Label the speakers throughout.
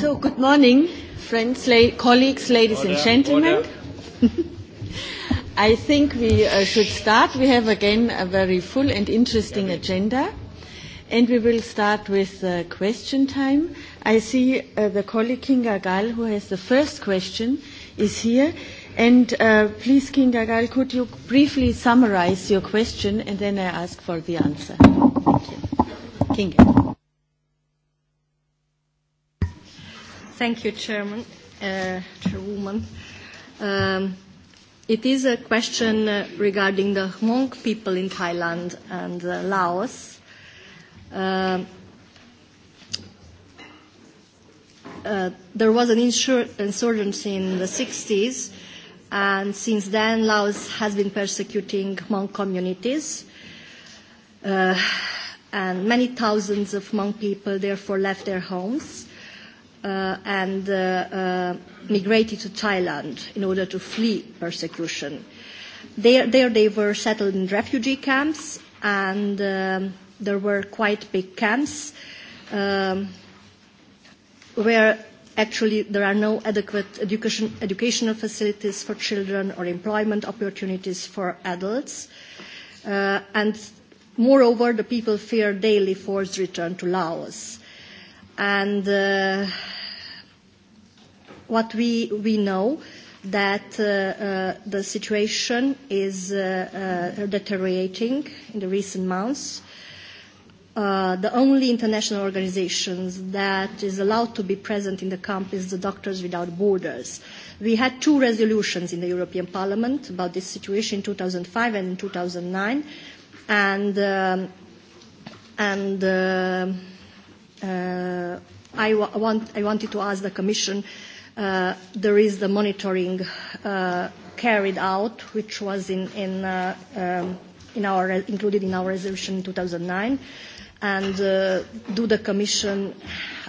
Speaker 1: So, good morning, friends, la- colleagues, ladies order, and gentlemen. I think we uh, should start. We have again a very full and interesting yeah, agenda, and we will start with uh, question time. I see uh, the colleague Kinga Gal, who has the first question, is here. And uh, please, Kinga Gal, could you briefly summarize your question, and then I ask for the answer. Thank you. Kinga.
Speaker 2: Thank you, Chairman, uh, Chairwoman. Um, it is a question uh, regarding the Hmong people in Thailand and uh, Laos. Uh, uh, there was an insur- insurgency in the 60s, and since then Laos has been persecuting Hmong communities. Uh, and many thousands of Hmong people therefore left their homes uh, and uh, uh, migrated to Thailand in order to flee persecution. There, there they were settled in refugee camps, and um, there were quite big camps um, where actually there are no adequate education, educational facilities for children or employment opportunities for adults. Uh, and moreover, the people fear daily forced return to Laos And uh, what we, we know that uh, uh, the situation is uh, uh, deteriorating in the recent months. Uh, the only international organizations that is allowed to be present in the camp is the Doctors Without Borders. We had two resolutions in the European Parliament about this situation in 2005 and in 2009, and um, and. Uh, uh, I, wa- want, I wanted to ask the Commission, uh, there is the monitoring uh, carried out, which was in, in, uh, um, in our, included in our resolution in 2009. And uh, do the commission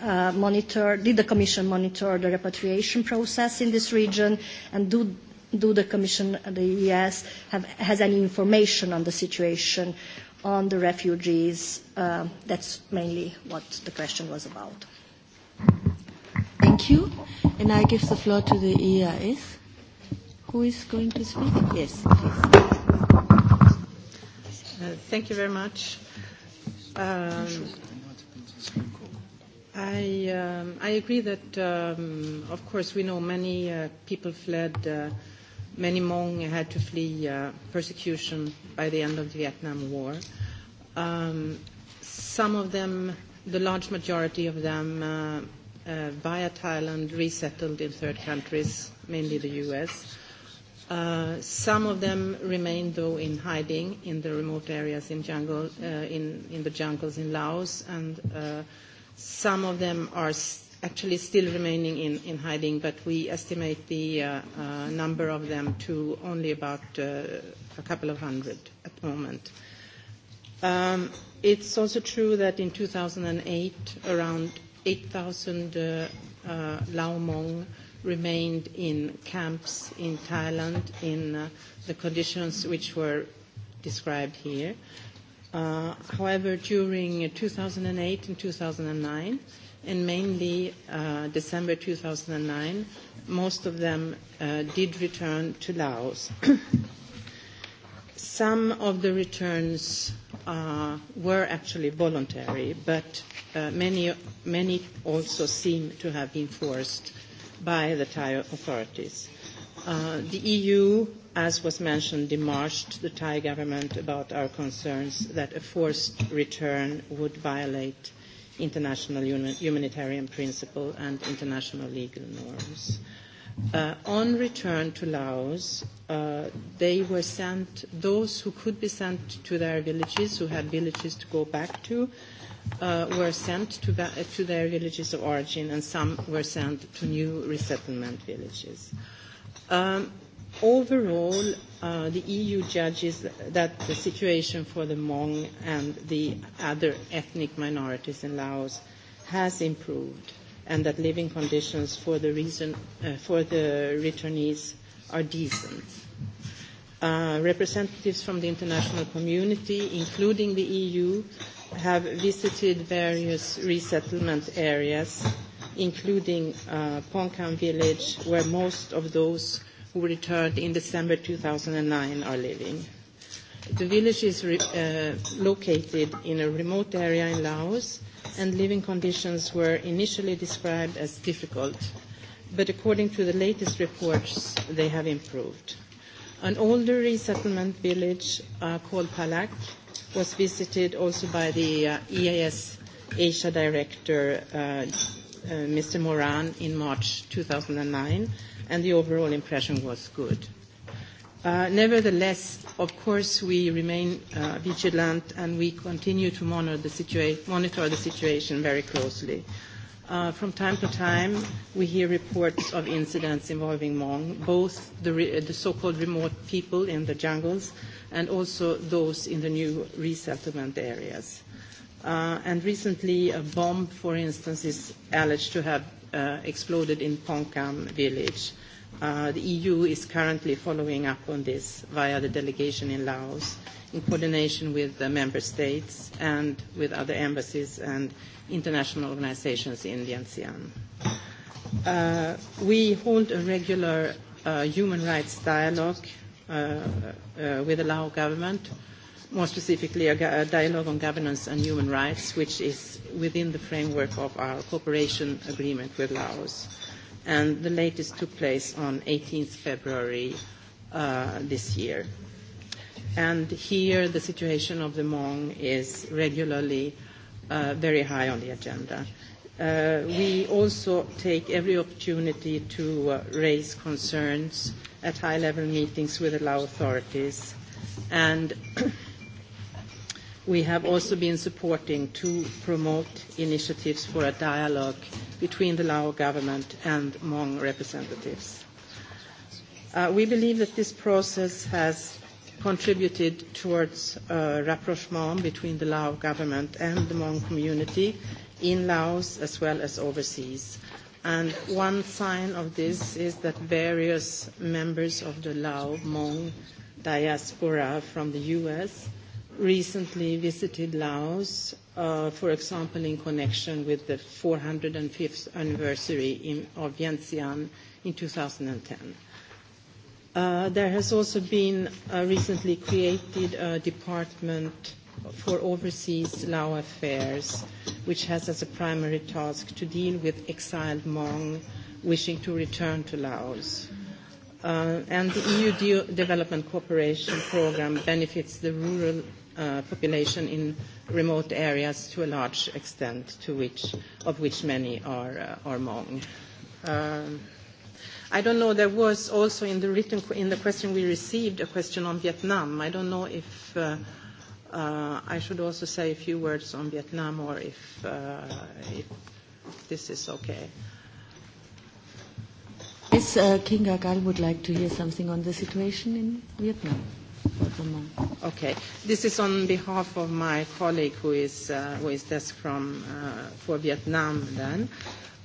Speaker 2: uh, monitor, did the Commission monitor the repatriation process in this region? And do, do the Commission, the ES, have, has any information on the situation on the refugees. Uh, that's mainly what the question was about.
Speaker 1: Thank you. And I give the floor to the EIS.
Speaker 3: Who is going to speak? Yes, please. Uh, thank you very much. Um, I, um, I agree that, um, of course, we know many uh, people fled uh, Many Hmong had to flee uh, persecution by the end of the Vietnam War. Um, some of them, the large majority of them, uh, uh, via Thailand, resettled in third countries, mainly the U.S. Uh, some of them remained, though, in hiding in the remote areas in, jungle, uh, in, in the jungles in Laos, and uh, some of them are actually still remaining in, in hiding, but we estimate the uh, uh, number of them to only about uh, a couple of hundred at the moment. Um, it's also true that in 2008, around 8,000 uh, uh, Lao Hmong remained in camps in Thailand in uh, the conditions which were described here. Uh, however, during 2008 and 2009, and mainly uh, December 2009, most of them uh, did return to Laos. Some of the returns uh, were actually voluntary, but uh, many, many also seem to have been forced by the Thai authorities. Uh, the EU, as was mentioned, demarched the Thai government about our concerns that a forced return would violate international humanitarian principle and international legal norms. Uh, on return to Laos, uh, they were sent, those who could be sent to their villages, who had villages to go back to, uh, were sent to, ba- uh, to their villages of origin, and some were sent to new resettlement villages. Um, overall, uh, the EU judges that the situation for the Hmong and the other ethnic minorities in Laos has improved, and that living conditions for the, reason, uh, for the returnees are decent. Uh, representatives from the international community, including the EU, have visited various resettlement areas, including uh, Pongkang village, where most of those who returned in December 2009 are living. The village is re, uh, located in a remote area in Laos, and living conditions were initially described as difficult, but according to the latest reports, they have improved. An older resettlement village uh, called Palak was visited also by the uh, EAS Asia Director uh, uh, Mr. Moran in March 2009, and the overall impression was good. Uh, nevertheless, of course, we remain uh, vigilant, and we continue to monitor the, situa- monitor the situation very closely. Uh, from time to time, we hear reports of incidents involving Hmong, both the, re- the so-called remote people in the jungles and also those in the new resettlement areas. Uh, and recently, a bomb, for instance, is alleged to have uh, exploded in Ponkam village. Uh, the EU is currently following up on this via the delegation in Laos in coordination with the member states and with other embassies and international organizations in Vientiane. Uh, we hold a regular uh, human rights dialogue uh, uh, with the Lao government uh, more specifically a, a dialogue on governance and human rights, which is within the framework of our cooperation agreement with Laos. And the latest took place on 18th February uh, this year. And here the situation of the Hmong is regularly uh, very high on the agenda. Uh, we also take every opportunity to uh, raise concerns at high-level meetings with the Lao authorities and we have also been supporting to promote initiatives for a dialogue between the Lao government and Hmong representatives. Uh, we believe that this process has contributed towards uh, rapprochement between the Lao government and the Hmong community in Laos as well as overseas. And one sign of this is that various members of the Lao Hmong diaspora from the US recently visited Laos, uh, for example, in connection with the 405th anniversary in, of Vientiane in 2010. Uh, there has also been uh, recently created a department for overseas Lao affairs, which has as a primary task to deal with exiled Hmong wishing to return to Laos. Uh, and the EU de- development cooperation program benefits the rural uh, population in remote areas to a large extent, to which, of which many are, uh, are Hmong. Um, I don't know, there was also in the written, in the question we received, a question on Vietnam. I don't know if uh, uh, I should also say a few words on Vietnam or if, uh, if this is okay.
Speaker 1: Yes, uh, Kinga Gal would like to hear something on the situation in Vietnam.
Speaker 3: Okay. This is on behalf of my colleague who is, uh, who is desk from, uh, for Vietnam then.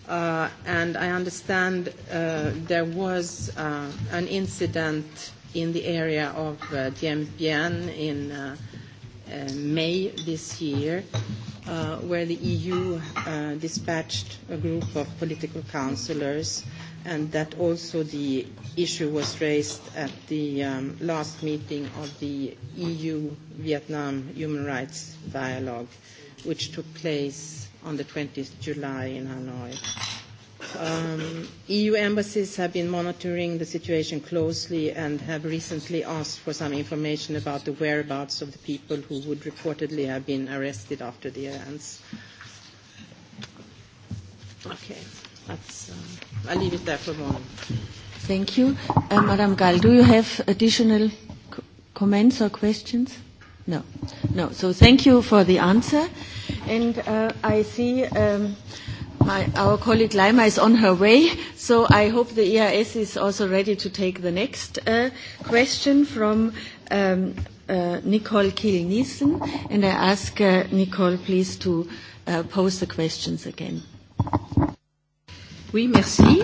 Speaker 3: Uh, and I understand uh, there was uh, an incident in the area of uh, Dien Bien in uh, uh, May this year uh, where the EU uh, dispatched a group of political counselors uh, and that also the issue was raised at the um, last meeting of the EU-Vietnam Human Rights Dialogue, which took place on the 20th July in Hanoi. Um, EU embassies have been monitoring the situation closely and have recently asked for some information about the whereabouts of the people who would reportedly have been arrested after the events. Okay. That's, uh, I'll leave it there for a moment. Thank you. Uh,
Speaker 1: Madam Gall, do you have additional co- comments or questions? No. No. So thank you for the answer. And uh, I see um, my, our colleague Lima is on her way, so I hope the EIS is also ready to take the next uh, question from um, uh, Nicole Kiel-Nielsen. And I ask uh, Nicole, please, to uh, pose the questions again. Thank you.
Speaker 4: Oui, merci.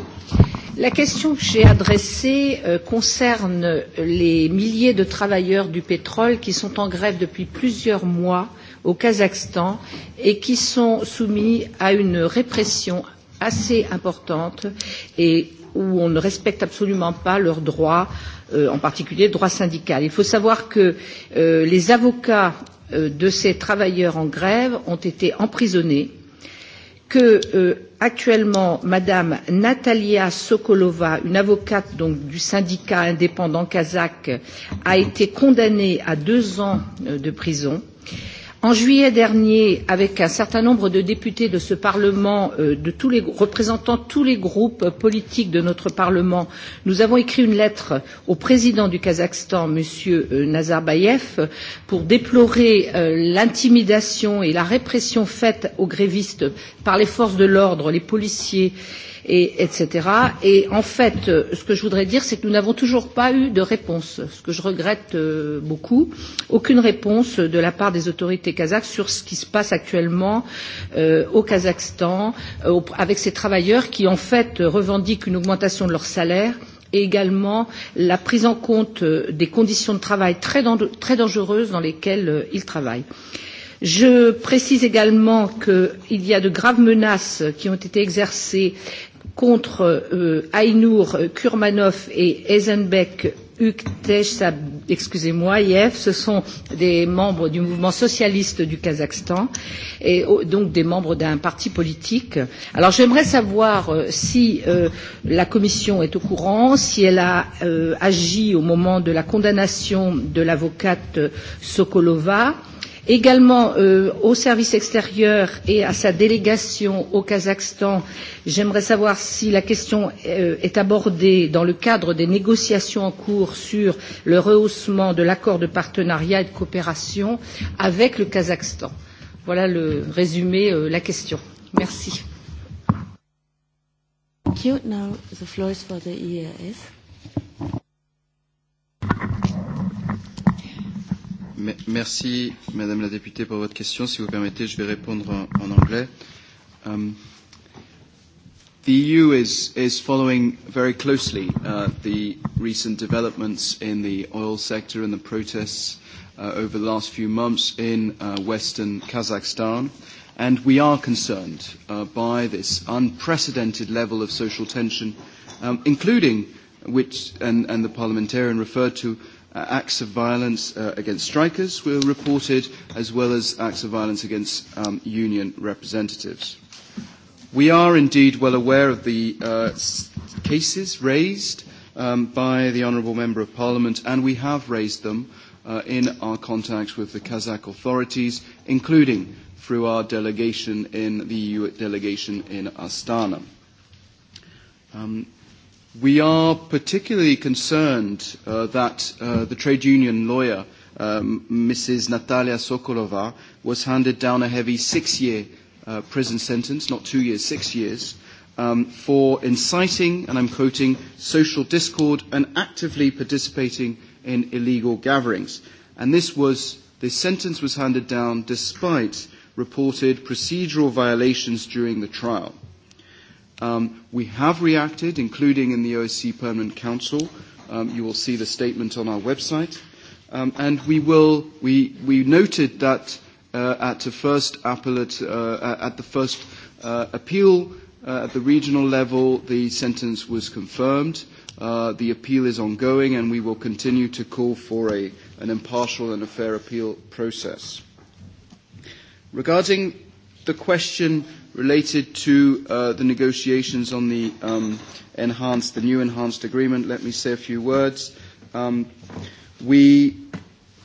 Speaker 4: La question que j'ai adressée euh, concerne les milliers de travailleurs du pétrole qui sont en grève depuis plusieurs mois au Kazakhstan et qui sont soumis à une répression assez importante et où on ne respecte absolument pas leurs droits, euh, en particulier le droit syndical. Il faut savoir que euh, les avocats euh, de ces travailleurs en grève ont été emprisonnés euh, que euh, actuellement madame Natalia Sokolova, une avocate donc du syndicat indépendant kazakh, a été condamnée à deux ans euh, de prison. Euh, En juillet dernier, avec un certain nombre de députés de ce Parlement, euh, de tous les, représentant tous les groupes politiques de notre Parlement, nous avons écrit une lettre au président du Kazakhstan, M. Euh, Nazarbayev, pour déplorer euh, l'intimidation et la répression faite aux grévistes par les forces de l'ordre, les policiers, euh, et etc. Et en fait, euh, ce que je voudrais dire, c'est que nous n'avons toujours pas eu de réponse, ce que je regrette euh, beaucoup, aucune réponse de la part des autorités kazakhs sur ce qui se passe actuellement euh, au Kazakhstan euh, avec ces travailleurs qui en fait revendiquent une augmentation de leur salaire et également la prise en compte euh, des conditions de travail très, très dangereuses dans lesquelles euh, ils travaillent. Je précise également qu'il y a de graves menaces qui ont été exercées contre euh, Aynur euh, Kurmanov et Eisenbeck excusez-moi, IF, ce sont des membres du mouvement socialiste du Kazakhstan et donc des membres d'un parti politique. Alors j'aimerais savoir euh, si euh, la Commission est au courant, si elle a euh, agi au moment de la condamnation de l'avocate Sokolova. Euh, Également, euh, au service extérieur et à sa délégation au Kazakhstan, j'aimerais savoir si la question euh, est abordée dans le cadre des négociations en cours sur le rehaussement de l'accord de partenariat et de coopération avec le Kazakhstan. Voilà le résumé, euh, la question. Merci.
Speaker 1: Thank you. Now the floor is for the EAS.
Speaker 5: Merci, Madame la députée, pour votre question. Si vous permettez, je vais répondre en, en anglais. Um, the EU is, is following very closely uh, the recent developments in the oil sector and the protests uh, over the last few months in uh, western Kazakhstan. And we are concerned uh, by this unprecedented level of social tension, um, including which, and, and the parliamentarian referred to, Uh, acts of violence uh, against strikers were reported, as well as acts of violence against um, union representatives. We are indeed well aware of the uh, cases raised um, by the Honourable Member of Parliament, and we have raised them uh, in our contacts with the Kazakh authorities, including through our delegation in the EU delegation in Astana. Um, We are particularly concerned uh, that uh, the trade union lawyer, um, Mrs. Natalia Sokolova, was handed down a heavy six-year uh, prison sentence, not two years, six years, um, for inciting, and I'm quoting, social discord and actively participating in illegal gatherings. And this was, this sentence was handed down despite reported procedural violations during the trial. Um, we have reacted, including in the OSC Permanent Council. Um, you will see the statement on our website. Um, and we, will, we, we noted that uh, at the first appellate, uh, at the first uh, appeal uh, at the regional level, the sentence was confirmed. Uh, the appeal is ongoing, and we will continue to call for a, an impartial and a fair appeal process. Regarding the question Related to uh, the negotiations on the um, enhanced, the new enhanced agreement, let me say a few words. Um, we,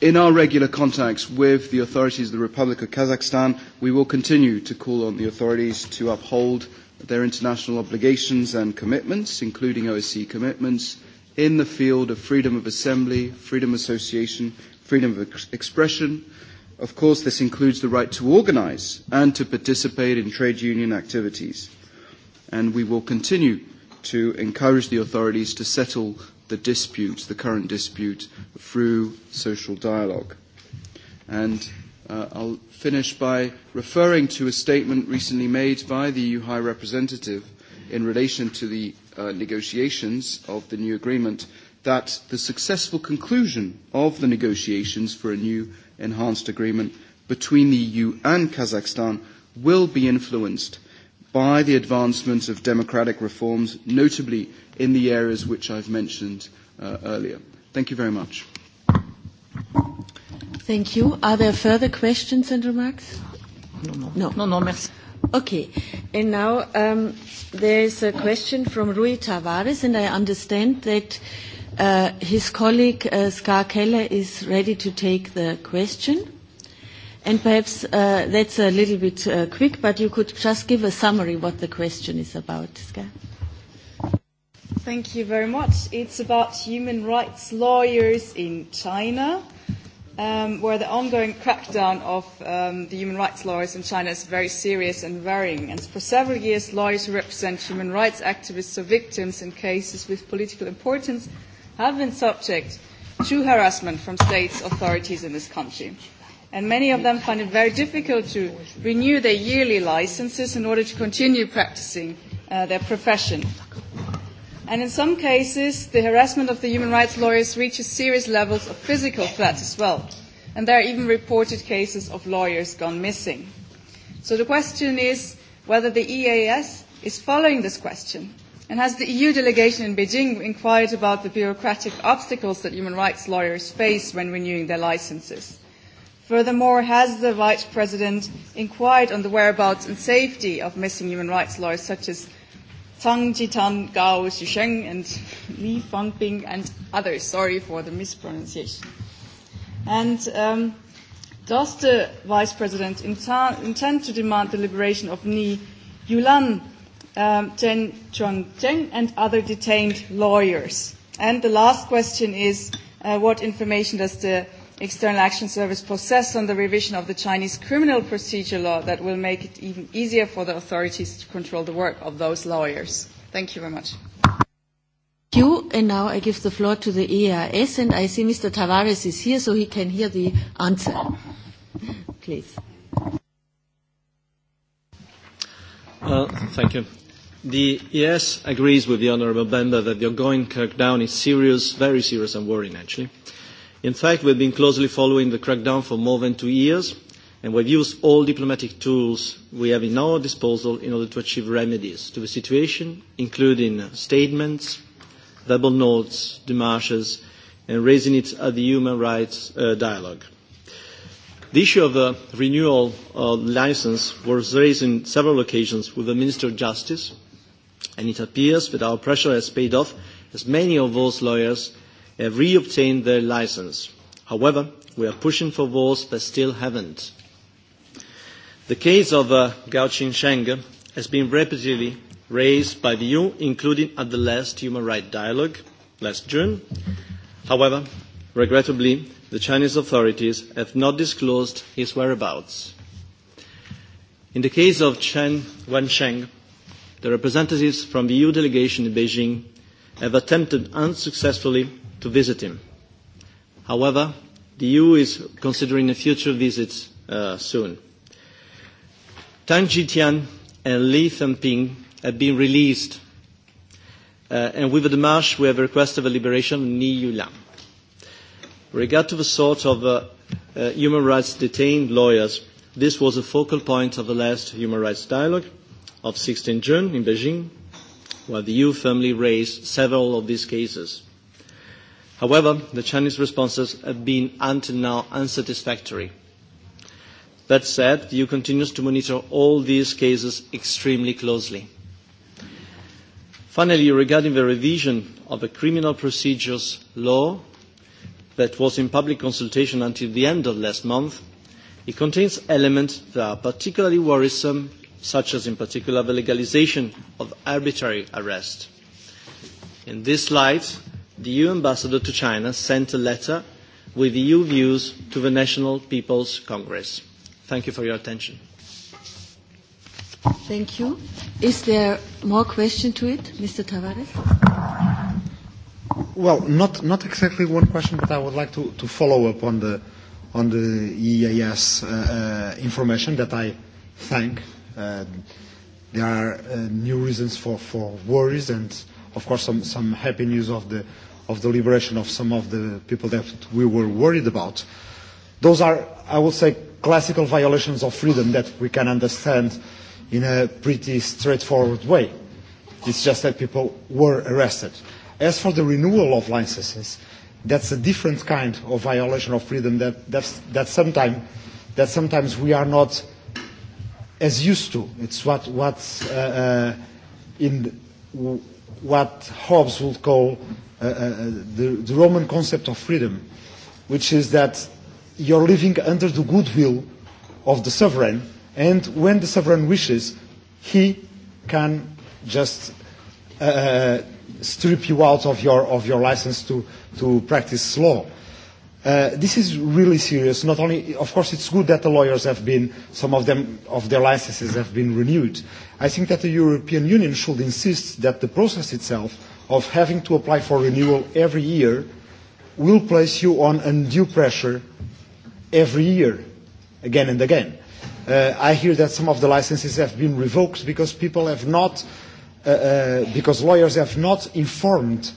Speaker 5: in our regular contacts with the authorities of the Republic of Kazakhstan, we will continue to call on the authorities to uphold their international obligations and commitments, including OSCE commitments, in the field of freedom of assembly, freedom of association, freedom of ex- expression, uh, Of course, this includes the right to organize and to participate in trade union activities. And we will continue to encourage the authorities to settle the dispute, the current dispute, through social dialogue. And uh, I'll finish by referring to a statement recently made by the EU High Representative in relation to the uh, negotiations of the new agreement that the successful conclusion of the negotiations for a new enhanced agreement between the EU and Kazakhstan will be influenced by the advancement of democratic reforms, notably in the areas which I've mentioned uh, earlier. Thank you very much.
Speaker 1: Thank you. Are there further questions and remarks?
Speaker 5: No, no.
Speaker 4: No, no, no merci.
Speaker 1: Okay. And now um, there is a question from Rui Tavares, and I understand that uh, Uh, his colleague uh, Ska Keller is ready to take the question. And perhaps uh, that's a little bit uh, quick, but you could just give a summary what the question is about, Ska.
Speaker 6: Thank you very much. It's about human rights lawyers in China, um, where the ongoing crackdown of um, the human rights lawyers in China is very serious and varying. And for several years, lawyers who represent human rights activists or victims in cases with political importance have been subject to harassment from states authorities in this country. And many of them find it very difficult to renew their yearly licenses in order to continue practicing uh, their profession. And in some cases, the harassment of the human rights lawyers reaches serious levels of physical threats as well. And there are even reported cases of lawyers gone missing. So the question is whether the EAS is following this question And has the EU delegation in Beijing inquired about the bureaucratic obstacles that human rights lawyers face when renewing their licenses? Furthermore, has the Vice President inquired on the whereabouts and safety of missing human rights lawyers such as Tang Jitan Gao Xusheng and Li Fangping and others? Sorry for the mispronunciation. And um, does the Vice President intend to demand the liberation of Ni Yulan? um, Chen Chongcheng and other detained lawyers? And the last question is, uh, what information does the External Action Service possess on the revision of the Chinese criminal procedure law that will make it even easier for the authorities to control the work of those lawyers? Thank you very much. Thank
Speaker 1: you. And now I give the floor to the EAS, and I see Mr. Tavares is here, so he can hear the answer. Please.
Speaker 7: Uh, thank you. The ES agrees with the Honourable Bender that the ongoing crackdown is serious, very serious and worrying actually. In fact, we've been closely following the crackdown for more than two years, and we've used all diplomatic tools we have in our disposal in order to achieve remedies to the situation, including statements, verbal notes, demarches, and raising it at the human rights uh, dialogue. The issue of the renewal of license was raised on several occasions with the Minister of Justice and it appears that our pressure has paid off as many of those lawyers have reobtained their license. However, we are pushing for those that still haven't. The case of uh, Gao Qingsheng has been repeatedly raised by the EU, including at the last Human Rights Dialogue last June. However, regrettably, the Chinese authorities have not disclosed his whereabouts. In the case of Chen Wensheng, the representatives from the EU delegation in Beijing have attempted unsuccessfully to visit him. However, the EU is considering a future visit uh, soon. Tang Jitian and Li Themping have been released, uh, and with the demarche, we have a request of a liberation of Ni Yuliang. Regard to the sort of uh, uh, human rights detained lawyers, this was a focal point of the last human rights dialogue, of 16 June in Beijing, where the EU firmly raised several of these cases. However, the Chinese responses have been until now unsatisfactory. That said, the EU continues to monitor all these cases extremely closely. Finally, regarding the revision of the criminal procedures law that was in public consultation until the end of last month, it contains elements that are particularly worrisome such as in particular the legalization of arbitrary arrest. In this light, the EU ambassador to China sent a letter with EU views to the National People's Congress. Thank you for your attention.
Speaker 1: Thank you. Is there more question to it, Mr. Tavares?
Speaker 8: Well, not, not exactly one question, but I would like to, to follow up on the, on the EAS uh, uh, information that I thank uh, Uh, there are uh, new reasons for, for worries and, of course, some, some happy news of the, of the liberation of some of the people that we were worried about. Those are, I would say, classical violations of freedom that we can understand in a pretty straightforward way. It's just that people were arrested. As for the renewal of licenses, that's a different kind of violation of freedom that, that's, that, sometime, that sometimes we are not as used to. It's what, what, uh, uh in what Hobbes would call uh, uh, the, the Roman concept of freedom, which is that you're living under the goodwill of the sovereign, and when the sovereign wishes, he can just uh, uh strip you out of your, of your license to, to practice law. Uh, Uh, this is really serious. Not only, of course, it's good that the lawyers have been, some of them, of their licenses have been renewed. I think that the European Union should insist that the process itself of having to apply for renewal every year will place you on undue pressure every year, again and again. Uh, I hear that some of the licenses have been revoked because people have not, uh, uh, because lawyers have not informed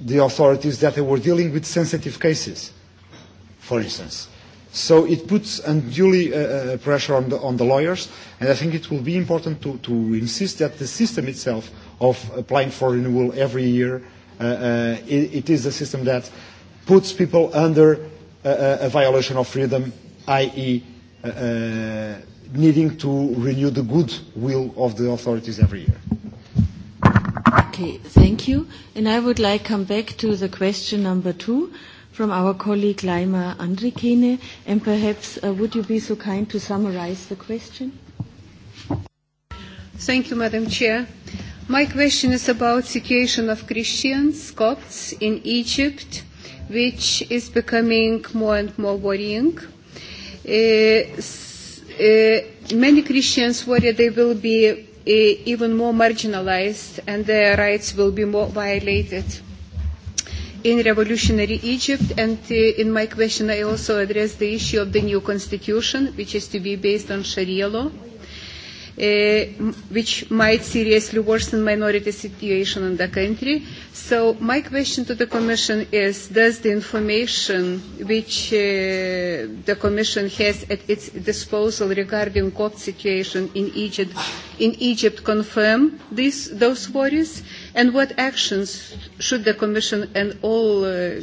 Speaker 8: the authorities that they were dealing with sensitive cases for instance. So it puts unduly uh, uh, pressure on the, on the lawyers, and I think it will be important to, to insist that the system itself of applying for renewal every year, uh, uh, it, it is a system that puts people under uh, uh a violation of freedom, i.e., uh, uh, needing to renew the goodwill of the authorities every year.
Speaker 1: Okay, thank you. And I would like to come back to the question number two from our colleague Laima Andrikene, and perhaps uh, would you be so kind to summarize the question?
Speaker 9: Thank you, Madam Chair. My question is about situation of Christians, Copts in Egypt, which is becoming more and more worrying. Uh, Uh, many Christians worry they will be uh, even more marginalized and their rights will be more violated in revolutionary Egypt. And uh, in my question, I also addressed the issue of the new constitution, which is to be based on Sharia law, uh, which might seriously worsen minority situation in the country. So my question to the Commission is, does the information which uh, the Commission has at its disposal regarding Copt situation in Egypt, in Egypt confirm these, those worries? Uh, and what actions should the Commission and all uh,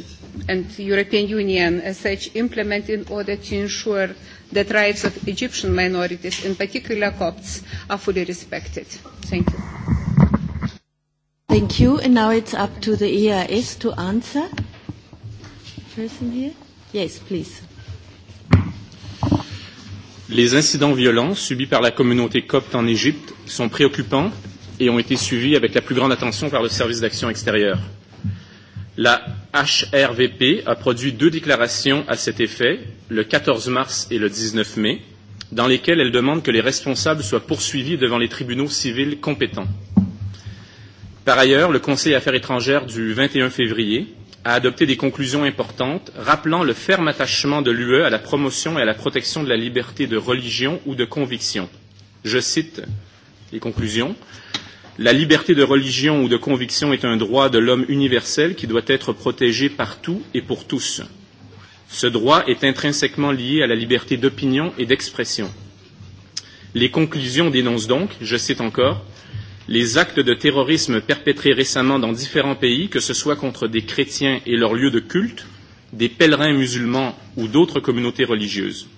Speaker 9: and European Union as such implement in order to ensure that rights of Egyptian minorities, in particular Copts, are fully respected? Thank you.
Speaker 1: Thank you. And now it's up to the EIS to answer. Person here? Yes, please.
Speaker 10: Les incidents violents subis par la communauté copte en Égypte sont préoccupants et ont été suivis avec la plus grande attention par le service d'action extérieure. La HRVP a produit deux déclarations à cet effet, le 14 mars et le 19 mai, dans lesquelles elle demande que les responsables soient poursuivis devant les tribunaux civils compétents. Par ailleurs, le Conseil Affaires étrangères du 21 février a adopté des conclusions importantes rappelant le ferme attachement de l'UE à la promotion et à la protection de la liberté de religion ou de conviction. Je cite les conclusions La liberté de religion ou de conviction est un droit de l'homme universel qui doit être protégé partout et pour tous. Ce droit est intrinsèquement lié à la liberté d'opinion et d'expression. Les conclusions dénoncent donc, je cite encore, les actes de terrorisme perpétrés récemment dans différents pays, que ce soit contre des chrétiens et leurs lieux de culte, des pèlerins musulmans ou d'autres communautés religieuses.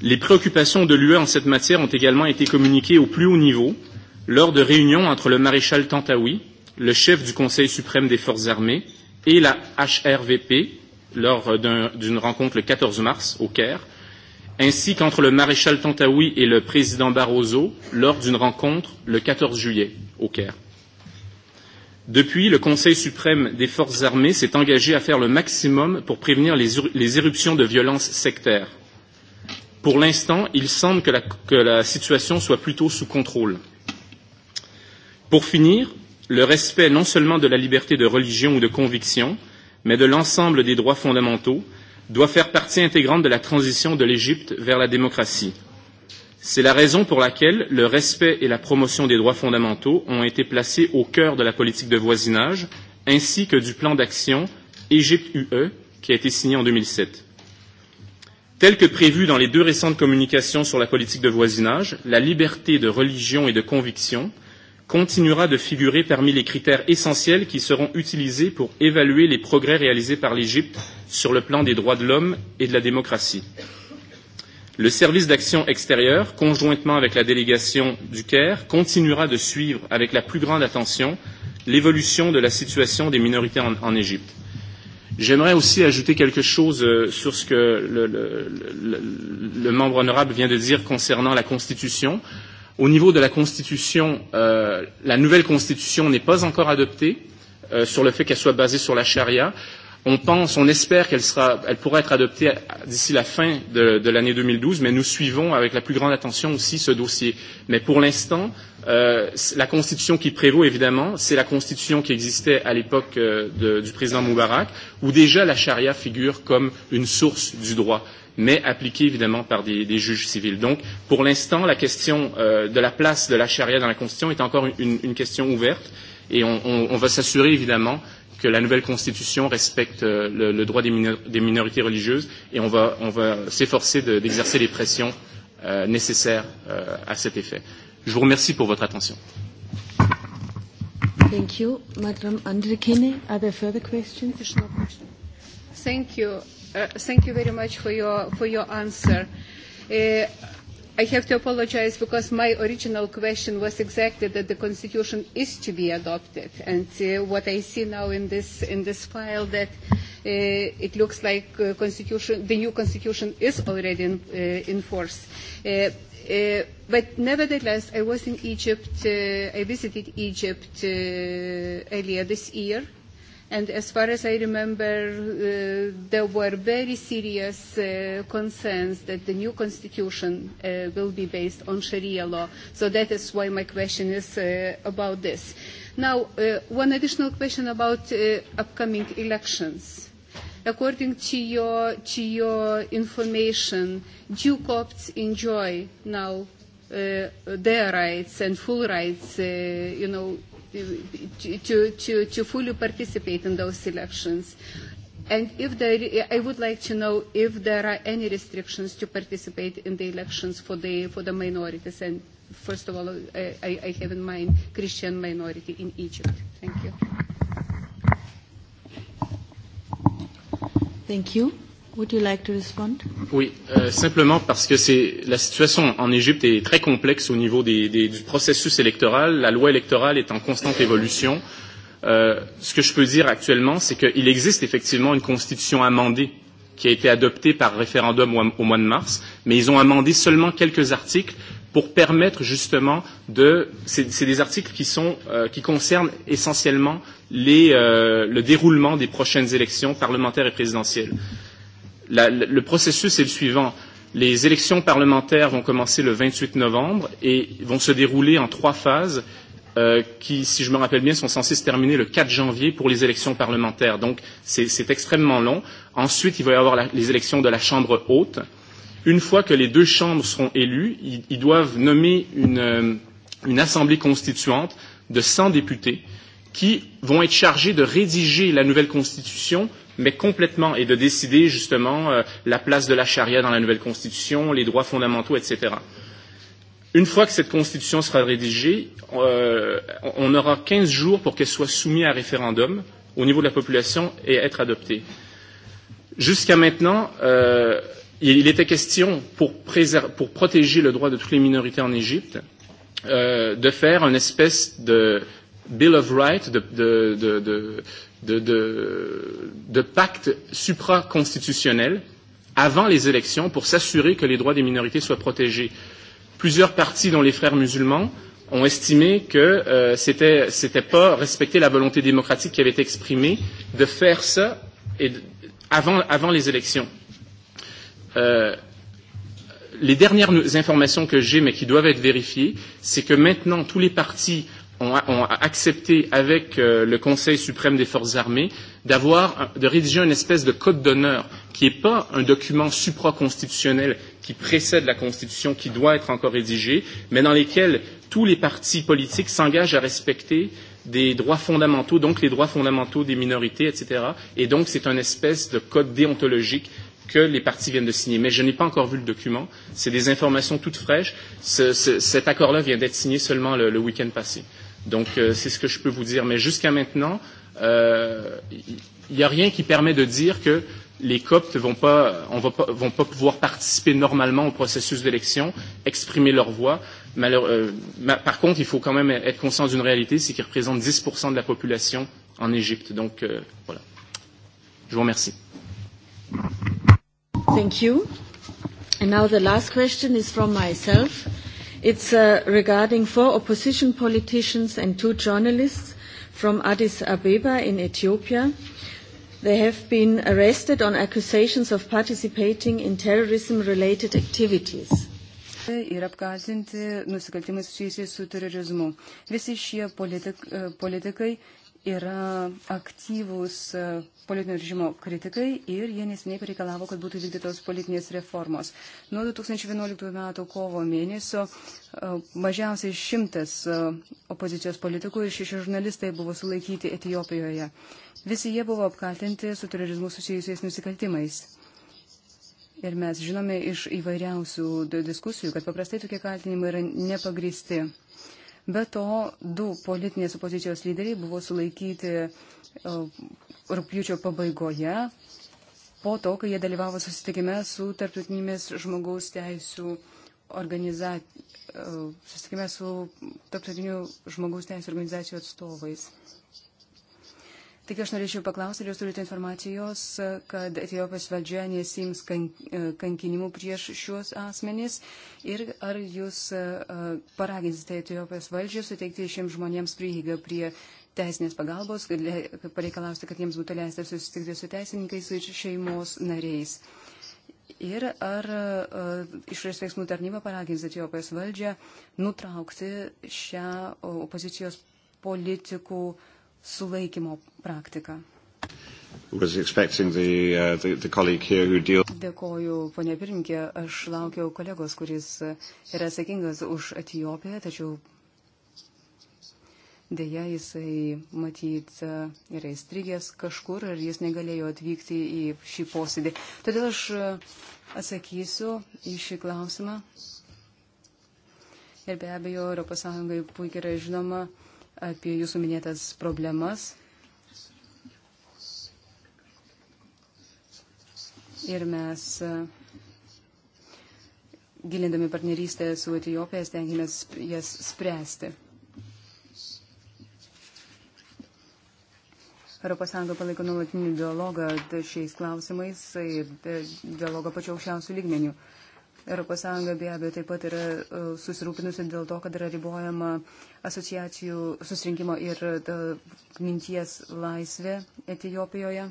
Speaker 10: Les préoccupations de l'UE en cette matière ont également été communiquées au plus haut niveau lors de réunions entre le maréchal Tantawi, le chef du Conseil suprême des forces armées, et la HRVP lors d'une un, rencontre le 14 mars au Caire, ainsi qu'entre le maréchal Tantawi et le président Barroso lors d'une rencontre le 14 juillet au Caire. Depuis, le Conseil suprême des forces armées s'est engagé à faire le maximum pour prévenir les, les éruptions de violences sectaires. Pour l'instant, il semble que la, que la situation soit plutôt sous contrôle. Pour finir, le respect non seulement de la liberté de religion ou de conviction, mais de l'ensemble des droits fondamentaux, doit faire partie intégrante de la transition de l'Égypte vers la démocratie. C'est la raison pour laquelle le respect et la promotion des droits fondamentaux ont été placés au cœur de la politique de voisinage ainsi que du plan d'action Égypte UE qui a été signé en 2007. Tel que prévu dans les deux récentes communications sur la politique de voisinage, la liberté de religion et de conviction continuera de figurer parmi les critères essentiels qui seront utilisés pour évaluer les progrès réalisés par l'Égypte sur le plan des droits de l'homme et de la démocratie. Le service d'action extérieure, conjointement avec la délégation du Caire, continuera de suivre avec la plus grande attention l'évolution de la situation des minorités en, en Égypte. J'aimerais aussi ajouter quelque chose euh, sur ce que le, le, le, le membre honorable vient de dire concernant la Constitution. Euh, Au niveau de la Constitution, euh, la nouvelle Constitution n'est pas encore adoptée euh, sur le fait qu'elle soit basée sur la charia. On pense, on espère qu'elle sera, elle pourra être adoptée d'ici la fin de, de l'année 2012, mais nous suivons avec la plus grande attention aussi ce dossier. Mais pour l'instant, euh, la constitution qui prévaut, évidemment, c'est la constitution qui existait à l'époque euh, de, du président Moubarak, où déjà la charia figure comme une source du droit mais appliquée évidemment par des, des juges civils. Donc, pour l'instant, la question euh, de la place de la charia dans la Constitution est encore une, une question ouverte et on, on, on va s'assurer évidemment que la nouvelle Constitution respecte euh, le, le droit des, minor des minorités religieuses et on va, on va s'efforcer d'exercer les pressions euh, nécessaires euh, à cet effet. Je vous remercie pour votre attention.
Speaker 1: Thank you. Madame Andrikine, are there further questions?
Speaker 9: Thank you. Uh, thank you very much for your, for your answer. Uh, I have to apologize because my original question was exactly that the constitution is to be adopted, and uh, what I see now in this in this file that uh, it looks like uh, constitution the new constitution is already in, uh, in force. Uh, uh, but nevertheless, I was in Egypt. Uh, I visited Egypt uh, earlier this year And as far as I remember, uh, there were very serious uh, concerns that the new constitution uh, will be based on Sharia law. So that is why my question is uh, about this. Now, uh, one additional question about uh, upcoming elections. According to your, to your information, do Copts enjoy now uh, their rights and full rights, uh, you know, to, to, to fully participate in those elections. And if there, I would like to know if there are any restrictions to participate in the elections for the, for the minorities. And first of all, uh, I, I have in mind Christian minority in Egypt. Thank you. Thank you. Would you like to respond?
Speaker 10: Oui, euh, simplement parce que c'est la situation en Égypte est très complexe au niveau des, des, du processus électoral. La loi électorale est en constante évolution. Euh, ce que je peux dire actuellement, c'est qu'il existe effectivement une constitution amendée qui a été adoptée par référendum au, au mois de mars, mais ils ont amendé seulement quelques articles pour permettre justement de c'est des articles qui sont euh, qui concernent essentiellement les, euh, le déroulement des prochaines élections parlementaires et présidentielles. Euh, La, le processus est le suivant. Les élections parlementaires vont commencer le 28 novembre et vont se dérouler en trois phases euh, qui, si je me rappelle bien, sont censées se terminer le 4 janvier pour les élections parlementaires. Donc, c'est extrêmement long. Ensuite, il va y avoir la, les élections de la Chambre haute. Une fois que les deux chambres seront élues, ils, ils doivent nommer une, euh, une assemblée constituante de 100 députés qui vont être chargés de rédiger la nouvelle constitution euh, mais complètement, et de décider justement euh, la place de la charia dans la nouvelle constitution, les droits fondamentaux, etc. Une fois que cette constitution sera rédigée, euh, on aura 15 jours pour qu'elle soit soumise à référendum au niveau de la population et être adoptée. Jusqu'à maintenant, euh, il était question, pour, pour protéger le droit de toutes les minorités en Égypte, euh, de faire une espèce de Bill of Rights, de, de, de, de, de, de, de pacte supraconstitutionnel avant les élections pour s'assurer que les droits des minorités soient protégés. Plusieurs partis, dont les frères musulmans, ont estimé que euh, c'était c'était pas respecter la volonté démocratique qui avait été exprimée de faire ça et de, avant avant les élections. Euh, les dernières informations que j'ai, mais qui doivent être vérifiées, c'est que maintenant tous les partis ont, ont accepté avec euh, le Conseil suprême des forces armées d'avoir, de rédiger une espèce de code d'honneur qui n'est pas un document supraconstitutionnel qui précède la Constitution, qui doit être encore rédigé, mais dans lesquels tous les partis politiques s'engagent à respecter des droits fondamentaux, donc les droits fondamentaux des minorités, etc. Et donc c'est une espèce de code déontologique que les partis viennent de signer. Mais je n'ai pas encore vu le document. C'est des informations toutes fraîches. Ce, ce, cet accord-là vient d'être signé seulement le, le week-end passé. Euh, Donc euh, c'est ce que je peux vous dire. Mais jusqu'à maintenant, il euh, n'y a rien qui permet de dire que les Coptes ne vont, pas, on va pas, vont pas pouvoir participer normalement au processus d'élection, exprimer leur voix. Malheure, euh, ma, par contre, il faut quand même être conscient d'une réalité, c'est qu'ils représentent 10 de la population en Égypte. Donc euh, voilà. Je vous remercie.
Speaker 1: Thank you. And now the last question is from myself. Uh, It's uh, regarding four opposition politicians and two journalists from Addis Abeba in Ethiopia. They have been arrested on accusations of participating in terrorism-related activities
Speaker 11: ir apkaltinti nusikaltimais susijusiais su terorizmu. Visi šie politik, politikai yra aktyvūs politinio režimo kritikai ir jie nesiniai pareikalavo, kad būtų vykdytos politinės reformos. Nuo 2011 metų kovo mėnesio e, mažiausiai šimtas e, opozicijos politikų ir šeši žurnalistai buvo sulaikyti Etijopijoje. Visi jie buvo apkaltinti su terorizmu susijusiais nusikaltimais. Ir mes žinome iš įvairiausių diskusijų, kad paprastai tokie kaltinimai yra nepagristi. Be to, du politinės opozicijos lyderiai buvo sulaikyti e, rūpjūčio pabaigoje, po to, kai jie dalyvavo susitikime su tarptautinėmis žmogaus teisų e, susitikime su tarptautinių žmogaus teisų organizacijų atstovais. Tik aš norėčiau paklausti, ar jūs turite informacijos, kad Etijopijos valdžia nesims e, kankinimų prieš šiuos asmenys ir ar jūs e, paraginsite Etijopijos valdžią suteikti šiems žmonėms prieigą prie teisinės pagalbos, pareikalausti, kad jiems būtų leista susitikti su teisininkais ir šeimos nariais. Ir ar uh, išorės veiksmų tarnyba paragins Etijopijos valdžią nutraukti šią opozicijos politikų sulaikymo praktiką?
Speaker 1: The, uh, the, the deal...
Speaker 11: Dėkoju, ponė pirmininkė, aš laukiau kolegos, kuris e, yra atsakingas už Etijopiją, tačiau Deja, jisai matyt e, yra įstrigęs kažkur ir jis negalėjo atvykti į šį posėdį. Todėl aš e, atsakysiu į šį klausimą. Ir be abejo, ES puikiai yra žinoma apie jūsų minėtas problemas. Ir mes e, gilindami partnerystę su Etijopija stengiamės jas spręsti. ES palaiko nuolatinį dialogą šiais klausimais ir tai dialogą pačiu aukščiausiu lygmeniu. ES be abejo taip pat yra e, susirūpinusi dėl to, kad yra ribojama asociacijų susirinkimo ir minties laisvė Etijopijoje.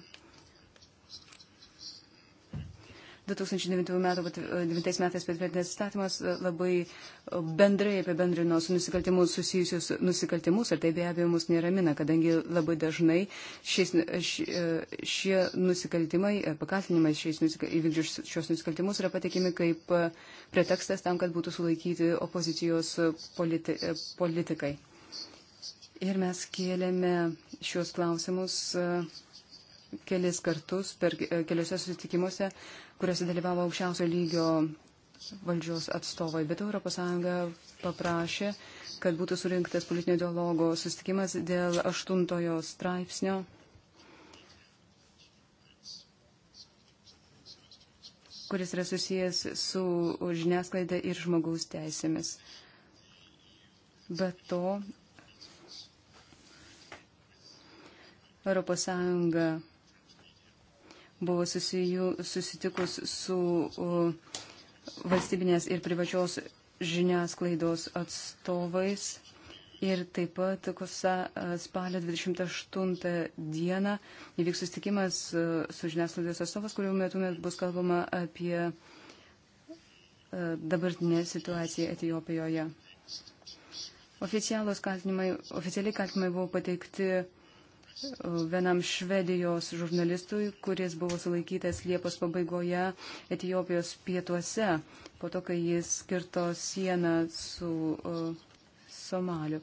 Speaker 11: 2009 metų, 2009 e, metais patvirtintas statymas e, labai e, bendrai apibendrino su nusikaltimus susijusius nusikaltimus ir tai be abejo mus neramina, kadangi labai dažnai šis, šie nusikaltimai ar pakaltinimai nusikal, įvykdžius šios nusikaltimus yra patikimi kaip pretekstas tam, kad būtų sulaikyti opozicijos politi, politikai. Ir mes kėlėme šios klausimus. Uh, kelis kartus per e, keliose susitikimuose, kuriuose dalyvavo aukščiausio lygio valdžios atstovai. Bet ES paprašė, kad būtų surinktas politinio dialogo susitikimas dėl aštuntojo straipsnio. kuris yra susijęs su žiniasklaida ir žmogaus teisėmis. Be to, ES buvo susiju, susitikus su valstybinės ir privačios žiniasklaidos atstovais. Ir taip pat kosa spalio 28 dieną įvyks susitikimas su žiniasklaidos atstovas, kuriuo metu bus kalbama apie dabartinę situaciją Etijopijoje. Oficialūs kaltinimai, oficialiai kaltinimai buvo pateikti vienam švedijos žurnalistui, kuris buvo sulaikytas Liepos pabaigoje Etijopijos pietuose, po to, kai jis skirto sieną su uh, Somaliu.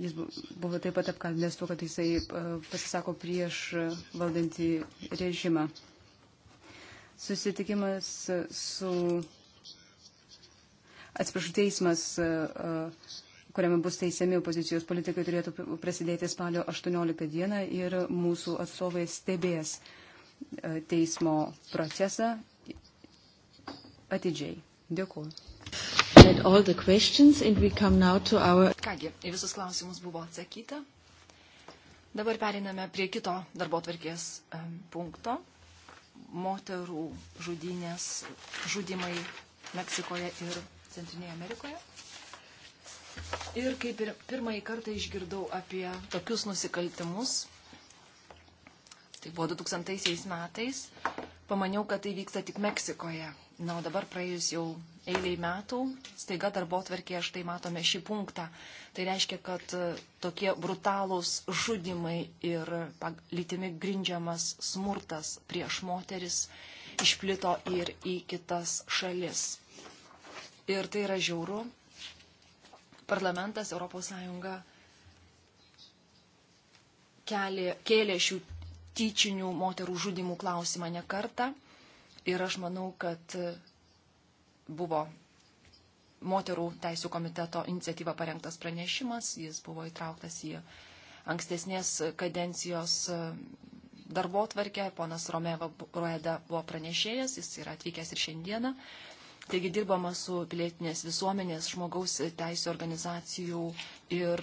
Speaker 11: Jis buvo taip pat apkaltinęs tuo, kad jisai uh, pasisako prieš uh, valdantį režimą. Susitikimas uh, su. Atsiprašau, teismas. Uh, uh, kuriame bus teisiami opozicijos politikai, turėtų prasidėti spalio 18 dieną ir mūsų atstovai stebės e, teismo procesą atidžiai. Dėkuoju.
Speaker 1: Our...
Speaker 12: Kągi, į visus klausimus buvo atsakyta. Dabar periname prie kito darbo tvarkės e, punkto. Moterų žudynės, žudimai Meksikoje ir Centrinėje Amerikoje. Ir kaip ir pirmąjį kartą išgirdau apie tokius nusikaltimus, tai buvo 2000 metais, pamaniau, kad tai vyksta tik Meksikoje. Na, o dabar praėjus jau eiliai metų, staiga darbo tvarkėje štai matome šį punktą. Tai reiškia, kad e, tokie brutalūs žudimai ir lytimi grindžiamas smurtas prieš moteris išplito ir į kitas šalis. Ir tai yra žiauru, parlamentas, ES kelė, kėlė šių tyčinių moterų žudimų klausimą ne kartą. Ir aš manau, kad buvo moterų teisų komiteto iniciatyva parengtas pranešimas, jis buvo įtrauktas į ankstesnės kadencijos darbo tvarkę, ponas Romeva Rueda buvo pranešėjas, jis yra atvykęs ir šiandieną. Uh, Taigi dirbama su pilietinės visuomenės, žmogaus teisų organizacijų ir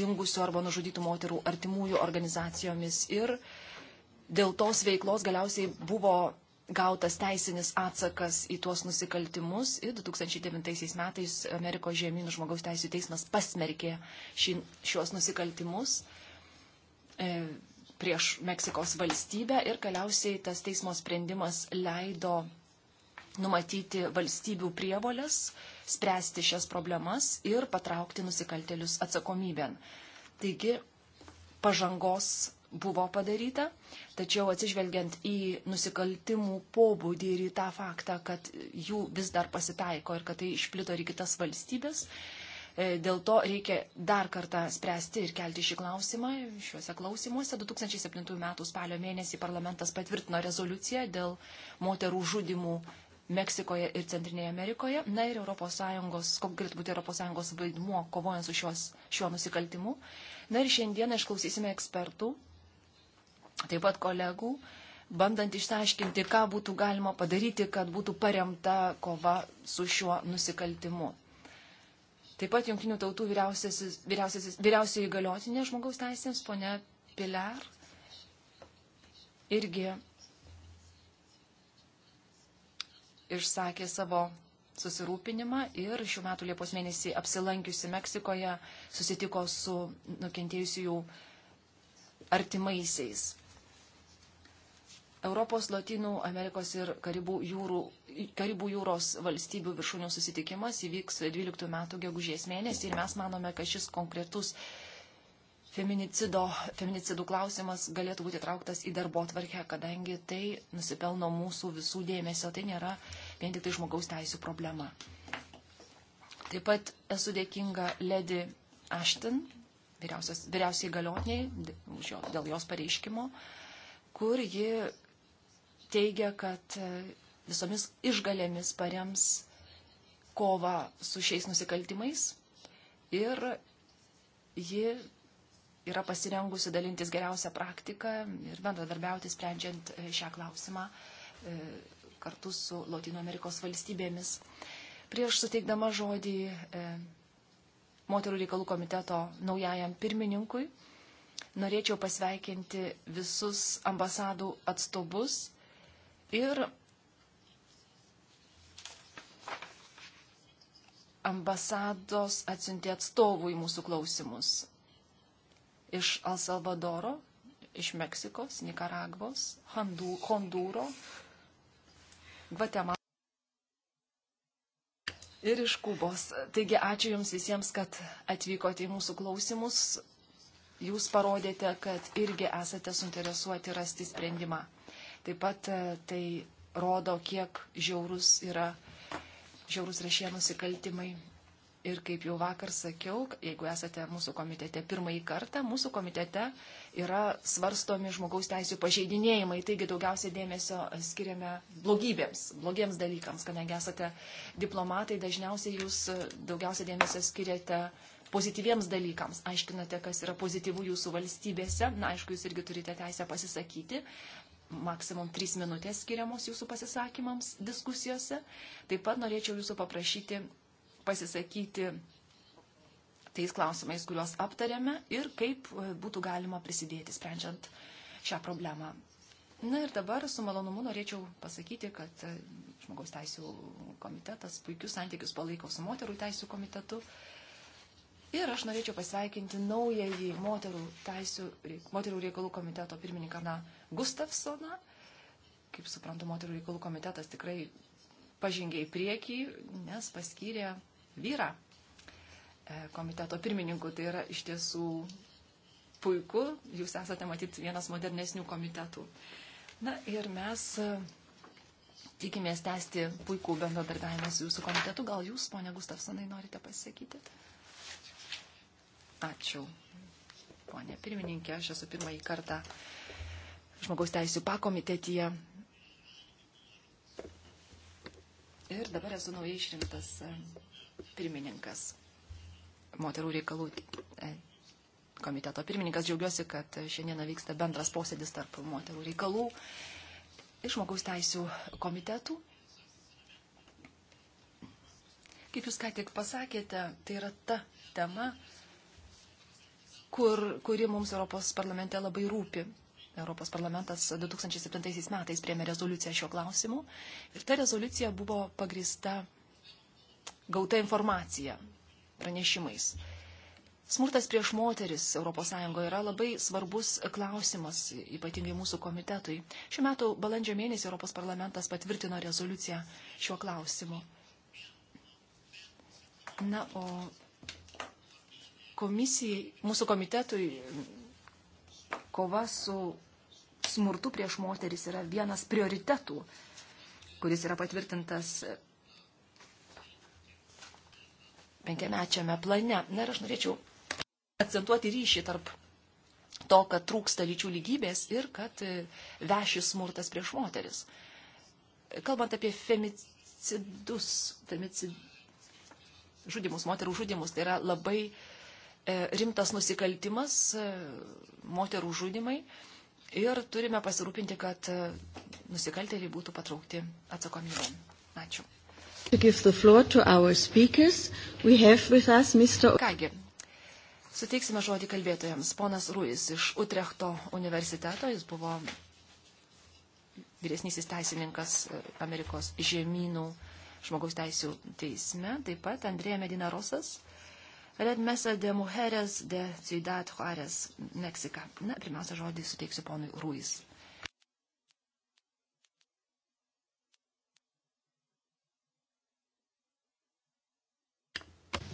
Speaker 12: dingusių arba nužudytų moterų artimųjų organizacijomis. Ir dėl tos veiklos galiausiai buvo gautas teisinis atsakas į tuos nusikaltimus ir 2009 metais Amerikos žemynų žmogaus teisų teismas pasmerkė ši, šios nusikaltimus e, prieš Meksikos valstybę ir galiausiai tas teismo sprendimas leido numatyti valstybių prievolės, spręsti šias problemas ir patraukti nusikaltelius atsakomybėn. Taigi pažangos buvo padaryta, tačiau atsižvelgiant į nusikaltimų pobūdį ir į tą faktą, kad jų vis dar pasitaiko ir kad tai išplito ir į kitas valstybės, e, Dėl to reikia dar kartą spręsti ir kelti šį klausimą. Šiuose klausimuose 2007 m. spalio mėnesį parlamentas patvirtino rezoliuciją dėl moterų žudimų Meksikoje ir Centrinėje Amerikoje. Na ir ES, koks galėtų būti ES vaidmuo kovojant su šios, šiuo nusikaltimu. Na ir šiandieną išklausysime ekspertų, taip pat kolegų, bandant išsiaiškinti, ką būtų galima padaryti, kad būtų paremta kova su šiuo nusikaltimu. Taip pat Junktinių tautų vyriausiai įgaliotinė žmogaus teisėms, ponia Pilar, irgi išsakė savo susirūpinimą ir šių metų Liepos mėnesį apsilankiusi Meksikoje susitiko su nukentėjusių artimaisiais. Europos, Latinų, Amerikos ir Karibų, jūrų, Karibų jūros valstybių viršūnių susitikimas įvyks 12 metų gegužės mėnesį ir mes manome, kad šis konkretus feminicido, feminicidų klausimas galėtų būti trauktas į darbo tvarkę, kadangi tai nusipelno mūsų visų dėmesio, tai nėra vien tik tai žmogaus teisų problema. Taip pat esu dėkinga Ledi Ashton, vyriausiai galiotiniai, dėl jos pareiškimo, kur ji teigia, kad e, visomis išgalėmis parems kovą su šiais nusikaltimais ir ji yra pasirengusi dalintis geriausią praktiką ir bendradarbiauti sprendžiant e, šią klausimą e, kartu su Latino Amerikos valstybėmis. Prieš suteikdama žodį e, moterų reikalų komiteto naujajam pirmininkui, norėčiau pasveikinti visus ambasadų atstovus ir ambasados atsiuntė atstovų į mūsų klausimus iš El Salvadoro, iš Meksikos, Nikaragvos, Hondūro, Gvatemalo ir iš Kubos. Taigi ačiū Jums visiems, kad atvykote į mūsų klausimus. Jūs parodėte, kad irgi esate suinteresuoti rasti sprendimą. Taip pat e, tai rodo, kiek žiaurus yra žiaurus rašie nusikaltimai Ir kaip jau vakar sakiau, jeigu esate mūsų komitete pirmąjį kartą, mūsų komitete yra svarstomi žmogaus teisų pažeidinėjimai, taigi daugiausia dėmesio skiriame blogybėms, blogiems dalykams, kadangi esate diplomatai, dažniausiai jūs daugiausia dėmesio skiriate pozityviems dalykams, aiškinate, kas yra pozityvų jūsų valstybėse, na aišku, jūs irgi turite teisę pasisakyti, maksimum 3 minutės skiriamos jūsų pasisakymams diskusijose. Taip pat norėčiau jūsų paprašyti pasisakyti tais klausimais, kuriuos aptarėme ir kaip e, būtų galima prisidėti sprendžiant šią problemą. Na ir dabar su malonumu norėčiau pasakyti, kad e, žmogaus teisų komitetas puikius santykius palaiko su moterų teisų komitetu. Ir aš norėčiau pasveikinti naująjį moterų, teisų, moterų reikalų komiteto pirmininką Na Gustafsoną. Kaip suprantu, moterų reikalų komitetas tikrai pažengė į priekį, nes paskyrė vyrą e, komiteto pirmininku. Tai yra iš tiesų puiku, jūs esate matyti vienas modernesnių komitetų. Na ir mes e, tikimės tęsti puikų bendradarbiavimą su jūsų komitetu. Gal jūs, ponia Gustafsonai, norite pasakyti? Ačiū, ponia pirmininkė, aš esu pirmąjį kartą žmogaus teisų pakomitetyje. Ir dabar esu naujai išrinktas e, pirmininkas, moterų reikalų e, komiteto pirmininkas. Džiaugiuosi, kad šiandieną vyksta bendras posėdis tarp moterų reikalų ir žmogaus teisų komitetų. Kaip jūs ką tik pasakėte, tai yra ta tema, kur, kuri mums Europos parlamente labai rūpi. Europos parlamentas 2007 metais priemė rezoliuciją šiuo klausimu ir ta rezoliucija buvo pagrįsta gauta informacija pranešimais. Smurtas prieš moteris ES yra labai svarbus klausimas, ypatingai mūsų komitetui. Šiuo metu balandžio mėnesį Europos parlamentas patvirtino rezoliuciją šiuo klausimu. Na, o komisijai, mūsų komitetui kova su smurtu prieš moteris yra vienas prioritetų, kuris yra patvirtintas penkiamečiame plane. Na ir aš norėčiau akcentuoti ryšį tarp to, kad trūksta lyčių lygybės ir kad e, vešis smurtas prieš moteris. Kalbant apie femicidus, femicid... žudimus, moterų žudimus, tai yra labai e, rimtas nusikaltimas, e, moterų žudimai ir turime pasirūpinti, kad nusikaltėliai būtų patraukti atsakomybėn. Ačiū
Speaker 1: to give the floor to our speakers. We have with us Mr. Kągi,
Speaker 12: suteiksime žodį kalbėtojams. Ponas Ruiz iš Utrechto universiteto, jis buvo vyresnysis teisininkas e, Amerikos žemynų žmogaus teisų teisme, taip pat Andrėja Medina Rosas, Red Mesa de Mujeres de Ciudad Juarez, Meksika. Na, pirmiausia, žodį suteiksiu ponui Ruiz.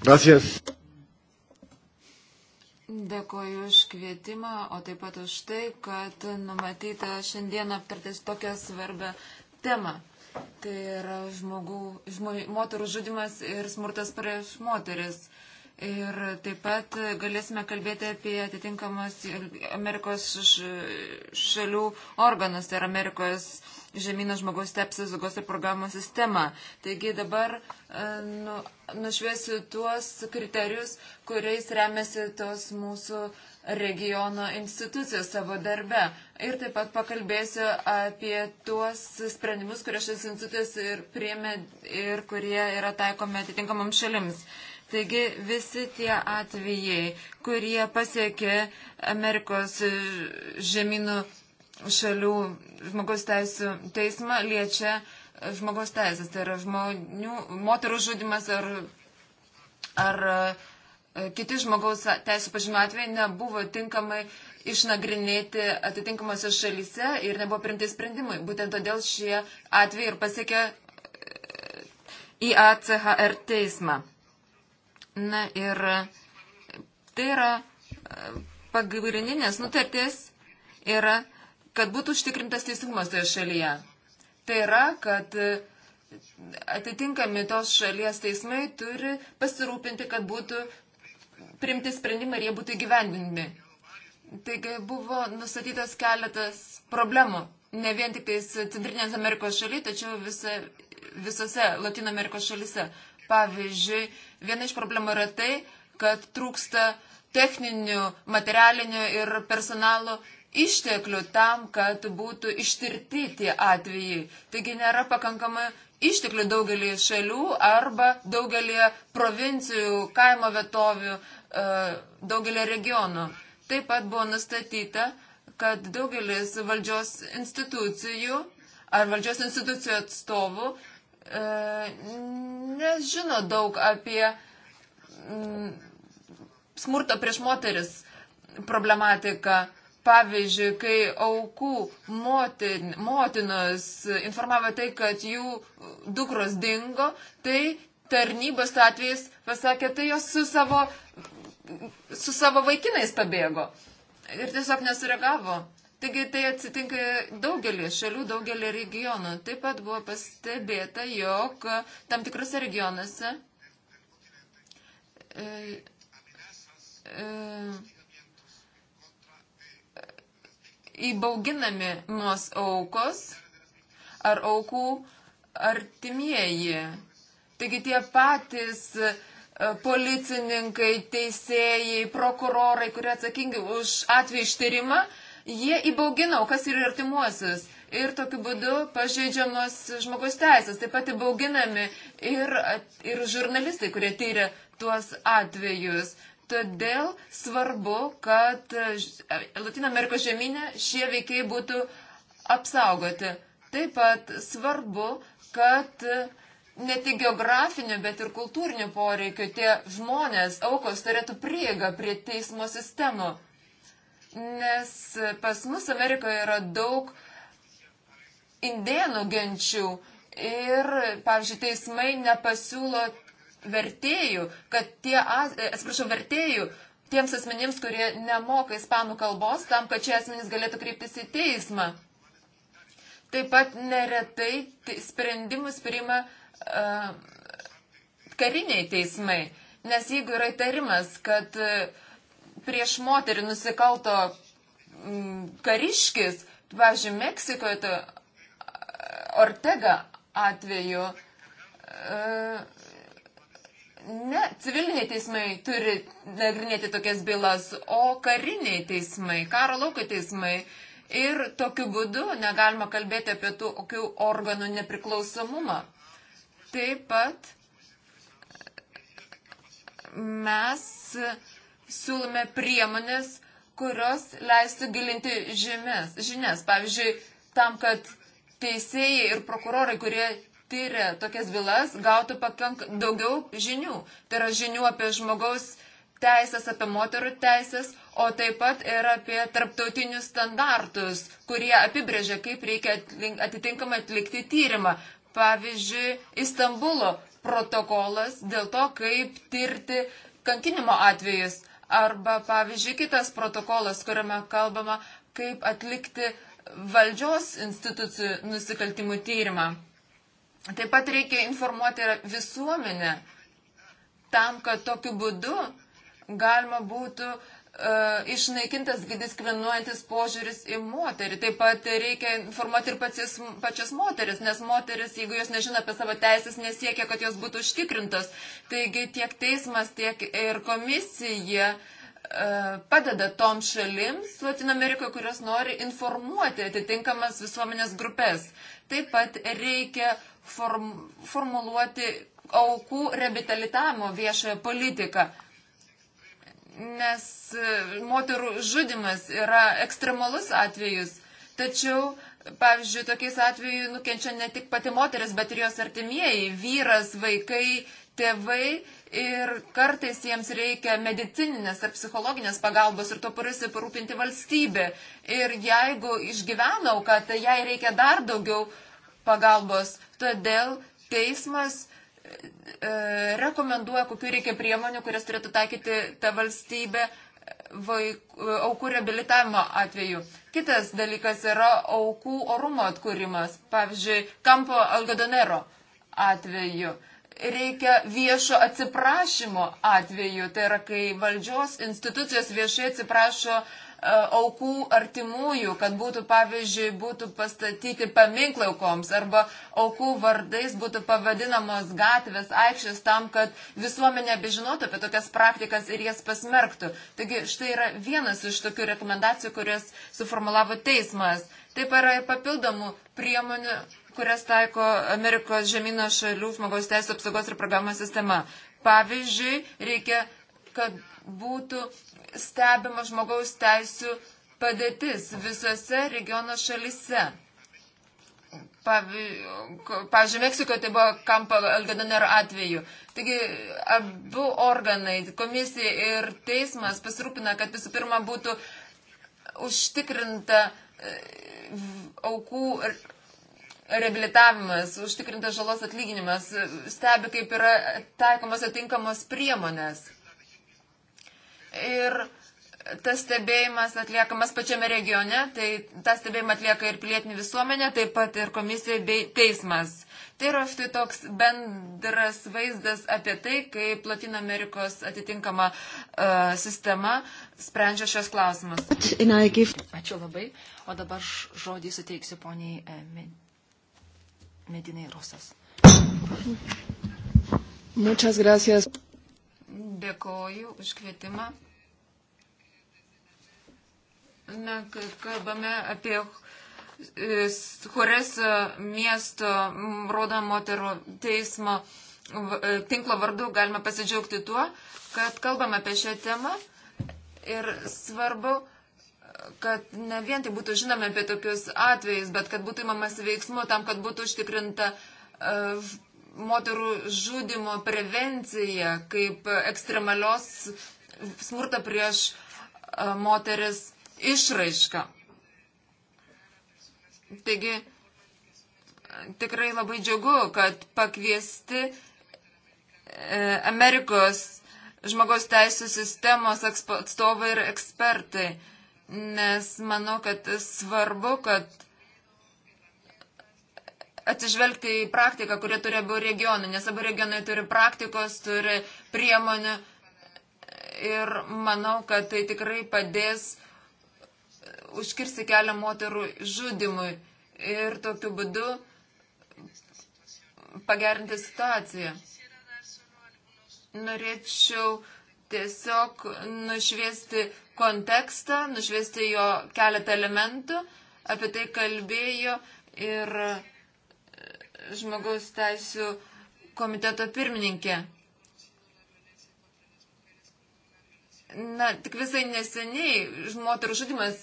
Speaker 8: Gracias.
Speaker 13: Dėkuoju už kvietimą, o taip pat už tai, kad numatyta šiandien aptartis tokią svarbę temą. Tai yra žmogų, žmo, moterų žudimas ir smurtas prieš moteris. Ir taip pat galėsime kalbėti apie atitinkamas Amerikos šalių organus ir tai Amerikos žemynos žmogaus tepsis saugos ir programų sistemą. Taigi dabar e, nu, nušviesiu tuos kriterijus, kuriais remiasi tos mūsų regiono institucijos savo darbe. Ir taip pat pakalbėsiu apie tuos sprendimus, kurie šis institucijas ir priemė ir kurie yra taikomi atitinkamam šalims. Taigi visi tie atvejai, kurie pasiekė Amerikos žemynų šalių žmogaus teisų teismą liečia žmogaus teisės, tai yra žmonių, moterų žudimas ar, ar e, kiti žmogaus teisų pažymio atvejai nebuvo tinkamai išnagrinėti atitinkamose šalyse ir nebuvo primti sprendimai. Būtent todėl šie atvejai ir pasiekė į e, ACHR teismą. Na ir e, tai yra pagrindinės nutartis yra kad būtų užtikrintas teisingumas toje šalyje. Tai yra, kad e, atitinkami tos šalies teismai turi pasirūpinti, kad būtų primti sprendimai ir jie būtų įgyvendinami. Taigi buvo nustatytas keletas problemų. Ne vien tik tais Centrinės Amerikos šaly, tačiau visa, visose Latino Amerikos šalyse. Pavyzdžiui, viena iš problemų yra tai, kad trūksta techninių, materialinių ir personalo išteklių tam, kad būtų ištirti tie atvejai. Taigi nėra pakankamai išteklių daugelį šalių arba daugelį provincijų, kaimo vietovių, e, daugelį regionų. Taip pat buvo nustatyta, kad daugelis valdžios institucijų ar valdžios institucijų atstovų e, nežino daug apie mm, smurto prieš moteris problematiką. Pavyzdžiui, kai aukų motin, motinos informavo tai, kad jų dukros dingo, tai tarnybos atvejais pasakė, tai jos su savo, su savo vaikinais pabėgo. Ir tiesiog nesureagavo. Taigi tai atsitinka daugelį šalių, daugelį regionų. Taip pat buvo pastebėta, jog tam tikrose regionuose. E, e, įbauginami nuos aukos ar aukų artimieji. Taigi tie patys e, policininkai, teisėjai, prokurorai, kurie atsakingi už atvejį ištyrimą, jie įbaugina aukas ir artimuosius. Ir tokiu būdu pažeidžiamos žmogus teisės. Taip pat įbauginami ir, ir žurnalistai, kurie tyria tuos atvejus. Todėl svarbu, kad e, Latino Amerikos žemynė šie veikiai būtų apsaugoti. Taip pat svarbu, kad e, ne tik geografinių, bet ir kultūrinių poreikių tie žmonės, aukos turėtų prieigą prie teismo sistemų. Nes pas mus Amerikoje yra daug indėnų genčių ir, pavyzdžiui, teismai nepasiūlo vertėjų, kad tie, e, atsiprašau, vertėjų tiems asmenims, kurie nemoka ispanų kalbos, tam, kad šie asmenys galėtų kreiptis į teismą. Taip pat neretai sprendimus priima uh, kariniai teismai, nes jeigu yra įtarimas, kad e, prieš moterį nusikalto kariškis, pavyzdžiui, Meksikoje, Ortega atveju, uh, ne civiliniai teismai turi nagrinėti tokias bylas, o kariniai teismai, karo laukai teismai. Ir tokiu būdu negalima kalbėti apie tokių organų nepriklausomumą. Taip pat mes siūlome priemonės, kurios leistų gilinti žymės, žinias. Pavyzdžiui, tam, kad teisėjai ir prokurorai, kurie tyria tokias bylas, gautų pakank daugiau žinių. Tai yra žinių apie žmogaus teisės, apie moterų teisės, o taip pat ir apie tarptautinius standartus, kurie apibrėžia, kaip reikia atitinkamai atlikti tyrimą. Pavyzdžiui, Istanbulo protokolas dėl to, kaip tirti kankinimo atvejus. Arba, pavyzdžiui, kitas protokolas, kuriame kalbama, kaip atlikti valdžios institucijų nusikaltimų tyrimą. Taip pat reikia informuoti ir visuomenę tam, kad tokiu būdu galima būtų uh, išnaikintas diskriminuojantis požiūris į moterį. Taip pat reikia informuoti ir pačias, pačias moteris, nes moteris, jeigu jos nežino apie savo teisės, nesiekia, kad jos būtų užtikrintos. Taigi tiek teismas, tiek ir komisija e, padeda tom šalims Latino Amerikoje, kurios nori informuoti atitinkamas visuomenės grupės. Taip pat reikia form, formuluoti aukų rehabilitavimo viešoje politiką. Nes e, moterų žudimas yra ekstremalus atvejus, tačiau Pavyzdžiui, tokiais atvejais nukenčia ne tik pati moteris, bet ir jos artimieji - vyras, vaikai, tėvai. Ir kartais jiems reikia medicininės ar psichologinės pagalbos ir to parisi parūpinti valstybė. Ir jeigu išgyvena auka, tai jai reikia dar daugiau pagalbos. Todėl teismas e, rekomenduoja, kokiu reikia priemonių, kurias turėtų taikyti ta valstybė e, vaik, e, aukų reabilitavimo atveju. Kitas dalykas yra aukų orumo atkūrimas. Pavyzdžiui, Kampo Algadonero atveju. Reikia viešo atsiprašymo atveju. Tai yra, kai valdžios institucijos viešai atsiprašo uh, E, aukų artimųjų, kad būtų, pavyzdžiui, būtų pastatyti paminklai aukoms arba aukų vardais būtų pavadinamos gatvės, aikštės tam, kad visuomenė bežinotų apie tokias praktikas ir jas pasmerktų. Taigi štai yra vienas iš tokių rekomendacijų, kurias suformulavo teismas. Taip yra ir papildomų priemonių kurias taiko Amerikos žemyno šalių žmogaus teisų apsaugos ir programos sistema. Pavyzdžiui, reikia kad būtų stebima žmogaus teisų padėtis visose regiono šalise. Pavyzdžiui, Meksikoje tai buvo kampo Algadonero atveju. Taigi, abu organai, komisija ir teismas pasirūpina, kad visų pirma būtų užtikrinta e, aukų reabilitavimas, užtikrintas žalos atlyginimas, stebi, kaip yra taikomos atinkamos priemonės ir tas stebėjimas atliekamas pačiame regione, tai tą stebėjimą atlieka ir pilietinė visuomenė, taip pat ir komisija bei teismas. Tai yra štai toks bendras vaizdas apie tai, kaip Latino Amerikos atitinkama uh,
Speaker 12: sistema sprendžia šios klausimus.
Speaker 1: Ačiū
Speaker 12: labai. O dabar žodį suteiksiu poniai e, Medinai Rusas.
Speaker 11: Muchas gracias.
Speaker 12: Dėkoju už kvietimą.
Speaker 13: Na, kalbame apie e, Chores e, miesto rodo moterų teismo e, tinklo vardu galime pasidžiaugti tuo, kad kalbame apie šią temą ir svarbu, kad ne vien tik būtų žinome apie tokius atvejus, bet kad būtų įmamas veiksmų tam, kad būtų užtikrinta moterų žudimo prevencija, kaip ekstremalios smurta prieš e, moteris išraiška. Taigi, e, tikrai labai džiugu, kad pakviesti e, Amerikos žmogaus teisų sistemos atstovai ir ekspertai, nes manau, kad svarbu, kad atsižvelgti į praktiką, kurie turi abu regionų, nes abu regionai turi praktikos, turi priemonių ir manau, kad tai tikrai padės užkirsti kelią moterų žudimui ir tokiu būdu pagerinti situaciją. Norėčiau tiesiog nušviesti kontekstą, nušviesti jo keletą elementų, apie tai kalbėjo ir žmogaus teisų komiteto pirmininkė. Na, tik visai neseniai moterų žudimas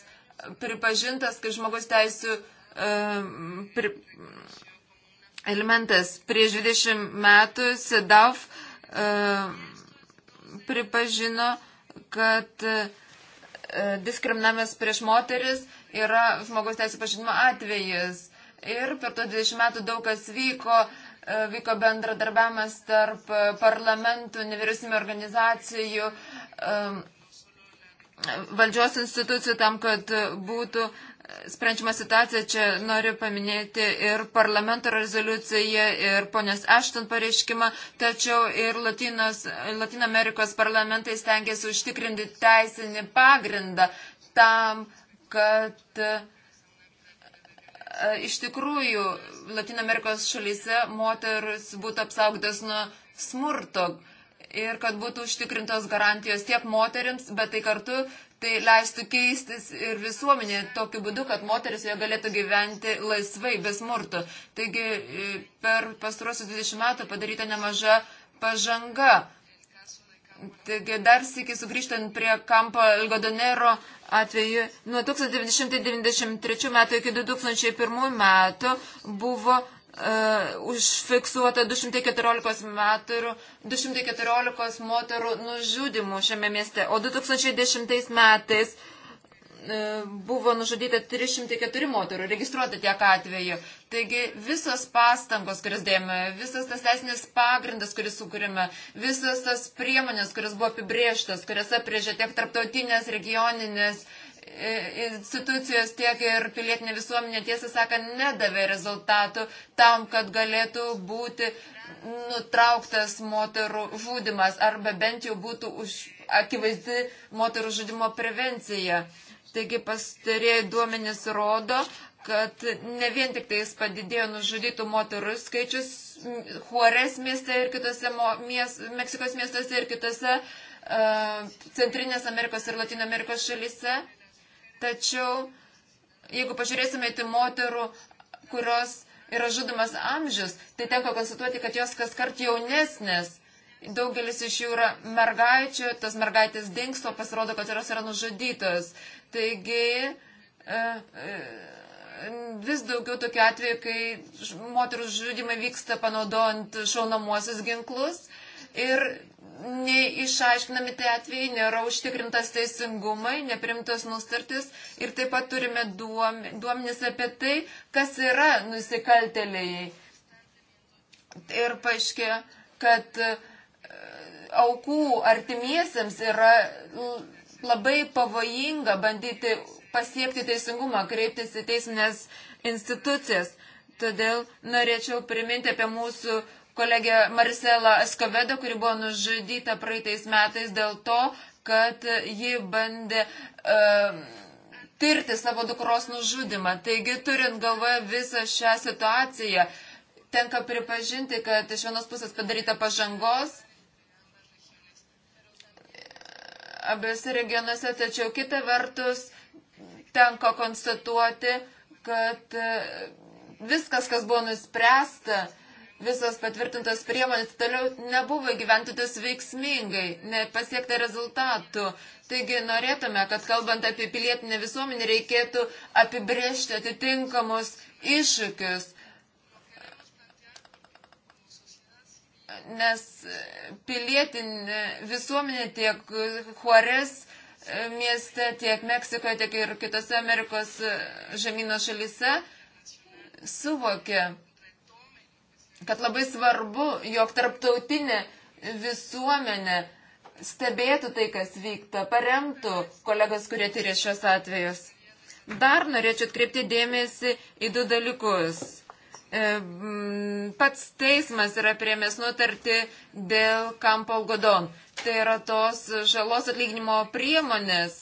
Speaker 13: pripažintas kaip žmogaus teisų um, pri, elementas. Prieš 20 metų SEDAV um, pripažino, kad um, diskriminavimas prieš moteris yra žmogaus teisų pažinimo atvejis. Ir per to 20 metų daug kas vyko, e, vyko bendradarbiavimas tarp e, parlamentų, nevyriausybinio organizacijų, e, valdžios institucijų tam, kad būtų sprendžiama situacija. Čia noriu paminėti ir parlamento rezoliuciją, ir ponios Ešton pareiškimą, tačiau ir Latinos, Latino Amerikos parlamentai stengiasi užtikrinti teisinį pagrindą tam, kad uh, E, iš tikrųjų Latino Amerikos šalyse moteris būtų apsaugotas nuo smurto ir kad būtų užtikrintos garantijos tiek moteriams, bet tai kartu tai leistų keistis ir visuomenė tokiu būdu, kad moteris joje galėtų gyventi laisvai, be smurto. Taigi e, per pastarosius 20 metų padaryta nemaža pažanga. Taigi dar sėki sugrįžtant prie kampo Elgodonero atveju, nuo 1993 metų iki 2001 metų buvo uh, užfiksuota 214 moterų, 214 moterų nužudimų šiame mieste, o 2010 metais uh, E, buvo nužudyta 304 moterų, registruota tiek atveju. Taigi visos pastangos, kuris dėjome, visas tas teisinis pagrindas, kuris sukūrėme, visas tas priemonės, kuris buvo apibrieštas, kurias aprėžė tiek tarptautinės, regioninės e, institucijos, tiek ir pilietinė visuomenė, tiesą sakant, nedavė rezultatų tam, kad galėtų būti nutrauktas moterų žudimas arba bent jau būtų už akivaizdį moterų žudimo prevencija. Uh, Taigi pastarėjai duomenys rodo, kad ne vien tik tais padidėjo nužudytų moterų skaičius Juarez mieste ir kitose mies, Meksikos miestuose ir kitose uh, Centrinės Amerikos ir Latino Amerikos šalyse. Tačiau, jeigu pažiūrėsime į moterų, kurios yra žudomas amžius, tai tenka konstatuoti, kad jos kas kart jaunesnės daugelis iš jų yra mergaičių, tas mergaitės dinksto, pasirodo, kad jos yra nužudytos. Taigi, e, e, vis daugiau tokių atvejų, kai moterų žudimai vyksta panaudojant šaunamuosius ginklus ir neišaiškinami tie atvejai, nėra užtikrintas teisingumai, neprimtos nustartis ir taip pat turime duomenis apie tai, kas yra nusikalteliai. Ir paaiškėjo, kad uh, aukų artimiesiems yra labai pavojinga bandyti pasiekti teisingumą, kreiptis į teisminės institucijas. Todėl norėčiau priminti apie mūsų kolegę Marcelą Eskovedą, kuri buvo nužudyta praeitais metais dėl to, kad ji bandė uh, tirti savo dukros nužudimą. Taigi, turint galvoje visą šią situaciją, tenka pripažinti, kad iš vienos pusės padaryta pažangos, abiejose regionuose, tačiau kita vertus tenka konstatuoti, kad e, viskas, kas buvo nuspręsta, visas patvirtintas priemonės toliau nebuvo įgyventytas veiksmingai, nepasiekta rezultatų. Taigi norėtume, kad kalbant apie pilietinę visuomenį reikėtų apibriežti atitinkamus iššūkius nes pilietinė visuomenė tiek Juarez e, mieste, tiek Meksikoje, tiek ir kitose Amerikos e, žemyno šalyse suvokė, kad labai svarbu, jog tarptautinė visuomenė stebėtų tai, kas vyksta, paremtų kolegas, kurie tyrė šios atvejus. Dar norėčiau atkreipti dėmesį į du dalykus E, pats teismas yra priemės nutarti dėl Kampal Godon. Tai yra tos žalos atlyginimo priemonės.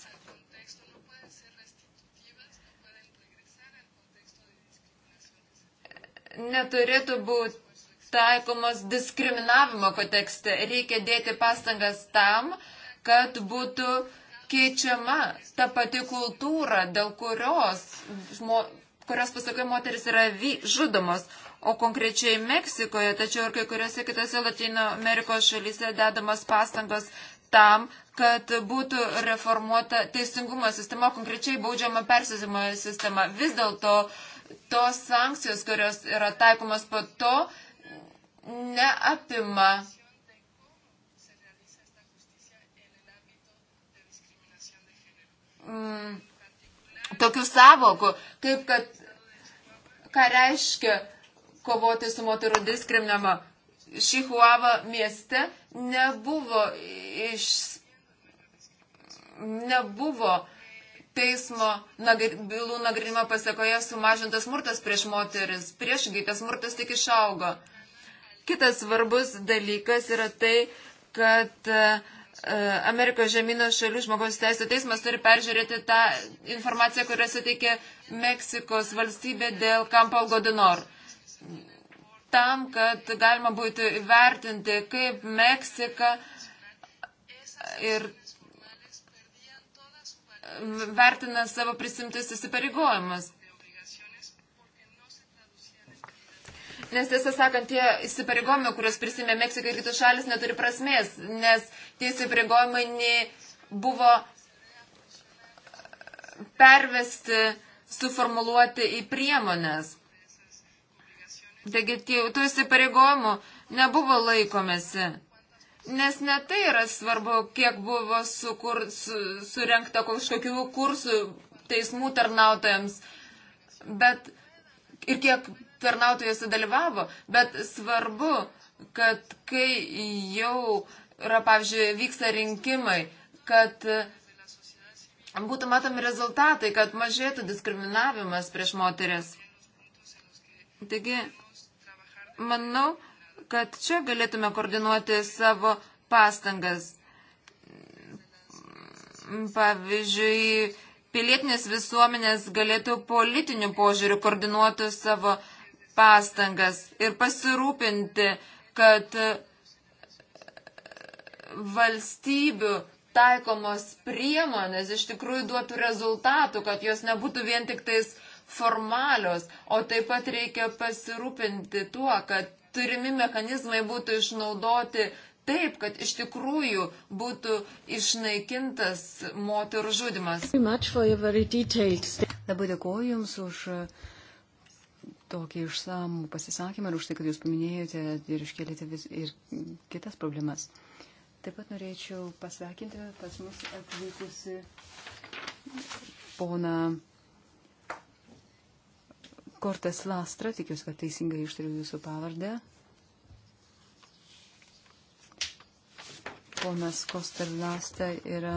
Speaker 13: Neturėtų būti taikomas diskriminavimo kontekste. Reikia dėti pastangas tam, kad būtų keičiama ta pati kultūra, dėl kurios kurios pasakai moteris yra žudomos, o konkrečiai Meksikoje, tačiau ir kai kuriuose kitose Latino Amerikos šalyse dedamos pastangos tam, kad būtų reformuota teisingumo sistema, konkrečiai baudžiama persizimo sistema. Vis dėlto tos sankcijos, kurios yra taikomas po to, neapima mm, tokių savokų, kaip kad ką reiškia kovoti su moterų diskriminama. Šihuava mieste nebuvo iš nebuvo teismo nagri, bylų nagrinimo pasiekoje sumažintas smurtas prieš moteris. Priešingai, tas smurtas tik išaugo. Kitas svarbus dalykas yra tai, kad uh, E, Amerikos žemino šalių žmogaus teisų teismas turi peržiūrėti tą informaciją, kurią suteikė Meksikos valstybė dėl Campo Godinor. Tam, kad galima būtų įvertinti, kaip Meksika ir vertina savo prisimtus įsipareigojimus. Nes tiesą sakant, tie įsipareigojimai, kuriuos prisimė Meksika ir kitos šalis, neturi prasmės, nes tie įsipareigojimai buvo pervesti, suformuluoti į priemonės. Taigi tų įsipareigojimų nebuvo laikomėsi. Nes ne tai yra svarbu, kiek buvo sukur, su, surenkta kažkokių kursų teismų tarnautojams, bet ir kiek tarnautojas sudalyvavo, bet svarbu, kad kai jau yra, pavyzdžiui, vyksta rinkimai, kad būtų matomi rezultatai, kad mažėtų diskriminavimas prieš moteris. Taigi, manau, kad čia galėtume koordinuoti savo pastangas. Pavyzdžiui, pilietinės visuomenės galėtų politinių požiūrių koordinuoti savo pastangas ir pasirūpinti, kad valstybių taikomos priemonės iš tikrųjų duotų rezultatų, kad jos nebūtų vien tik tais formalios, o taip pat reikia pasirūpinti tuo, kad turimi mechanizmai būtų išnaudoti taip, kad iš tikrųjų būtų išnaikintas
Speaker 11: moterų žudimas. Labai dėkuoju Jums už tokį išsamų pasisakymą ir už tai, kad jūs paminėjote ir iškėlėte vis, ir kitas problemas. Taip pat norėčiau pasveikinti pas mus atvykusi pona Kortes Lastra, tikiuosi, kad teisingai ištariu jūsų pavardę. Ponas Koster Lasta yra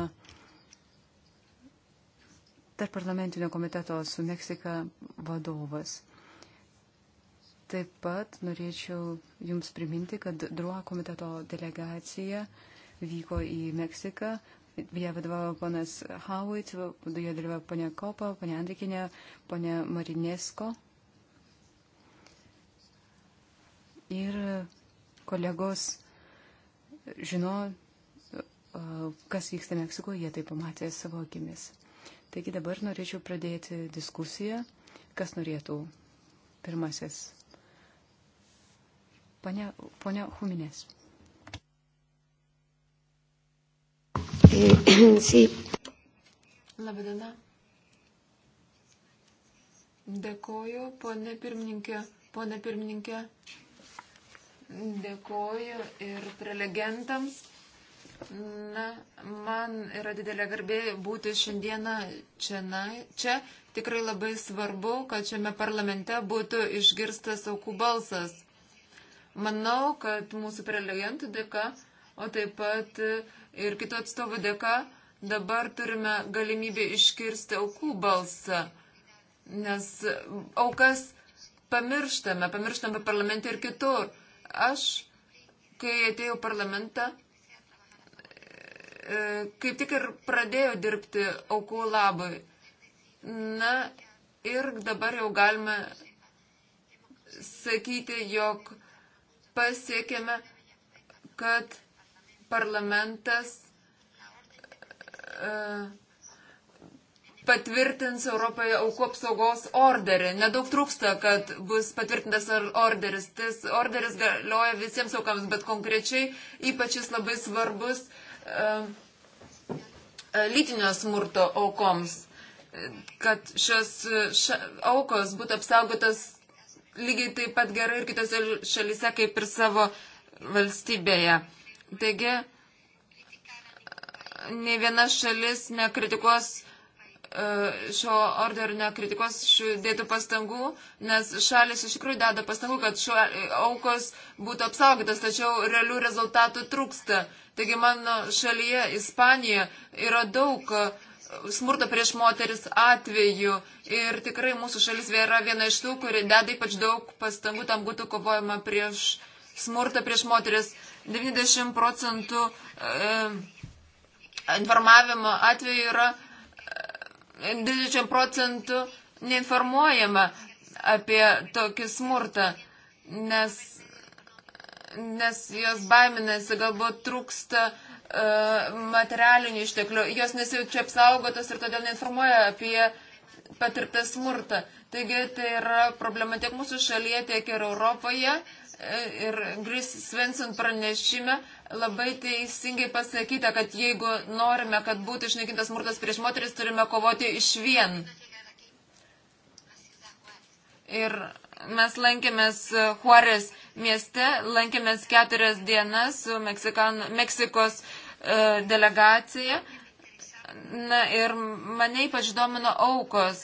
Speaker 11: tarp parlamentinio komiteto su Meksika vadovas. Taip pat norėčiau Jums priminti, kad Druo komiteto delegacija vyko į Meksiką. Jie vadovavo ponas Howitt, joje dalyvavo ponė Kopa, ponė Andrikinė, ponė Marinesko. Ir kolegos žino, kas vyksta Meksikoje, jie tai pamatė savo akimis. Taigi dabar norėčiau pradėti diskusiją, kas norėtų pirmasis Pane, ponia Huminės.
Speaker 13: Labadiena. Dėkoju, ponė pirmininkė. Pone pirmininkė, dėkoju ir prelegentams. Na, man yra didelė garbė būti šiandieną čia. Na, čia tikrai labai svarbu, kad šiame parlamente būtų išgirstas aukų balsas. Manau, kad mūsų prelegentų dėka, o taip pat ir kitų atstovų dėka, dabar turime galimybę iškirsti aukų balsą, nes aukas pamirštame, pamirštame parlamente ir kitur. Aš, kai atėjau parlamentą, e, kaip tik ir pradėjau dirbti aukų labui. Na ir dabar jau galime sakyti, jog pasiekėme, kad parlamentas e, patvirtins Europoje aukų apsaugos orderį. Nedaug trūksta, kad bus patvirtintas orderis. Tas orderis galioja visiems aukams, bet konkrečiai ypač jis labai svarbus uh, lytinio smurto aukoms, kad šios ša, aukos būtų apsaugotas lygiai taip pat gerai ir kitose šalise, kaip ir savo valstybėje. Taigi, ne viena šalis nekritikuos e, šio orderinio kritikos šių dėtų pastangų, nes šalis iš tikrųjų deda pastangų, kad šio e, aukos būtų apsaugotas, tačiau realių rezultatų trūksta. Taigi mano šalyje, Ispanija, yra daug uh, smurto prieš moteris atveju. Ir tikrai mūsų šalis yra viena iš tų, kuri deda ypač daug pastangų tam būtų kovojama prieš smurtą prieš moteris. 90 procentų e, informavimo atveju yra e, 90 procentų neinformuojama apie tokį smurtą, nes, nes jos baiminasi, galbūt trūksta e, E, materialinių išteklių, jos nesijaučia apsaugotos ir todėl neinformuoja apie patirtą smurtą. Taigi tai yra problema tiek mūsų šalyje, tiek ir Europoje. E, ir Gris Svensson pranešime labai teisingai pasakyta, kad jeigu norime, kad būtų išnaikintas smurtas prieš moteris, turime kovoti iš vien. Ir mes lankėmės Juarez mieste, lankėmės keturias dienas su Meksikan, Meksikos E, delegacija. Na ir mane ypač domino aukos.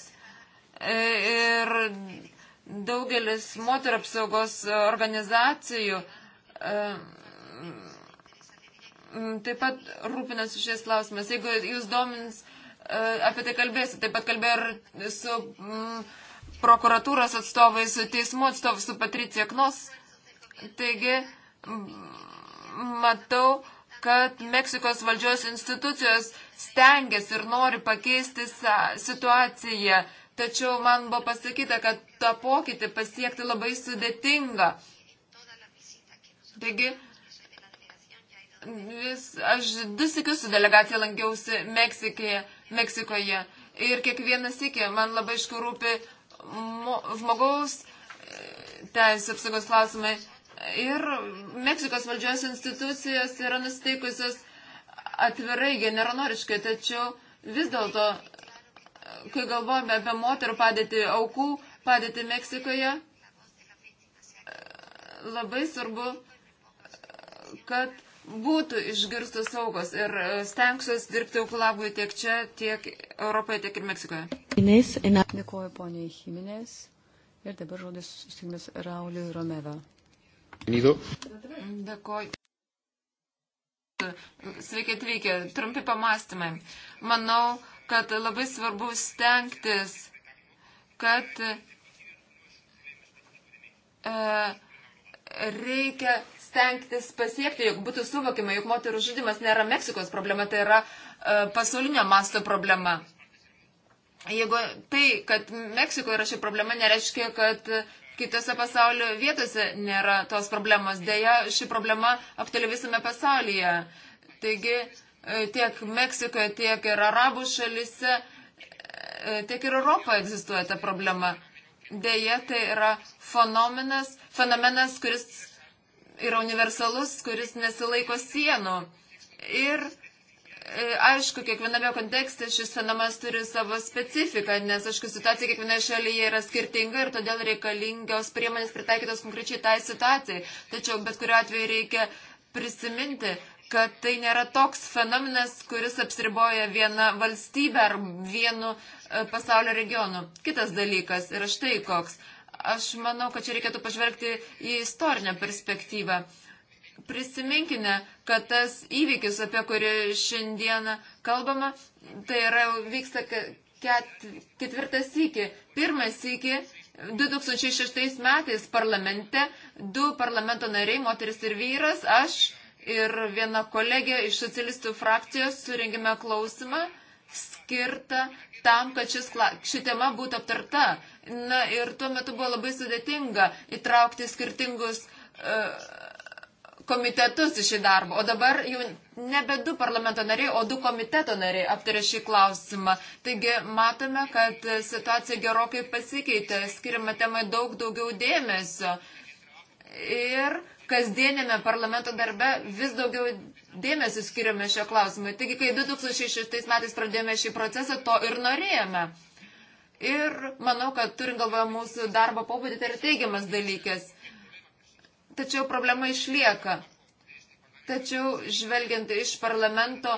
Speaker 13: E, ir daugelis moterų apsaugos organizacijų e, taip pat rūpinasi šiais klausimais. Jeigu jūs domins, apie tai kalbėsiu, taip pat kalbėjau ir su mm, prokuratūros atstovais, su teismų atstovais, su Patricija Knos. Taigi, matau, kad Meksikos valdžios institucijos stengiasi ir nori pakeisti situaciją. Tačiau man buvo pasakyta, kad tą pokytį pasiekti labai sudėtinga. Taigi, vis, aš du sikius su delegacija lankiausi Meksikėje, Meksikoje. Ir kiekvieną sykį man labai iškurūpi žmogaus e, teisų apsaugos klausimai. Ir Meksikos valdžios institucijos yra nusteikusios atvirai, generonoriškai, tačiau vis dėlto, kai galvojame apie moterų padėtį, aukų padėtį Meksikoje, labai svarbu, kad būtų išgirstos saugos ir stengsiuos dirbti aukų labui tiek čia, tiek Europoje, tiek ir Meksikoje.
Speaker 11: Dėkuoju poniai Jiminės ir dabar žodis susitikimas Rauliui Romeva
Speaker 8: tenido.
Speaker 13: Dėkoju. Sveiki atvykę, trumpi pamastymai. Manau, kad labai svarbu stengtis, kad e, reikia stengtis pasiekti, jog būtų suvokima, jog moterų žudimas nėra Meksikos problema, tai yra e, pasaulinio masto problema. Jeigu tai, kad Meksikoje yra ši problema, nereiškia, kad kitose pasaulio vietose nėra tos problemos. Deja, ši problema aptali visame pasaulyje. Taigi e, tiek Meksikoje, tiek ir Arabų šalise, e, tiek ir Europoje egzistuoja ta problema. Deja, tai yra fenomenas, fenomenas kuris yra universalus, kuris nesilaiko sienų. Ir E, aišku, kiekviename kontekste šis fenomenas turi savo specifiką, nes, aišku, situacija kiekvienoje šalyje yra skirtinga ir todėl reikalingios priemonės pritaikytos konkrečiai tai situacijai. Tačiau bet kuriuo atveju reikia prisiminti, kad tai nėra toks fenomenas, kuris apsiriboja vieną valstybę ar vienu e, pasaulio regionu. Kitas dalykas yra štai koks. Aš manau, kad čia reikėtų pažvelgti į istorinę perspektyvą prisiminkime, kad tas įvykis, apie kurį šiandieną kalbama, tai yra vyksta ket, ketvirtas iki. Pirmas iki 2006 metais parlamente du parlamento nariai, moteris ir vyras, aš ir viena kolegė iš socialistų frakcijos surengėme klausimą skirtą tam, kad šis, ši tema būtų aptarta. Na ir tuo metu buvo labai sudėtinga įtraukti skirtingus uh, komitetus iš šį darbą. O dabar jau nebe du parlamento nariai, o du komiteto nariai aptarė šį klausimą. Taigi matome, kad situacija gerokai pasikeitė, skiriama temai daug daugiau dėmesio. Ir kasdienėme parlamento darbe vis daugiau dėmesio skiriame šio klausimui. Taigi, kai 2006 metais pradėjome šį procesą, to ir norėjome. Ir manau, kad turint galvoje mūsų darbo pobūdį, tai yra teigiamas dalykas tačiau problema išlieka. Tačiau žvelgiant iš parlamento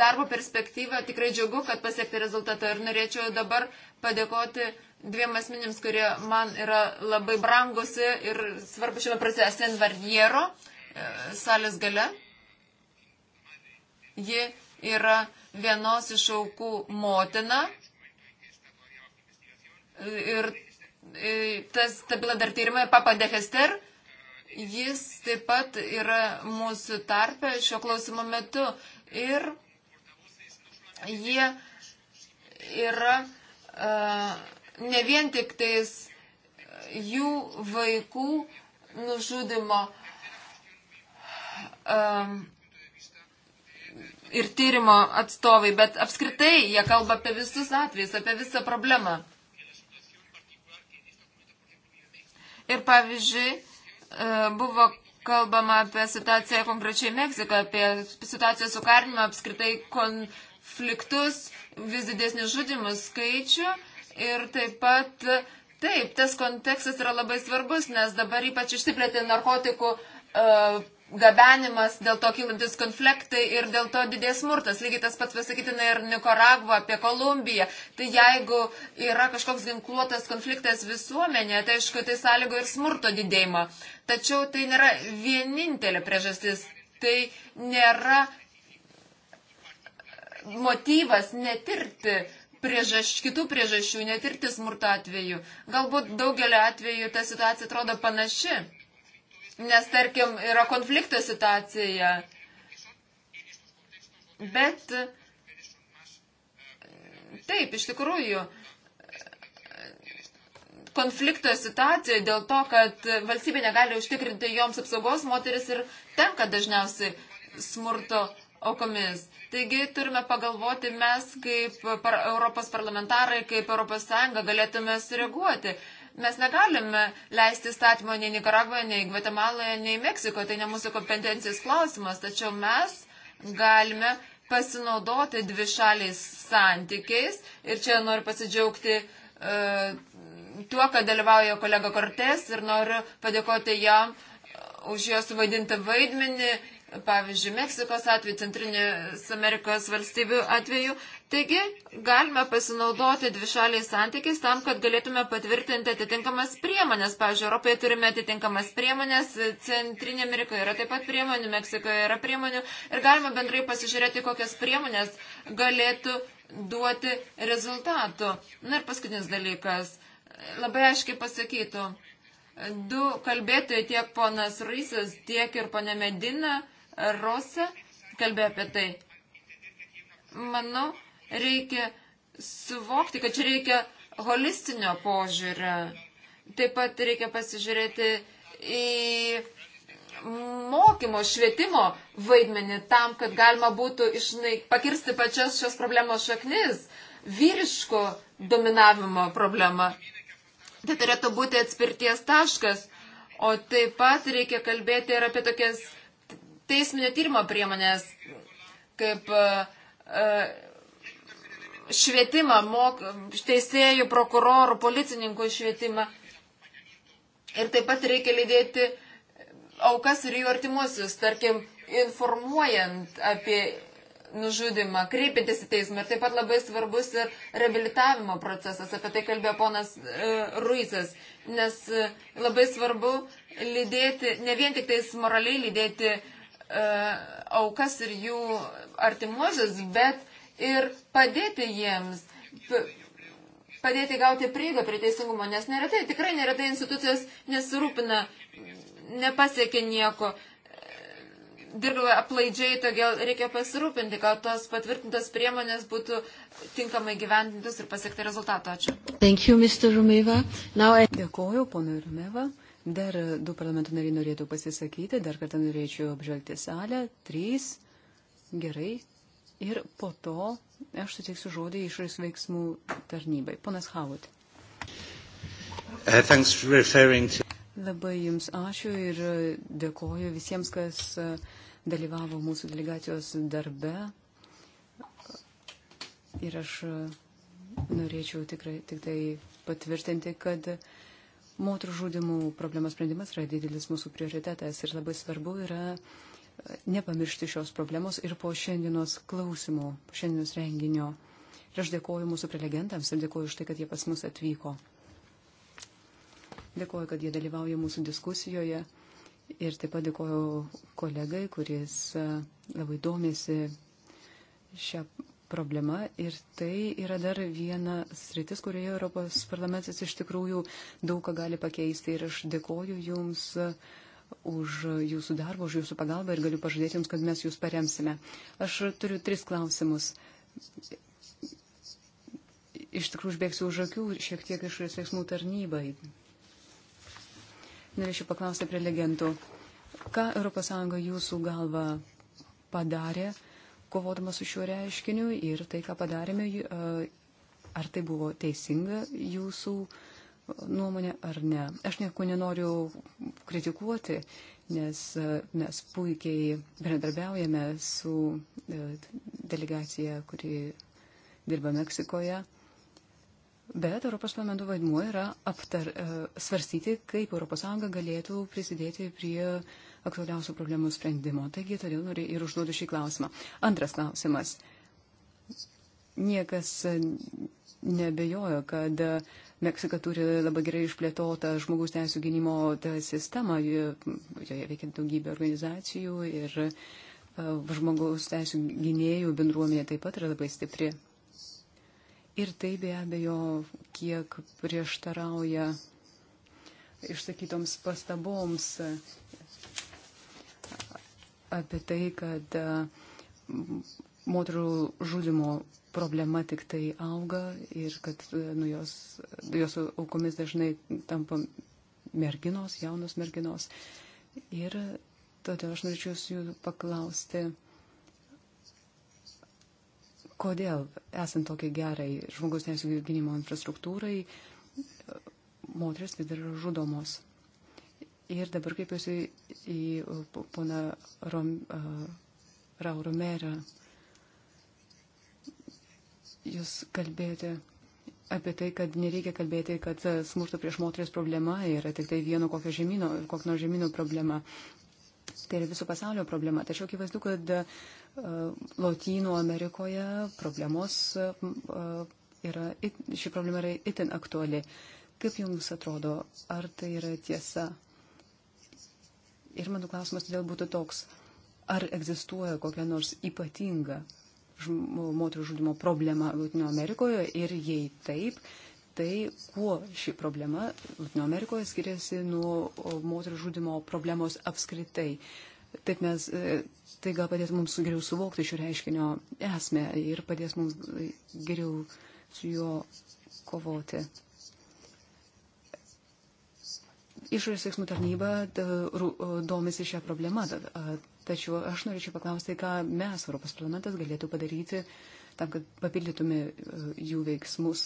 Speaker 13: darbo perspektyvą, tikrai džiugu, kad pasiekti rezultatą ir norėčiau dabar padėkoti dviem asmenims, kurie man yra labai brangusi ir svarbu šiame procese Vardiero e, salės gale. Ji yra vienos iš aukų motina ir e, tas, ta byla dar tyrimai, Papa de Hester, Jis taip pat yra mūsų tarpe šio klausimo metu ir jie yra uh, ne vien tik tais jų vaikų nužudimo um, ir tyrimo atstovai, bet apskritai jie kalba apie visus atvejus, apie visą problemą. Ir pavyzdžiui, E, buvo kalbama apie situaciją konkrečiai Meksikoje, apie situaciją su karnimu, apskritai konfliktus, vis didesnį žudimų skaičių ir taip pat, taip, tas kontekstas yra labai svarbus, nes dabar ypač išsiplėtė narkotikų uh, gabenimas, dėl to kylantis konfliktai ir dėl to didės smurtas. Lygiai tas pats pasakytina ir Nikaragva apie Kolumbiją. Tai jeigu yra kažkoks ginkluotas konfliktas visuomenėje, tai aišku, tai sąlygo ir smurto didėjimą. Tačiau tai nėra vienintelė priežastis. Tai nėra motyvas netirti priežaš, kitų priežasčių, netirti smurto atveju. Galbūt daugelio atveju ta situacija atrodo panaši nes tarkim yra konflikto situacija. Bet taip, iš tikrųjų, konflikto situacijoje dėl to, kad valstybė negali užtikrinti joms apsaugos, moteris ir tenka dažniausiai smurto aukomis. Taigi turime pagalvoti mes kaip par Europos parlamentarai, kaip Europos Sąjunga galėtume sureaguoti. Mes negalime leisti statymo nei Nikaragvoje, nei Gvatemaloje, nei Meksikoje, tai ne mūsų kompetencijos klausimas, tačiau mes galime pasinaudoti dvi šaliais santykiais ir čia noriu pasidžiaugti uh, tuo, kad dalyvauja kolega Kortės ir noriu padėkoti jam e, už jo suvaidintą vaidmenį, pavyzdžiui, Meksikos atveju, Centrinės Amerikos valstybių atveju Taigi, galime pasinaudoti dvišaliais santykiais tam, kad galėtume patvirtinti atitinkamas priemonės. Pavyzdžiui, Europoje turime atitinkamas priemonės, Centrinė Amerika yra taip pat priemonių, Meksikoje yra priemonių ir galime bendrai pasižiūrėti, kokias priemonės galėtų duoti rezultatų. Na ir paskutinis dalykas. Labai aiškiai pasakytų du kalbėtojai, tiek ponas Rysas, tiek ir ponė Medina Rose kalbėjo apie tai. Manau, Reikia suvokti, kad čia reikia holistinio požiūrio. Taip pat reikia pasižiūrėti į mokymo, švietimo vaidmenį tam, kad galima būtų išnaik, pakirsti pačias šios problemos šaknis, vyriško dominavimo problema. Tai turėtų būti atspirties taškas, o taip pat reikia kalbėti ir apie tokias teisminio tyrimo priemonės, kaip uh, uh, švietimą, mok, teisėjų, prokurorų, policininkų švietimą. Ir taip pat reikia lydėti aukas ir jų artimuosius, tarkim, informuojant apie nužudimą, kreipintis į teismą. Ir taip pat labai svarbus ir reabilitavimo procesas, apie tai kalbėjo ponas e, Ruizas, nes e, labai svarbu lydėti, ne vien tik tais moraliai lydėti e, aukas ir jų artimuosius, bet ir padėti jiems padėti gauti prieigą prie teisingumo, nes neretai, tikrai neretai institucijos nesirūpina, nepasiekia nieko, dirba aplaidžiai, todėl reikia pasirūpinti, kad tos patvirtintos priemonės būtų tinkamai gyventintos ir pasiekti rezultato. Ačiū.
Speaker 11: Thank you, Mr. Rumeva. Now I... Dėkuoju, ponui Rumeva. Dar du parlamento nariai norėtų pasisakyti, dar kartą norėčiau apžvelgti salę. Trys. Gerai, ir po to aš suteiksiu žodį išorės veiksmų tarnybai. Ponas Havut. Uh, to... Labai Jums ačiū ir dėkoju visiems, kas uh, dalyvavo mūsų delegacijos darbe. Ir aš uh, norėčiau tikrai tik tai patvirtinti, kad moterų žudimų problemos sprendimas yra didelis mūsų prioritetas ir labai svarbu yra uh, nepamiršti šios problemos ir po šiandienos klausimų, po šiandienos renginio. Ir aš dėkoju mūsų prelegentams ir dėkoju už tai, kad jie pas mus atvyko. Dėkoju, kad jie dalyvauja mūsų diskusijoje. Ir taip pat dėkoju kolegai, kuris e, labai domėsi šią problemą. Ir tai yra dar viena sritis, kurioje Europos parlamentas iš tikrųjų daug ką gali pakeisti. Ir aš dėkoju Jums. Uh, už jūsų darbą, už jūsų pagalbą ir galiu pažadėti jums, kad mes jūs paremsime. Aš turiu tris klausimus. Iš tikrųjų, užbėgsiu už akių šiek tiek iš veiksmų tarnybai. Norėčiau paklausti prie legendų. Ką ES jūsų galva padarė, kovodama su šiuo reiškiniu ir tai, ką padarėme, ar tai buvo teisinga jūsų uh, nuomonę ar ne. Aš nieko nenoriu kritikuoti, nes e, mes puikiai bendradarbiaujame su e, delegacija, kuri dirba Meksikoje. Bet Europos parlamento vaidmuo yra aptar, e, svarstyti, kaip ES galėtų prisidėti prie aktualiausių problemų sprendimo. Taigi, todėl noriu ir užduodu šį klausimą. Antras klausimas. Niekas nebejoja, kad Meksika turi labai gerai išplėtotą žmogus teisų gynimo sistemą, joje veikia daugybė organizacijų ir e, žmogaus teisų gynėjų bendruomenė taip pat yra labai stipri. Ir tai be abejo, kiek prieštarauja išsakytoms pastaboms e, apie tai, kad e, moterų žudimo problema tik tai auga ir kad nu, jos, jos aukomis dažnai tampa merginos, jaunos merginos. Ir todėl aš norėčiau jų paklausti, kodėl esant tokiai gerai žmogus teisų gynimo infrastruktūrai, moteris vis dar yra žudomos. Ir dabar kreipiuosi į poną Rom, uh, Rauromerą. Uh, Jūs kalbėjote apie tai, kad nereikia kalbėti, kad smurto prieš moteris problema yra tik tai vieno kokio žemino, kokio nors žemino problema. Tai yra viso pasaulio problema. Tačiau akivaizdu, kad uh, Lotynų Amerikoje problemos uh, yra, it, ši problema yra itin aktuali. Kaip jums atrodo, ar tai yra tiesa? Ir mano klausimas todėl būtų toks, ar egzistuoja kokia nors ypatinga moterų žudimo problema Latino Amerikoje ir jei taip, tai kuo ši problema Latino Amerikoje skiriasi nuo moterų žudimo problemos apskritai. Taip mes, e, tai gal padės mums geriau suvokti šio reiškinio esmę ir padės mums e, geriau su juo kovoti. Išorės veiksmų tarnyba domisi šią problemą. Tačiau aš norėčiau paklausti, ką mes, Europos parlamentas, galėtų padaryti tam, kad papildytume e, jų veiksmus.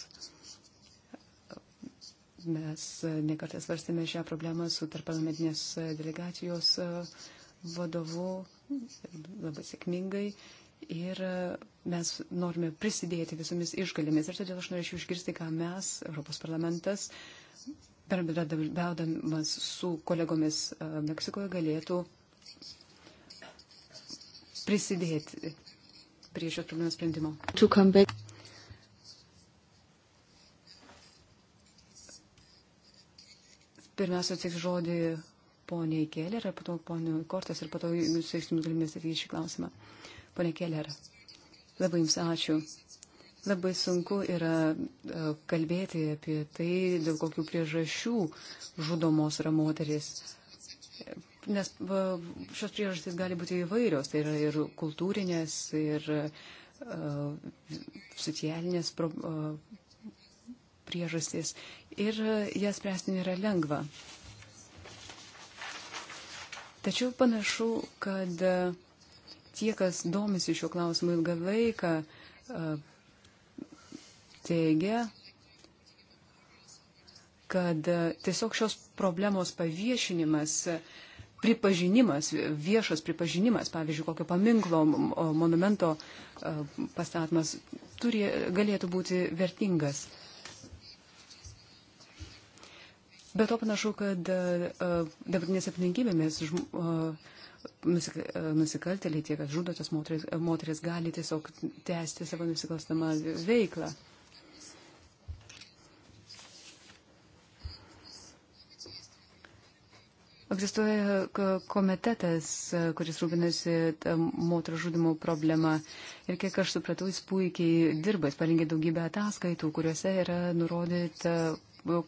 Speaker 11: Mes e, nekartą svarstėme šią problemą su tarparlamentinės e, delegacijos vadovu labai sėkmingai ir mes norime prisidėti visomis išgalėmis. Ir todėl aš norėčiau išgirsti, ką mes, Europos parlamentas, bendradarbiaudamas su kolegomis Meksikoje galėtų prisidėti prie šios problemos sprendimo. Pirmiausia, atsiks žodį poniai Keller, po to poniai Kortas ir po to jūs išsims galimės atsakyti šį klausimą. Pone Keller, labai jums ačiū. Labai sunku yra e, kalbėti apie tai, dėl kokių priežasčių žudomos yra moteris nes šios priežastys gali būti įvairios, tai yra ir kultūrinės, ir uh, socialinės pro, uh, priežastys, ir e, jas spręsti nėra lengva. Tačiau panašu, kad tie, kas domisi šiuo klausimu ilgą laiką, uh, teigia, kad tiesiog šios problemos paviešinimas uh, pripažinimas, viešas pripažinimas, pavyzdžiui, kokio paminklo, monumento e, pastatymas turi, galėtų būti vertingas. Bet to panašu, kad e, e, dabartinės aplinkybėmis nusikaltėliai tie, kas žudo tas moteris, moteris gali tiesiog tęsti savo nusikalstamą veiklą. Egzistuoja e, komitetas, e, kuris rūpinasi e, moterų žudimo problema. Ir kiek aš supratau, jis puikiai dirba, jis parengė daugybę ataskaitų, kuriuose yra nurodyta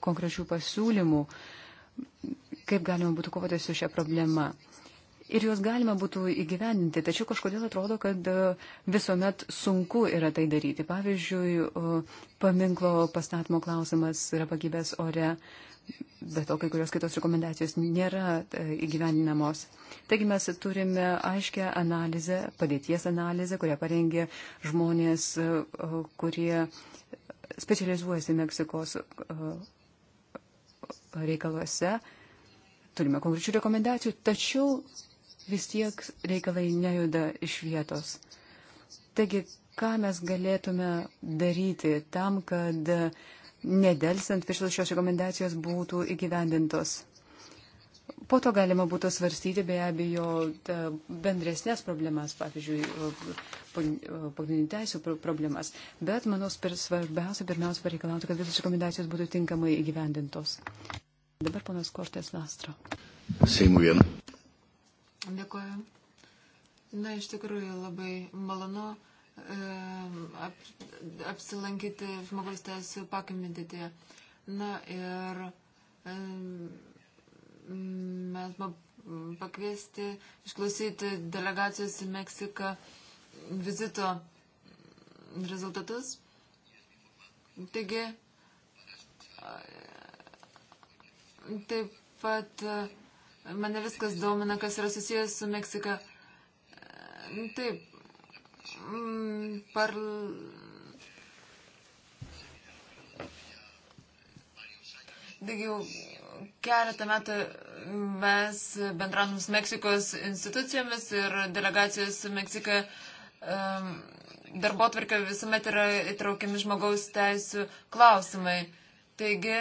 Speaker 11: konkrečių pasiūlymų, kaip galima būtų kovoti su šia problema. Ir juos galima būtų įgyvendinti, tačiau kažkodėl atrodo, kad visuomet sunku yra tai daryti. Pavyzdžiui, paminklo pastatymo klausimas yra pagybęs ore bet to kai kurios kitos rekomendacijos nėra e, įgyvendinamos. Taigi mes turime aiškę analizę, padėties analizę, kurią parengė žmonės, e, kurie specializuojasi Meksikos e, reikaluose. Turime konkrečių rekomendacijų, tačiau vis tiek reikalai nejuda iš vietos. Taigi, ką mes galėtume daryti tam, kad uh, nedelsant visos šios rekomendacijos būtų įgyvendintos. Po to galima būtų svarstyti be abejo bendresnės problemas, pavyzdžiui, pagrindinių teisų problemas. Bet, manau, svarbiausia pirmiausia pareikalauti, kad visos rekomendacijos būtų tinkamai įgyvendintos. Dabar ponas Kortės Lastro.
Speaker 6: Seimų vieną.
Speaker 11: Dėkuoju.
Speaker 13: Na, iš tikrųjų labai malonu ap, apsilankyti žmogaus teisų pakomitėje. Na ir mes buvome pakviesti išklausyti delegacijos į Meksiką vizito rezultatus. Taigi, taip pat mane viskas domina, kas yra susijęs su Meksika. Taip, Mm, par... Daugiau keletą metų mes bendravom su Meksikos institucijomis ir delegacijos su Meksika um, darbo tvarkė visuomet yra įtraukiami žmogaus teisų klausimai. Taigi,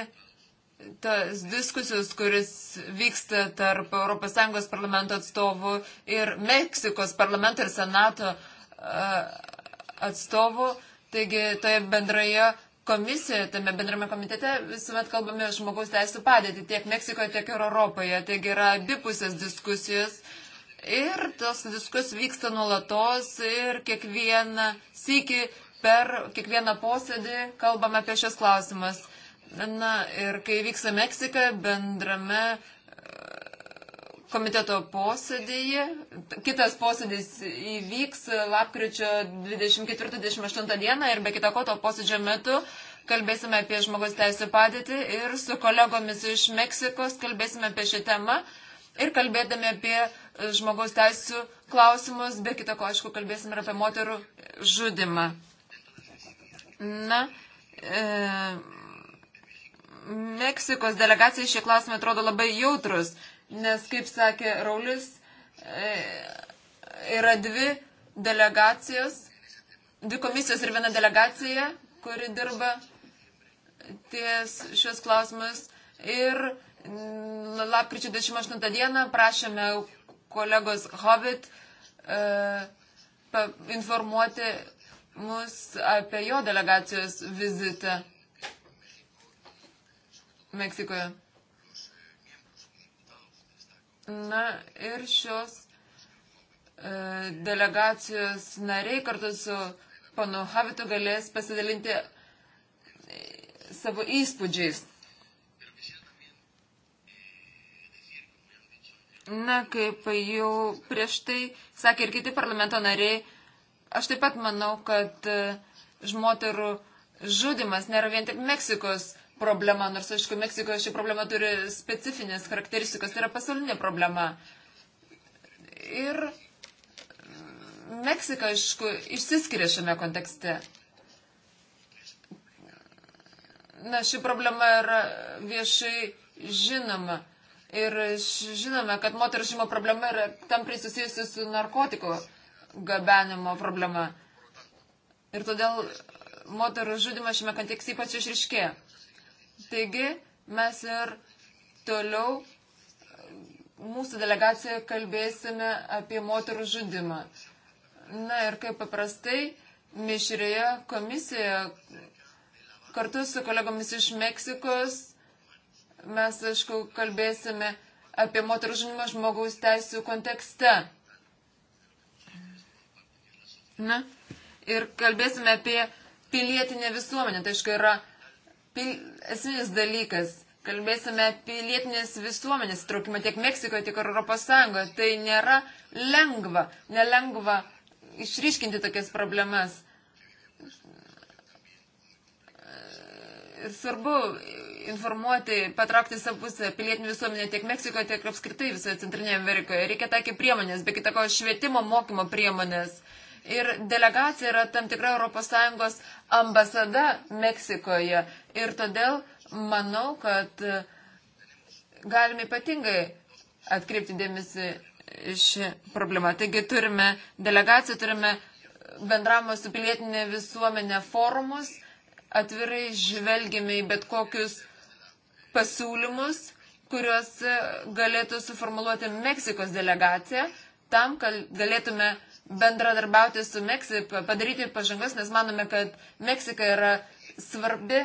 Speaker 13: tas diskusijos, kuris vyksta tarp ES parlamento atstovų ir Meksikos parlamento ir senato atstovų. Taigi toje bendroje komisijoje, tame bendrame komitete visuomet kalbame žmogaus teisų padėtį tiek Meksikoje, tiek ir Europoje. Taigi yra abipusės diskusijos. Ir tos diskusijos vyksta nuolatos ir kiekvieną sėki per kiekvieną posėdį kalbame apie šios klausimas. Na ir kai vyksta Meksika, bendrame komiteto posėdėje. Kitas posėdis įvyks lapkričio 24-28 dieną ir be kita ko to posėdžio metu kalbėsime apie žmogaus teisų padėtį ir su kolegomis iš Meksikos kalbėsime apie šią temą ir kalbėdami apie žmogaus teisų klausimus, be kita ko, aišku, kalbėsime ir apie moterų žudimą. Na, e, Meksikos delegacijai šie klausimai atrodo labai jautrus nes, kaip sakė Raulis, e, yra dvi delegacijos, dvi komisijos ir viena delegacija, kuri dirba ties šios klausimus. Ir lapkričio 28 dieną prašėme kolegos Hobbit e, informuoti mus apie jo delegacijos vizitą Meksikoje. Na ir šios e, delegacijos nariai kartu su panu Havitu galės pasidalinti e, savo įspūdžiais. Na, kaip jau prieš tai sakė ir kiti parlamento nariai, aš taip pat manau, kad e, žmoterų žudimas nėra vien tik Meksikos problema, nors aišku, Meksikoje ši problema turi specifinės charakteristikas, tai yra pasaulinė problema. Ir Meksika, aišku, išsiskiria šiame kontekste. Na, ši problema yra viešai žinoma. Ir žinome, kad moterų šeimo problema yra tam prisusijusi su narkotikų gabenimo problema. Ir todėl moterų žudimas šiame kontekste ypač išriškėja. Taigi mes ir toliau mūsų delegacijoje kalbėsime apie moterų žudimą. Na ir kaip paprastai, mišrėje komisijoje kartu su kolegomis iš Meksikos mes, aišku, kalbėsime apie moterų žudimą žmogaus teisų kontekste. Na, ir kalbėsime apie pilietinę visuomenę. Tai, aišku, yra pil, esminis dalykas. Kalbėsime pilietinės visuomenės traukimą tiek Meksikoje, tiek Europos Sąjungoje. Tai nėra lengva, nelengva išryškinti tokias problemas. Svarbu informuoti, patraukti savo pusę pilietinį visuomenę tiek Meksikoje, tiek apskritai visoje Centrinėje Amerikoje. Reikia taikyti priemonės, be kitako švietimo mokymo priemonės. Uh, Ir delegacija yra tam tikra ES ambasada Meksikoje. Ir todėl manau, kad galime ypatingai atkreipti dėmesį šį problemą. Taigi turime delegaciją, turime bendravimo su pilietinė visuomenė forumus, atvirai žvelgime į bet kokius pasiūlymus, kuriuos galėtų suformuluoti Meksikos delegacija, tam, kad galėtume bendradarbiauti su Meksika, padaryti pažangas, nes manome, kad Meksika yra svarbi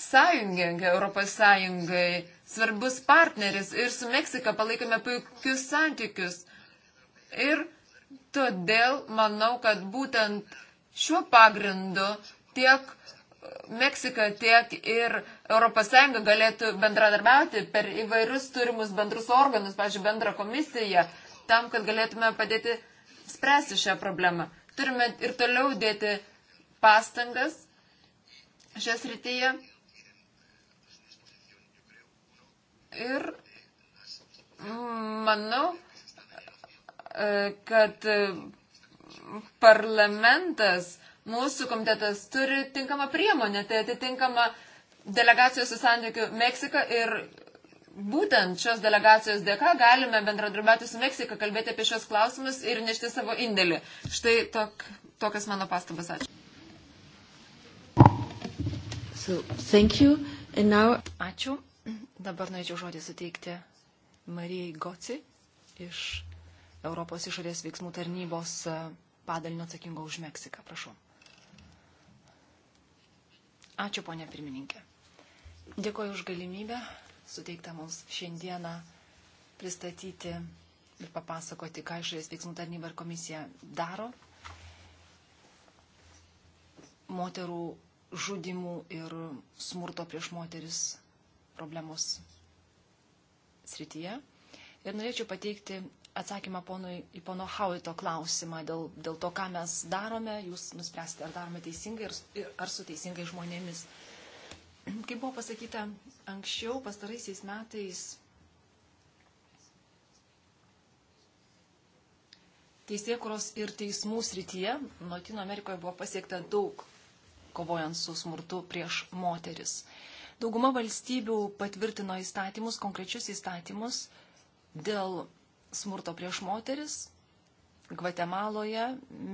Speaker 13: sąjungininkė Europos Sąjungai, svarbus partneris ir su Meksika palaikome puikius santykius. Ir todėl manau, kad būtent šiuo pagrindu tiek Meksika, tiek ir ES galėtų bendradarbiauti per įvairius turimus bendrus organus, pažiūrėjau, bendrą komisiją, tam, kad galėtume padėti spręsti šią problemą. Turime ir toliau dėti pastangas šias rytyje. Ir mm, manau, e, kad parlamentas, mūsų komitetas turi tinkamą priemonę, tai atitinkamą delegacijos su santykiu Meksika ir būtent šios delegacijos dėka galime bendradarbiauti su Meksika, kalbėti apie šios klausimus ir nešti savo indėlį. Štai tok, tokias mano pastabas. Ačiū.
Speaker 1: So, thank you. And now...
Speaker 12: Ačiū. Dabar norėčiau žodį suteikti Marijai Goci iš Europos išorės veiksmų tarnybos e, padalinio atsakingo už Meksiką. Prašau. Ačiū, ponė pirmininkė. Dėkoju už galimybę suteikta mums šiandieną pristatyti ir papasakoti, ką išorės veiksmų tarnyba ir komisija daro moterų žudimų ir smurto prieš moteris problemos srityje. Ir norėčiau pateikti atsakymą ponui, į pono Hauito klausimą dėl, dėl to, ką mes darome. Jūs nuspręsite, ar darome teisingai ir, ir ar su teisingai žmonėmis. Uh, Kaip buvo pasakyta anksčiau, pastaraisiais metais teisėkuros ir teismų srityje Latino Amerikoje buvo pasiekta daug kovojant su smurtu prieš moteris. Dauguma valstybių patvirtino įstatymus, konkrečius įstatymus dėl smurto prieš moteris. Gvatemaloje,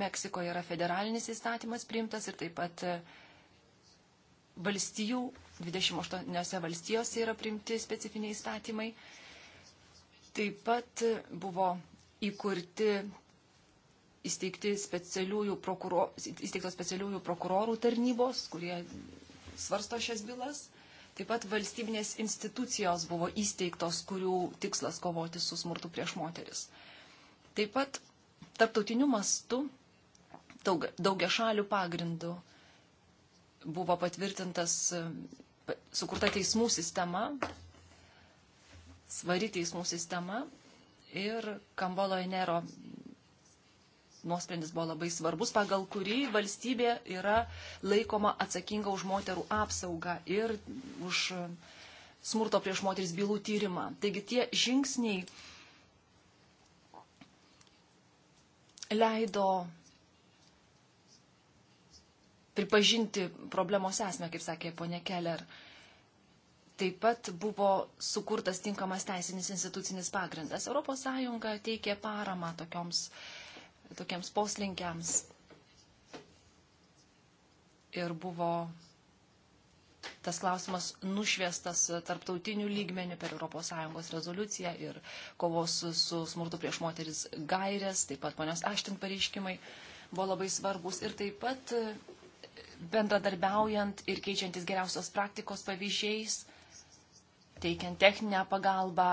Speaker 12: Meksikoje yra federalinis įstatymas priimtas ir taip pat e, valstijų 28 valstijose yra priimti specifiniai įstatymai. Taip pat buvo įkurti, įsteigti specialiųjų prokuro, įsteigtos specialiųjų prokurorų tarnybos, kurie svarsto šias bylas. Taip pat valstybinės institucijos buvo įsteigtos, kurių tikslas kovoti su smurtu prieš moteris. Taip pat tarptautiniu mastu daugia šalių pagrindų buvo patvirtintas sukurta teismų sistema, svari teismų sistema ir Kambolo Enero nuosprendis buvo labai svarbus, pagal kurį valstybė yra laikoma atsakinga už moterų apsaugą ir už smurto prieš moteris bylų tyrimą. Taigi tie žingsniai leido pripažinti problemos esmę, kaip sakė ponė Keller. Taip pat buvo sukurtas tinkamas teisinis institucinis pagrindas. ES teikė paramą tokioms, tokiems poslinkiams ir buvo tas klausimas nušviestas tarptautinių lygmenių per ES rezoliuciją ir kovos su, su smurtu prieš moteris gairės, taip pat ponios Aštin pareiškimai buvo labai svarbus ir taip pat bendradarbiaujant ir keičiantis geriausios praktikos pavyzdžiais, teikiant techninę pagalbą.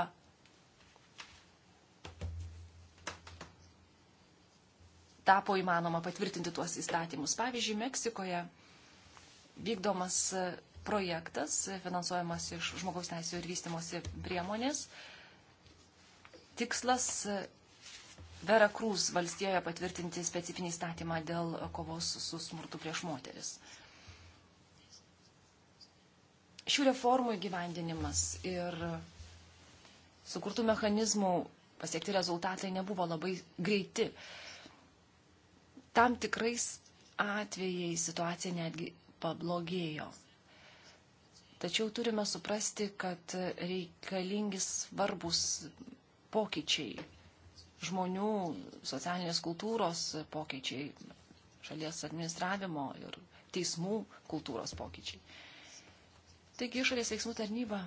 Speaker 12: Tapo įmanoma patvirtinti tuos įstatymus. Pavyzdžiui, Meksikoje vykdomas projektas, finansuojamas iš žmogaus teisų ir vystimosi priemonės. Tikslas Vera Cruz valstijoje patvirtinti specifinį statymą dėl kovos su smurtu prieš moteris. Šių reformų įgyvendinimas ir sukurtų mechanizmų pasiekti rezultatai nebuvo labai greiti. Tam tikrais atvejais situacija netgi pablogėjo. Tačiau turime suprasti, kad reikalingi svarbus pokyčiai žmonių socialinės kultūros pokyčiai, šalies administravimo ir teismų kultūros pokyčiai. Taigi išorės veiksmų tarnyba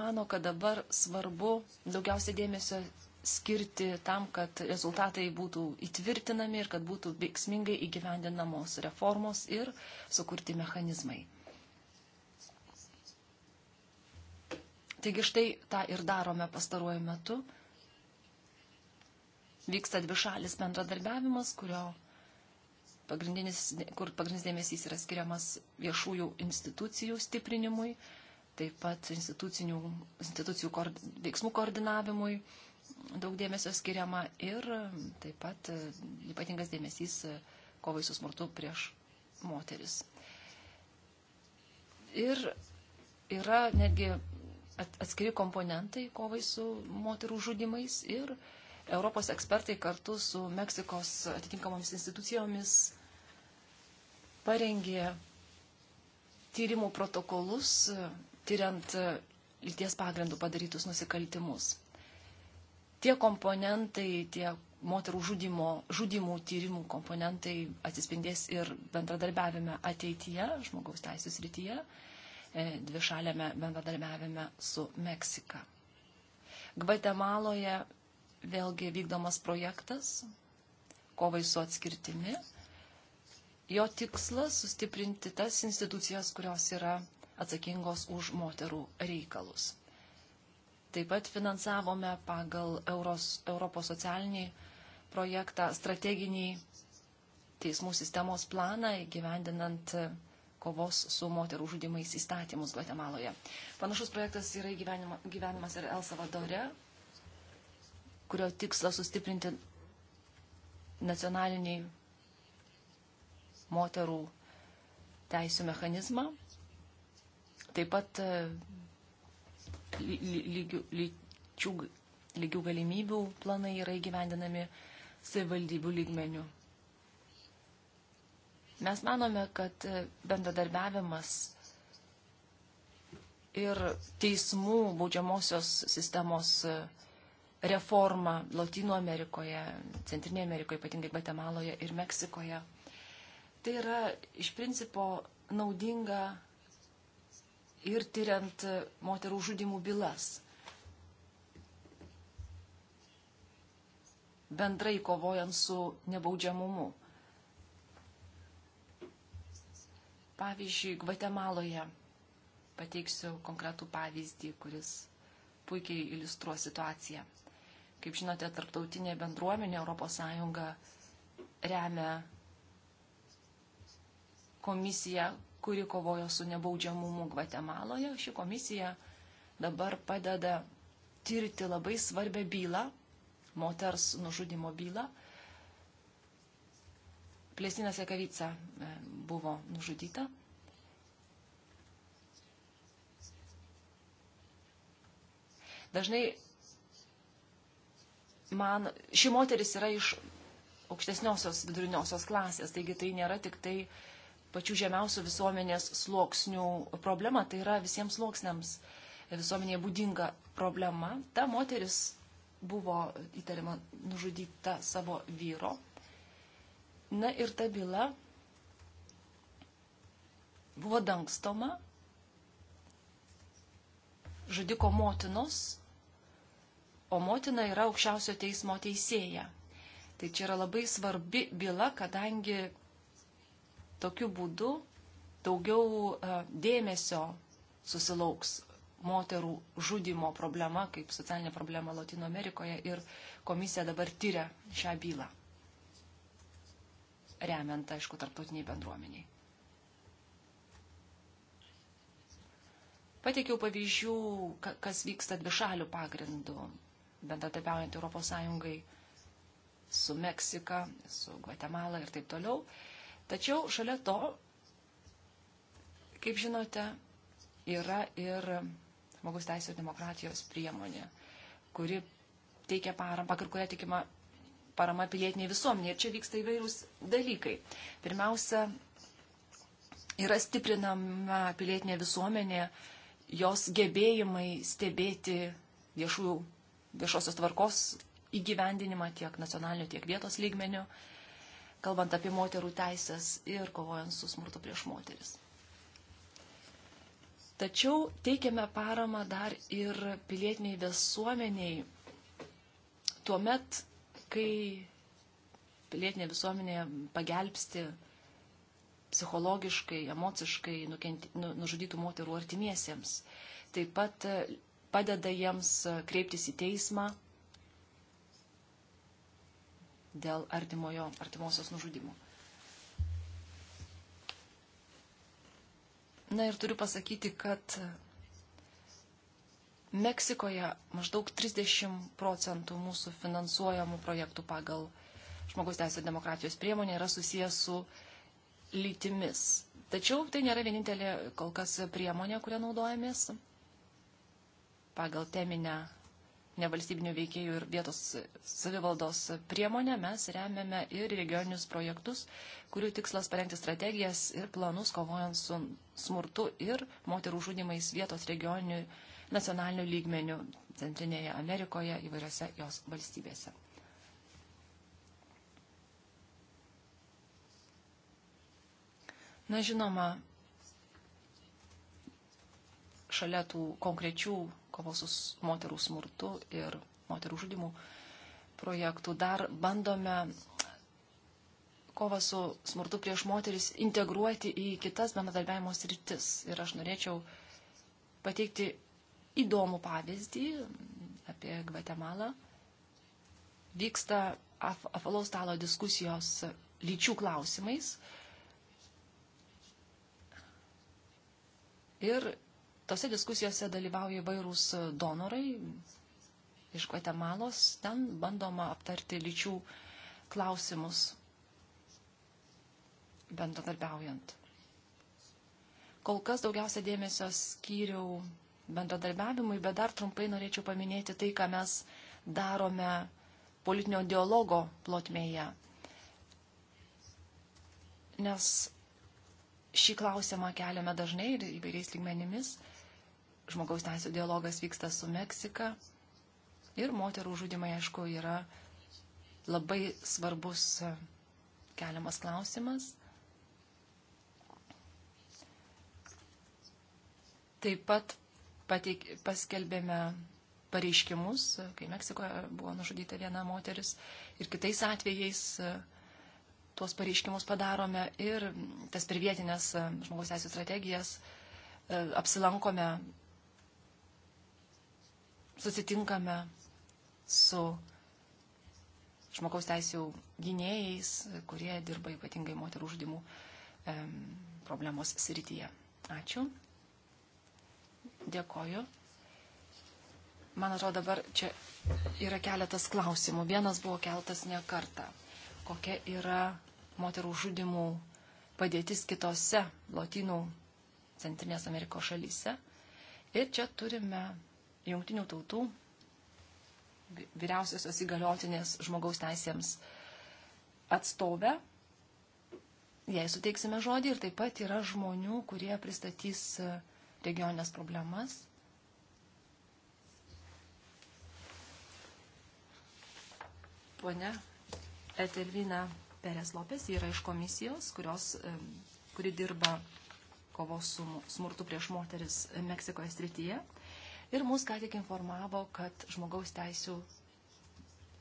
Speaker 12: mano, kad dabar svarbu daugiausia dėmesio skirti tam, kad rezultatai būtų įtvirtinami ir kad būtų veiksmingai įgyvendinamos reformos ir sukurti mechanizmai. Taigi štai tą ir darome pastaruoju metu vyksta dvišalis bendradarbiavimas, kurio pagrindinis, kur pagrindinis dėmesys yra skiriamas viešųjų institucijų stiprinimui, taip pat institucijų koord, veiksmų koordinavimui daug dėmesio skiriama ir taip pat e, ypatingas dėmesys e, kovai su smurtu prieš moteris. Ir yra netgi atskiri komponentai kovai su moterų žudimais ir uh, Europos ekspertai kartu su Meksikos atitinkamomis institucijomis parengė tyrimų protokolus, tyriant lyties pagrindų padarytus nusikaltimus. Tie komponentai, tie moterų žudimo, žudimų tyrimų komponentai atsispindės ir bendradarbiavime ateityje, žmogaus teisų srityje, e, dvišalėme bendradarbiavime su Meksika. Gvatemaloje vėlgi vykdomas projektas kovai su atskirtimi. Jo tikslas sustiprinti tas institucijas, kurios yra atsakingos už moterų reikalus. Taip pat finansavome pagal Euros, Europos socialinį projektą strateginį teismų sistemos planą įgyvendinant kovos su moterų žudimais įstatymus Gvatemaloje. Panašus projektas yra gyvenimas ir El Salvadore, kurio tikslas sustiprinti nacionalinį moterų teisų mechanizmą. Taip pat e, lygių, lyčių, lygių galimybių planai yra įgyvendinami savivaldybių lygmenių. Mes manome, kad e, bendradarbiavimas ir teismų baudžiamosios sistemos uh, reformą Latino Amerikoje, Centrinėje Amerikoje, ypatingai Guatemaloje ir Meksikoje. Tai yra iš principo naudinga ir tyriant moterų žudimų bylas. Bendrai kovojant su nebaudžiamumu. Pavyzdžiui, Gvatemaloje pateiksiu konkretų pavyzdį, kuris puikiai iliustruos situaciją. Kaip žinote, tarptautinė bendruomenė ES remia komisiją, kuri kovojo su nebaudžiamumu Gvatemaloje. Ši komisija dabar padeda tirti labai svarbę bylą, moters nužudimo bylą. Plėstina Sekavica e, buvo nužudyta. Dažnai man ši moteris yra iš aukštesniosios viduriniosios klasės, taigi tai nėra tik tai pačių žemiausių visuomenės sluoksnių problema, tai yra visiems sluoksniams visuomenėje būdinga problema. Ta moteris buvo įtariama nužudyta savo vyro. Na ir ta byla buvo dangstoma žudiko motinos o motina yra aukščiausio teismo teisėja. Tai čia yra labai svarbi byla, kadangi tokiu būdu daugiau e, dėmesio susilauks moterų žudimo problema, kaip socialinė problema Latino Amerikoje ir komisija dabar tyria šią bylą, remiant, aišku, tarptautiniai bendruomeniai. Pateikiau pavyzdžių, kas vyksta dvišalių pagrindų bendradarbiaujant Europos Sąjungai su Meksika, su Guatemala ir taip toliau. Tačiau šalia to, kaip žinote, yra ir žmogus teisų ir demokratijos priemonė, kuri teikia paramą, pagal kurią tikima parama pilietiniai visuomeniai. Ir čia vyksta įvairūs dalykai. Pirmiausia, yra stiprinama pilietinė visuomenė, jos gebėjimai stebėti viešųjų viešosios tvarkos įgyvendinimą tiek nacionaliniu, tiek vietos lygmeniu, kalbant apie moterų teisės ir kovojant su smurtu prieš moteris. Tačiau teikiame paramą dar ir pilietiniai visuomeniai tuo met, kai pilietinė visuomenė pagelbsti psichologiškai, emociškai nukenti, nu, nužudytų moterų artimiesiems. Taip pat padeda jiems e, kreiptis į teismą dėl artimojo, artimosios nužudimo. Na ir turiu pasakyti, kad Meksikoje maždaug 30 procentų mūsų finansuojamų projektų pagal žmogaus teisų ir demokratijos priemonė yra susijęs su lytimis. Tačiau tai nėra vienintelė kol kas priemonė, kurią naudojamės pagal teminę nevalstybinių veikėjų ir vietos savivaldos priemonę mes remiame ir regioninius projektus, kurių tikslas parengti strategijas ir planus kovojant su smurtu ir moterų žudimais vietos regioninių nacionalinių lygmenių Centrinėje Amerikoje įvairiose jos valstybėse. Na žinoma, šalia tų konkrečių kovos su moterų smurtu ir moterų žudimų projektų dar bandome kovą su smurtu prieš moteris integruoti į kitas bendradarbiavimo sritis. Ir aš norėčiau pateikti įdomų pavyzdį apie Gvatemalą. Vyksta af apalaus stalo diskusijos lyčių klausimais. Ir Tose diskusijose dalyvauja įvairūs e, donorai iš Guatemalos. Ten bandoma aptarti lyčių klausimus bendradarbiaujant. Kol kas daugiausia dėmesio skyriau bendradarbiavimui, bet dar trumpai norėčiau paminėti tai, ką mes darome politinio dialogo plotmėje. Nes šį klausimą keliame dažnai ir įvairiais lygmenimis žmogaus teisų dialogas vyksta su Meksika ir moterų žudimai, aišku, yra labai svarbus e, keliamas klausimas. Taip pat pateik, paskelbėme pareiškimus, e, kai Meksikoje buvo nužudyta viena moteris ir kitais atvejais e, tuos pareiškimus padarome ir tas per vietinės žmogaus teisų strategijas apsilankome susitinkame su žmogaus teisų gynėjais, kurie dirba ypatingai moterų uždimų e, problemos srityje. Ačiū. Dėkoju. Man atrodo, dabar čia yra keletas klausimų. Vienas buvo keltas ne kartą. Kokia yra moterų žudimų padėtis kitose Latinų Centrinės Amerikos šalyse? Ir čia turime jungtinių tautų vyriausiosios įgaliotinės žmogaus teisėms atstovę. Jei suteiksime žodį ir taip pat yra žmonių, kurie pristatys e, regionės problemas. Pone Etelvina Perės Lopės yra iš komisijos, kurios, e, kuri dirba kovos su smurtu prieš moteris Meksikoje srityje ir mus ką tik informavo, kad žmogaus teisų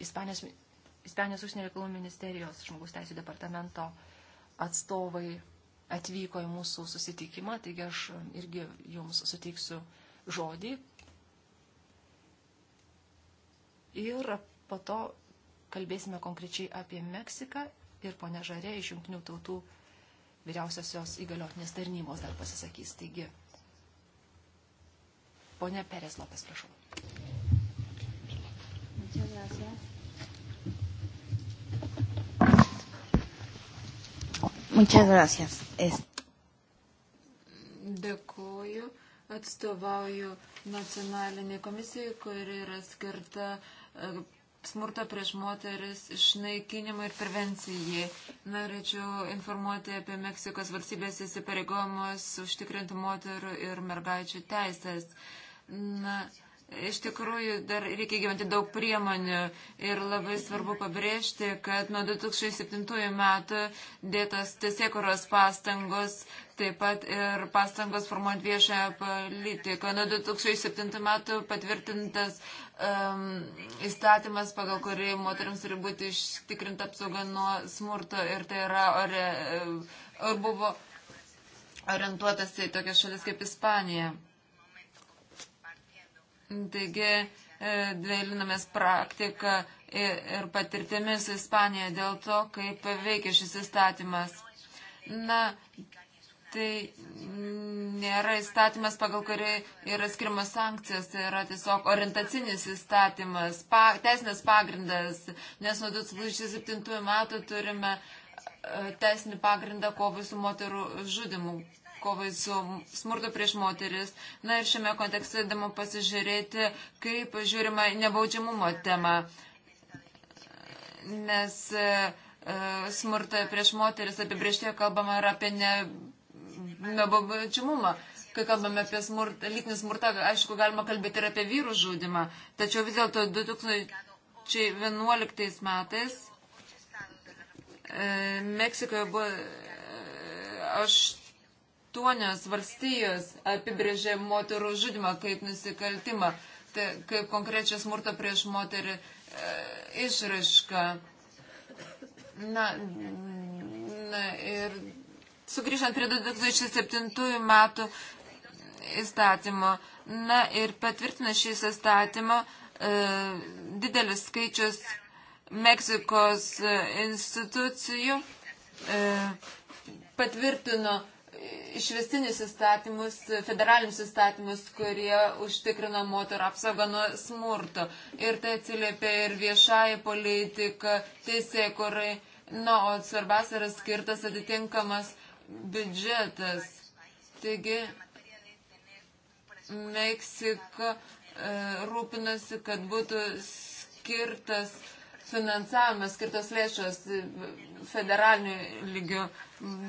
Speaker 12: Ispanijos, Ispanijos užsienio reikalų ministerijos žmogaus teisų departamento atstovai atvyko į mūsų susitikimą, taigi aš irgi jums suteiksiu žodį. Ir po to kalbėsime konkrečiai apie Meksiką ir ponia Žarė iš Junktinių tautų vyriausiosios įgaliotinės tarnybos dar pasisakys. Taigi, Pone Perės Lopes, prašau.
Speaker 1: Muchas gracias. Es...
Speaker 13: Dėkuoju. Atstovauju nacionalinį komisiją, kuri yra skirta e, smurto prieš moteris išnaikinimui ir prevencijai. Norėčiau informuoti apie Meksikos valstybės įsipareigojimus užtikrinti moterų ir mergaičių teisės. Uh, Na, Iš tikrųjų, dar reikia gyventi daug priemonių ir labai svarbu pabrėžti, kad nuo 2007 metų dėtos tiesiekuros pastangos, taip pat ir pastangos formuojant viešąją politiką. Nuo 2007 metų patvirtintas um, įstatymas, pagal kurį moteriams turi būti ištikrinta apsauga nuo smurto ir tai yra, ar, um, ar buvo orientuotas į tokias šalis kaip Ispanija. Taigi e, dvėlinamės praktiką ir patirtimis Ispanijoje dėl to, kaip veikia šis įstatymas. Na, tai nėra įstatymas, pagal kurį yra skirimas sankcijas, tai yra tiesiog orientacinis įstatymas, pa, teisinės pagrindas, nes nuo 2007 metų turime e, teisinį pagrindą kovai su moterų žudimu kovai su smurtu prieš moteris. Na ir šiame kontekste įdomu pasižiūrėti, kaip žiūrima nebaudžiamumo tema. Nes e, e, smurtą prieš moteris apibrieštė kalbama ir apie ne, nebaudžiamumą. Kai kalbame apie smurt, lytinį smurtą, aišku, galima kalbėti ir apie vyrų žudimą. Tačiau vis dėlto 2011 metais e, Meksikoje buvo aš aštuonios valstijos apibrėžė moterų žudimą kaip nusikaltimą, tai kaip konkrečią smurto prieš moterį e, išraišką. Na, na ir sugrįžtant prie 2007 metų įstatymo. Na ir patvirtina šis įstatymo e, didelis skaičius Meksikos institucijų e, patvirtino išvestinius įstatymus, federalinius įstatymus, kurie užtikrina moterų apsaugą nuo smurto. Ir tai atsiliepia ir viešai politika, teisėjai, kurai, na, nu, o svarbiausia yra skirtas atitinkamas biudžetas. Taigi, Meksika e, rūpinasi, kad būtų skirtas uh, finansavimas skirtos lėšos federalinių lygių.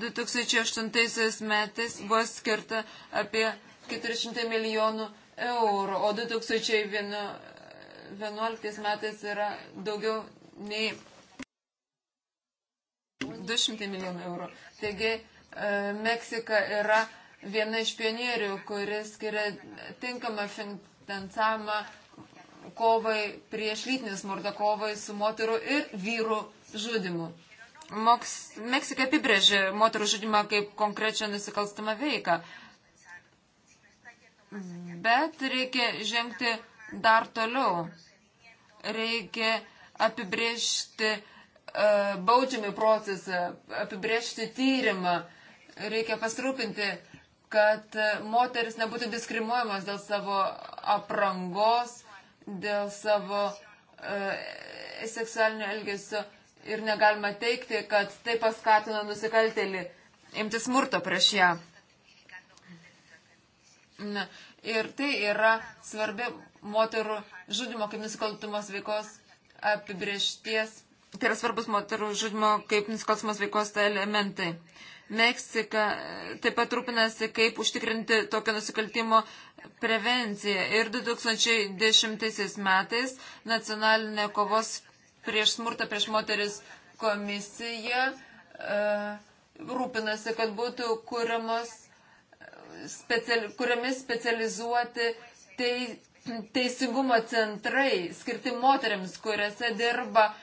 Speaker 13: 2008 metais buvo skirta apie 400 milijonų eurų, o 2011 metais yra daugiau nei 200 milijonų eurų. Taigi e, Meksika yra viena iš pionierių, kuris skiria tinkamą finansavimą kovai prieš lytinį smurtą, kovai su moterų ir vyrų žudimu. Moks, Meksika apibrėžė moterų žudimą kaip konkrečią nusikalstamą veiką. Bet reikia žengti dar toliau. Reikia apibrėžti uh, e, baudžiamį procesą, apibrėžti tyrimą. Reikia pasirūpinti, kad moteris nebūtų diskriminuojamas dėl savo aprangos, dėl savo e, seksualinio elgesio ir negalima teikti, kad tai paskatino nusikaltelį imti smurto prieš ją. Na, ir tai yra svarbi moterų žudimo kaip nusikaltumos veikos apibriešties. Tai yra svarbus moterų žudimo kaip nusikaltumos veikos tai elementai. Meksika taip pat rūpinasi, kaip užtikrinti tokio nusikaltimo prevenciją. Ir 2010 metais nacionalinė kovos prieš smurtą prieš moteris komisija e, rūpinasi, kad būtų kuriamos speciali, kuriamis specializuoti tei, teisingumo centrai skirti moteriams, kuriuose dirba uh,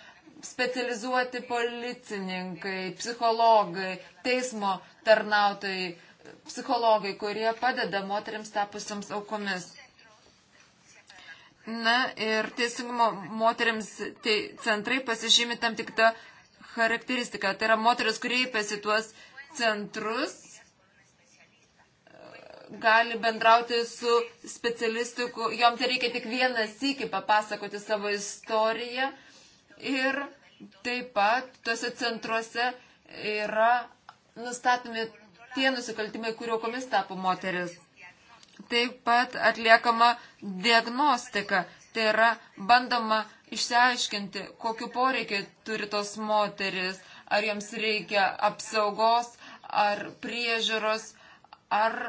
Speaker 13: specializuoti policininkai, psichologai, teismo tarnautojai, psichologai, kurie padeda moteriams tapusiams aukomis. Na ir teisingumo moteriams te, centrai pasižymi tam tik tą charakteristiką. Tai yra moteris, kurie įpėsi tuos centrus, gali bendrauti su specialistiku, jom tai reikia tik vieną sykį papasakoti savo istoriją Ir taip pat tuose centruose yra nustatomi tie nusikaltimai, kurio komis tapo moteris. Taip pat atliekama diagnostika, tai yra bandoma išsiaiškinti, kokiu poreikiu turi tos moteris, ar jiems reikia apsaugos, ar priežiūros, ar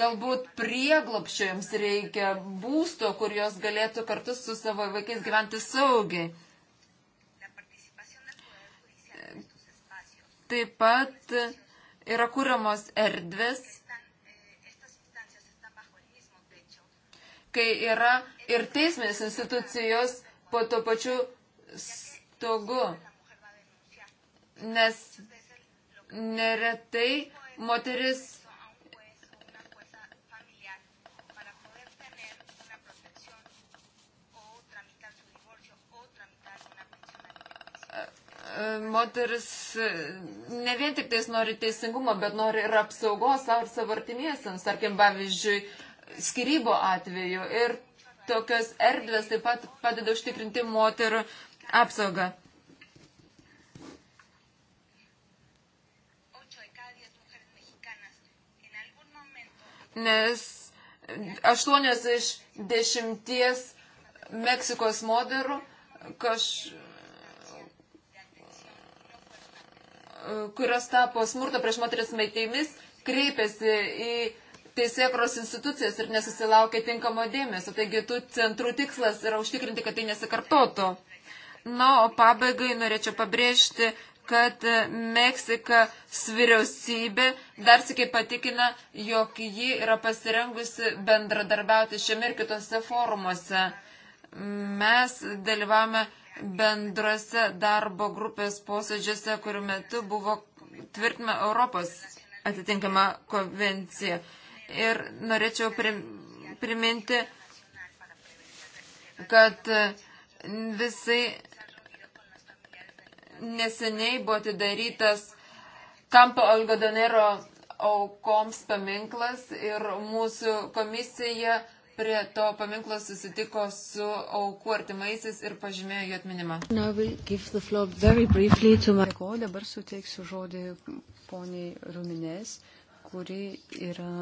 Speaker 13: galbūt prieglopščio jums reikia būsto, kur jos galėtų kartu su savo vaikais gyventi saugiai. Taip pat yra kūriamos erdvės, kai yra ir teisminės institucijos po to pačiu stogu. Nes neretai moteris moteris e, ne vien tik tais nori teisingumo, bet nori ir apsaugos savo ir savo artimiesiams, tarkim, pavyzdžiui, skirybo atveju. Ir tokios erdvės taip pat padeda užtikrinti moterų apsaugą. Nes aštuonios iš dešimties Meksikos moterų kaž, kurios tapo smurto prieš moteris maitėmis, kreipėsi į teisėkros institucijas ir nesusilaukė tinkamo dėmesio. Taigi tų centrų tikslas yra užtikrinti, kad tai nesikartotų. Na, o pabaigai norėčiau pabrėžti, kad Meksikas vyriausybė dar sikiai patikina, jog ji yra pasirengusi bendradarbiauti šiame ir kitose forumuose. Mes dalyvavome bendrose darbo grupės posėdžiuose, kurių metu buvo tvirtinama Europos atitinkama konvencija. Ir norėčiau priminti, kad visai neseniai buvo atidarytas Kampo Algodonero aukoms paminklas ir mūsų komisija uh, prie to paminklo susitiko su aukų artimaisiais ir pažymėjo jų atminimą.
Speaker 11: Dėkuoju, dabar suteiksiu žodį poniai Ruminės, kuri yra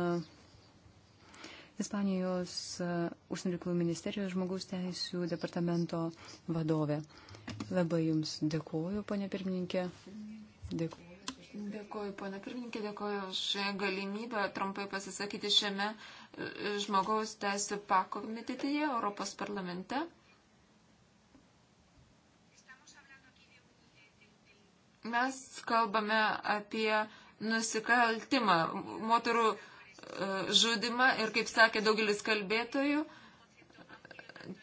Speaker 11: Ispanijos e, užsienio reikalų ministerijos žmogaus teisų departamento vadovė. Labai Jums dėkuoju, ponė pirmininkė. Dėkuoju.
Speaker 13: Dėkuoju, ponė pirmininkė, dėkuoju už galimybę trumpai pasisakyti šiame žmogaus teisų pakomitetėje Europos parlamente. Mes kalbame apie nusikaltimą, moterų e, žudimą ir, kaip sakė daugelis kalbėtojų,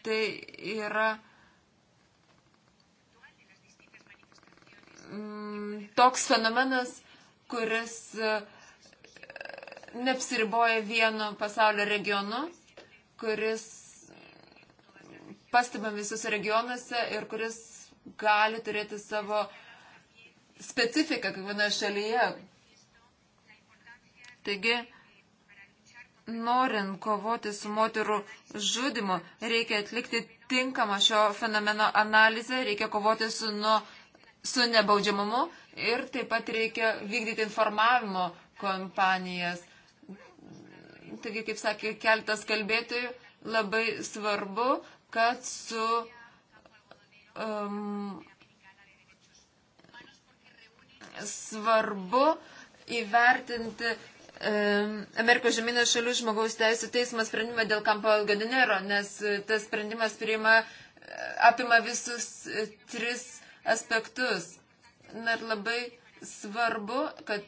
Speaker 13: tai yra mm, toks fenomenas, kuris uh, neapsiriboja vienu pasaulio regionu, kuris pastebam visus regionuose ir kuris gali turėti savo specifiką kiekvienoje šalyje. Taigi, norint kovoti su moterų žudimu, reikia atlikti tinkamą šio fenomeno analizę, reikia kovoti su, nu, su nebaudžiamumu ir taip pat reikia vykdyti informavimo kompanijas. Taigi, kaip sakė keltas kalbėtojų, labai svarbu, kad su um, svarbu įvertinti um, Amerikos žemynės šalių žmogaus teisų teismas sprendimą dėl Kampo Algadinero, nes e, tas sprendimas priima, e, apima visus e, tris aspektus. Na ir labai svarbu, kad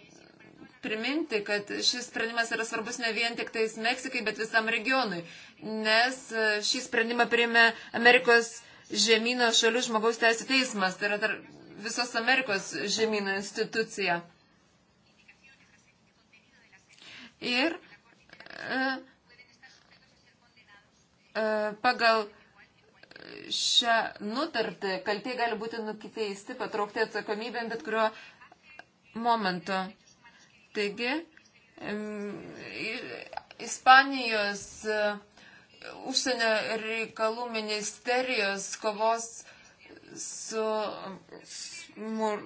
Speaker 13: priminti, kad šis sprendimas yra svarbus ne vien tik tais Meksikai, bet visam regionui, nes e, šį sprendimą priėmė Amerikos žemynų šalių žmogaus teisų teismas, tai yra visos Amerikos žemynų institucija. Ir e, e, pagal šią nutartį kaltė gali būti nukiteisti, patraukti atsakomybėm, bet kuriuo momentu. Taigi, Ispanijos e, užsienio reikalų ministerijos kovos su mur,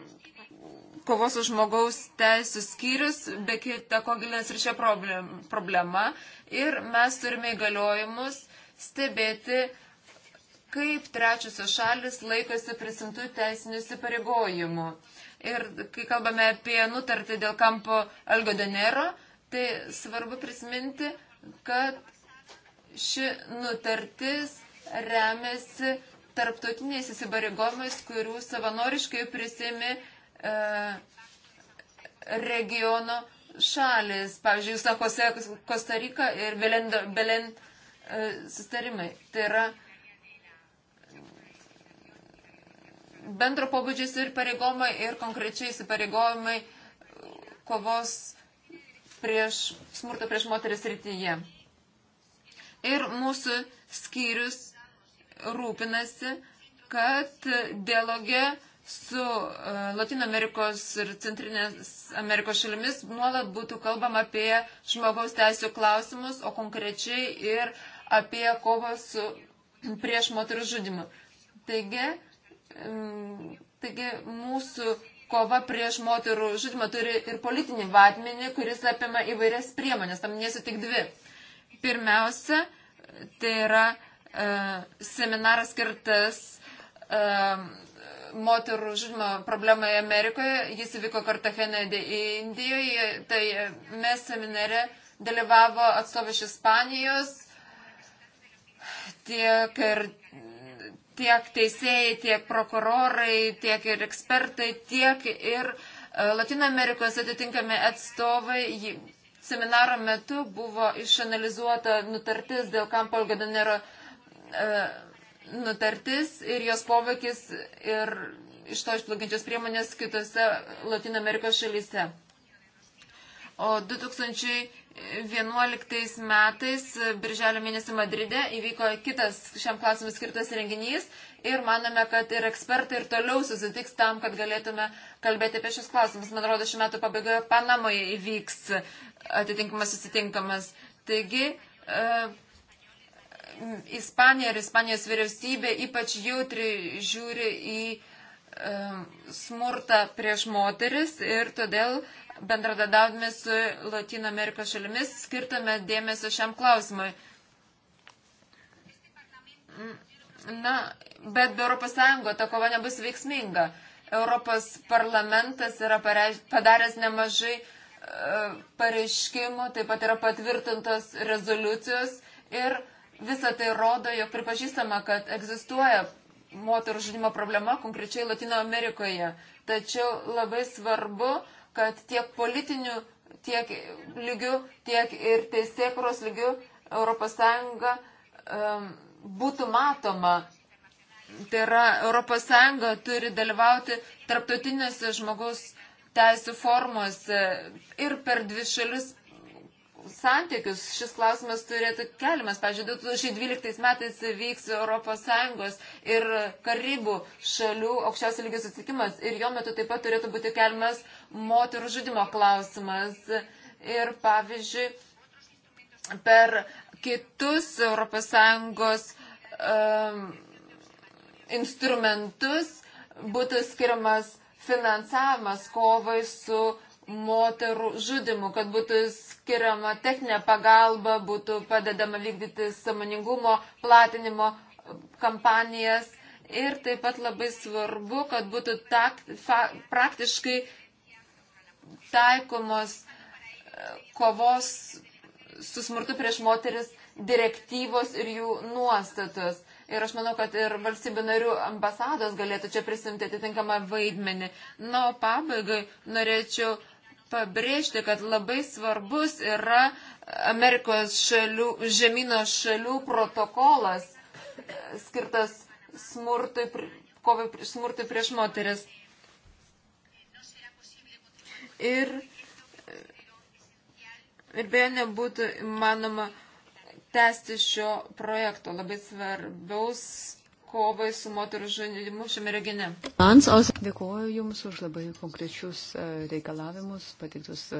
Speaker 13: kovos už žmogaus teisų skyrius, be kita ko gilinasi ir šią problemą. Ir mes turime įgaliojimus stebėti, kaip trečiosios šalis laikosi prisimtų teisinių įsipareigojimų. Uh, Ir kai kalbame apie nutartį dėl kampo Algo Denero, tai svarbu prisiminti, kad ši nutartis remiasi tarptautiniais įsibarigomais, kurių savanoriškai prisėmė e, regiono šalis, pavyzdžiui, Sakose, Kostarika ir Belen, Belen e, sustarimai. Tai yra e, bendro pobūdžio įsipareigojimai ir konkrečiai įsipareigojimai kovos prieš smurto prieš moteris rytyje. Ir mūsų skyrius rūpinasi, kad dialoge su e, Latino Amerikos ir Centrinės Amerikos šalimis nuolat būtų kalbama apie žmogaus teisų klausimus, o konkrečiai ir apie kovą su prieš moterų žudimu. Taigi, Taigi mūsų kova prieš moterų žudimą turi ir politinį vatmenį, kuris apima įvairias priemonės, tam nesu tik dvi. Pirmiausia, tai yra e, seminaras skirtas e, moterų žudimo problemai Amerikoje. Jis įvyko Kartachene Indijoje. Tai mes seminare dalyvavo atstovai iš Ispanijos tiek ir tiek teisėjai, tiek prokurorai, tiek ir ekspertai, tiek ir e, Latino Amerikos atitinkami atstovai. Seminaro metu buvo išanalizuota nutartis dėl Kampol Gadanero e, nutartis ir jos poveikis ir iš to išplakinčios priemonės kitose Latino Amerikos šalyse. O 2000 2011 metais, birželio mėnesį Madride, įvyko kitas šiam klausimui skirtas renginys ir manome, kad ir ekspertai ir toliau susitiks tam, kad galėtume kalbėti apie šios klausimus. Man atrodo, šiuo metu pabaigoje Panamoje įvyks atitinkamas susitinkamas. Taigi, e, Ispanija ir Ispanijos vyriausybė ypač jautri žiūri į e, smurtą prieš moteris ir todėl bendradadavime su Latino Amerikos šalimis skirtame dėmesio šiam klausimui. Na, bet be Europos Sąjungo ta kova nebus veiksminga. Europos parlamentas yra padaręs nemažai uh, pareiškimų, taip pat yra patvirtintos rezoliucijos ir visą tai rodo, jog pripažįstama, kad egzistuoja moterų žudimo problema konkrečiai Latino Amerikoje. Tačiau labai svarbu uh, kad tiek politinių, tiek lygių, tiek ir teisėkuros lygių ES um, būtų matoma. Tai yra, ES turi dalyvauti tarptautinėse žmogaus teisų formose ir per dvi šalis santykius šis klausimas turėtų keliamas. Pavyzdžiui, 2012 metais vyks ES ir Karibų šalių aukščiausio lygio susitikimas ir jo metu taip pat turėtų būti keliamas moterų žudimo klausimas. Ir pavyzdžiui, per kitus ES um, instrumentus būtų skiriamas finansavimas kovai su moterų žudimu, kad būtų skiriama techninė pagalba, būtų padedama vykdyti samoningumo platinimo kampanijas. Ir taip pat labai svarbu, kad būtų tak, fa, praktiškai taikomos e, kovos su smurtu prieš moteris direktyvos ir jų nuostatos. Ir aš manau, kad ir valstybių narių ambasados galėtų čia prisimti atitinkamą vaidmenį. Na, o pabaigai norėčiau pabrėžti, kad labai svarbus yra Amerikos šalių, žemino šalių protokolas skirtas smurtui, kovai smurtui prieš moteris. Ir, ir beje, nebūtų manoma tęsti šio projekto labai svarbiaus kovai su moterų žaidimu šiame regione.
Speaker 11: Dėkuoju Jums už labai konkrečius e, reikalavimus patiktus e,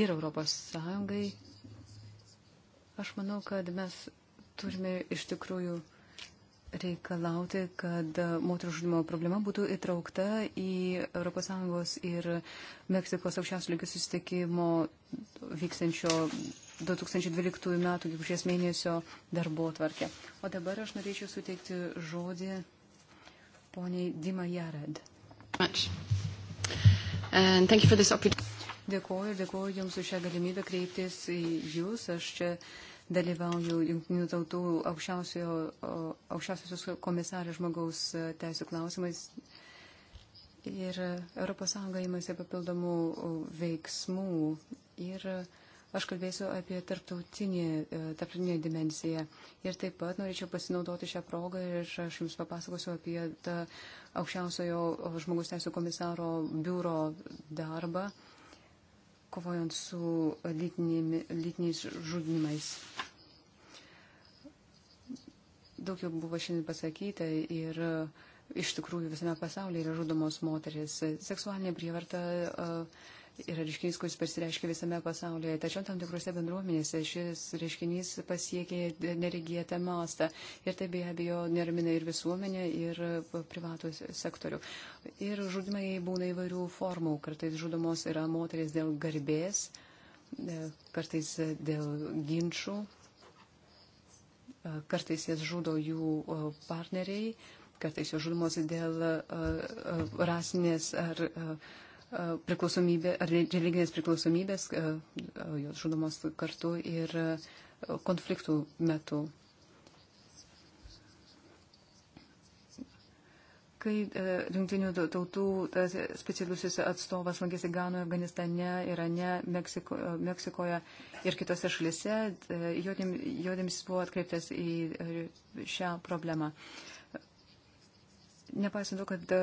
Speaker 11: ir Europos Sąjungai. Aš manau, kad mes turime iš tikrųjų reikalauti, kad e, moterų žudimo problema būtų įtraukta į ES ir Meksikos aukščiausių lygių susitikimo vyksančio 2012 m. gegužės mėnesio darbo tvarkę. O dabar aš norėčiau suteikti žodį poniai Dima Jared. Dėkuoju, dėkuoju Jums už šią galimybę kreiptis į Jūs. Aš čia dalyvauju Junktinių tautų aukščiausio, aukščiausiosios komisarės žmogaus teisų klausimais Ir ES įmasi papildomų veiksmų ir Aš kalbėsiu apie tarptautinį, e, tarptautinę dimensiją. Ir taip pat norėčiau pasinaudoti šią progą ir aš Jums papasakosiu apie tą aukščiausiojo žmogus teisų komisaro biuro darbą, kovojant su lytinimi, lytiniais žudimais. Daug jau buvo šiandien pasakyta ir uh, iš tikrųjų visame pasaulyje yra žudomos moteris. Seksualinė prievarta uh, yra reiškinys, kuris pasireiškia visame pasaulyje. Tačiau tam tikrose bendruomenėse šis reiškinys pasiekė neregėtą mastą. Ir tai be abejo neramina ir visuomenė, ir privatų sektorių. Ir žudimai būna įvairių formų. Kartais žudomos yra moteris dėl garbės, kartais dėl ginčių, kartais jas žudo jų partneriai, kartais jos žudomos dėl rasinės ar. ar priklausomybė, ar religinės priklausomybės, e, e, jos žudomos kartu ir e, konfliktų metu. Kai jungtinių tautų specialusis atstovas lankėsi Ganoje, Afganistane, Irane, Meksiko, Meksikoje ir kitose šalise, jodėmis buvo atkreiptas į šią problemą. Uh, Nepaisant to, kad e,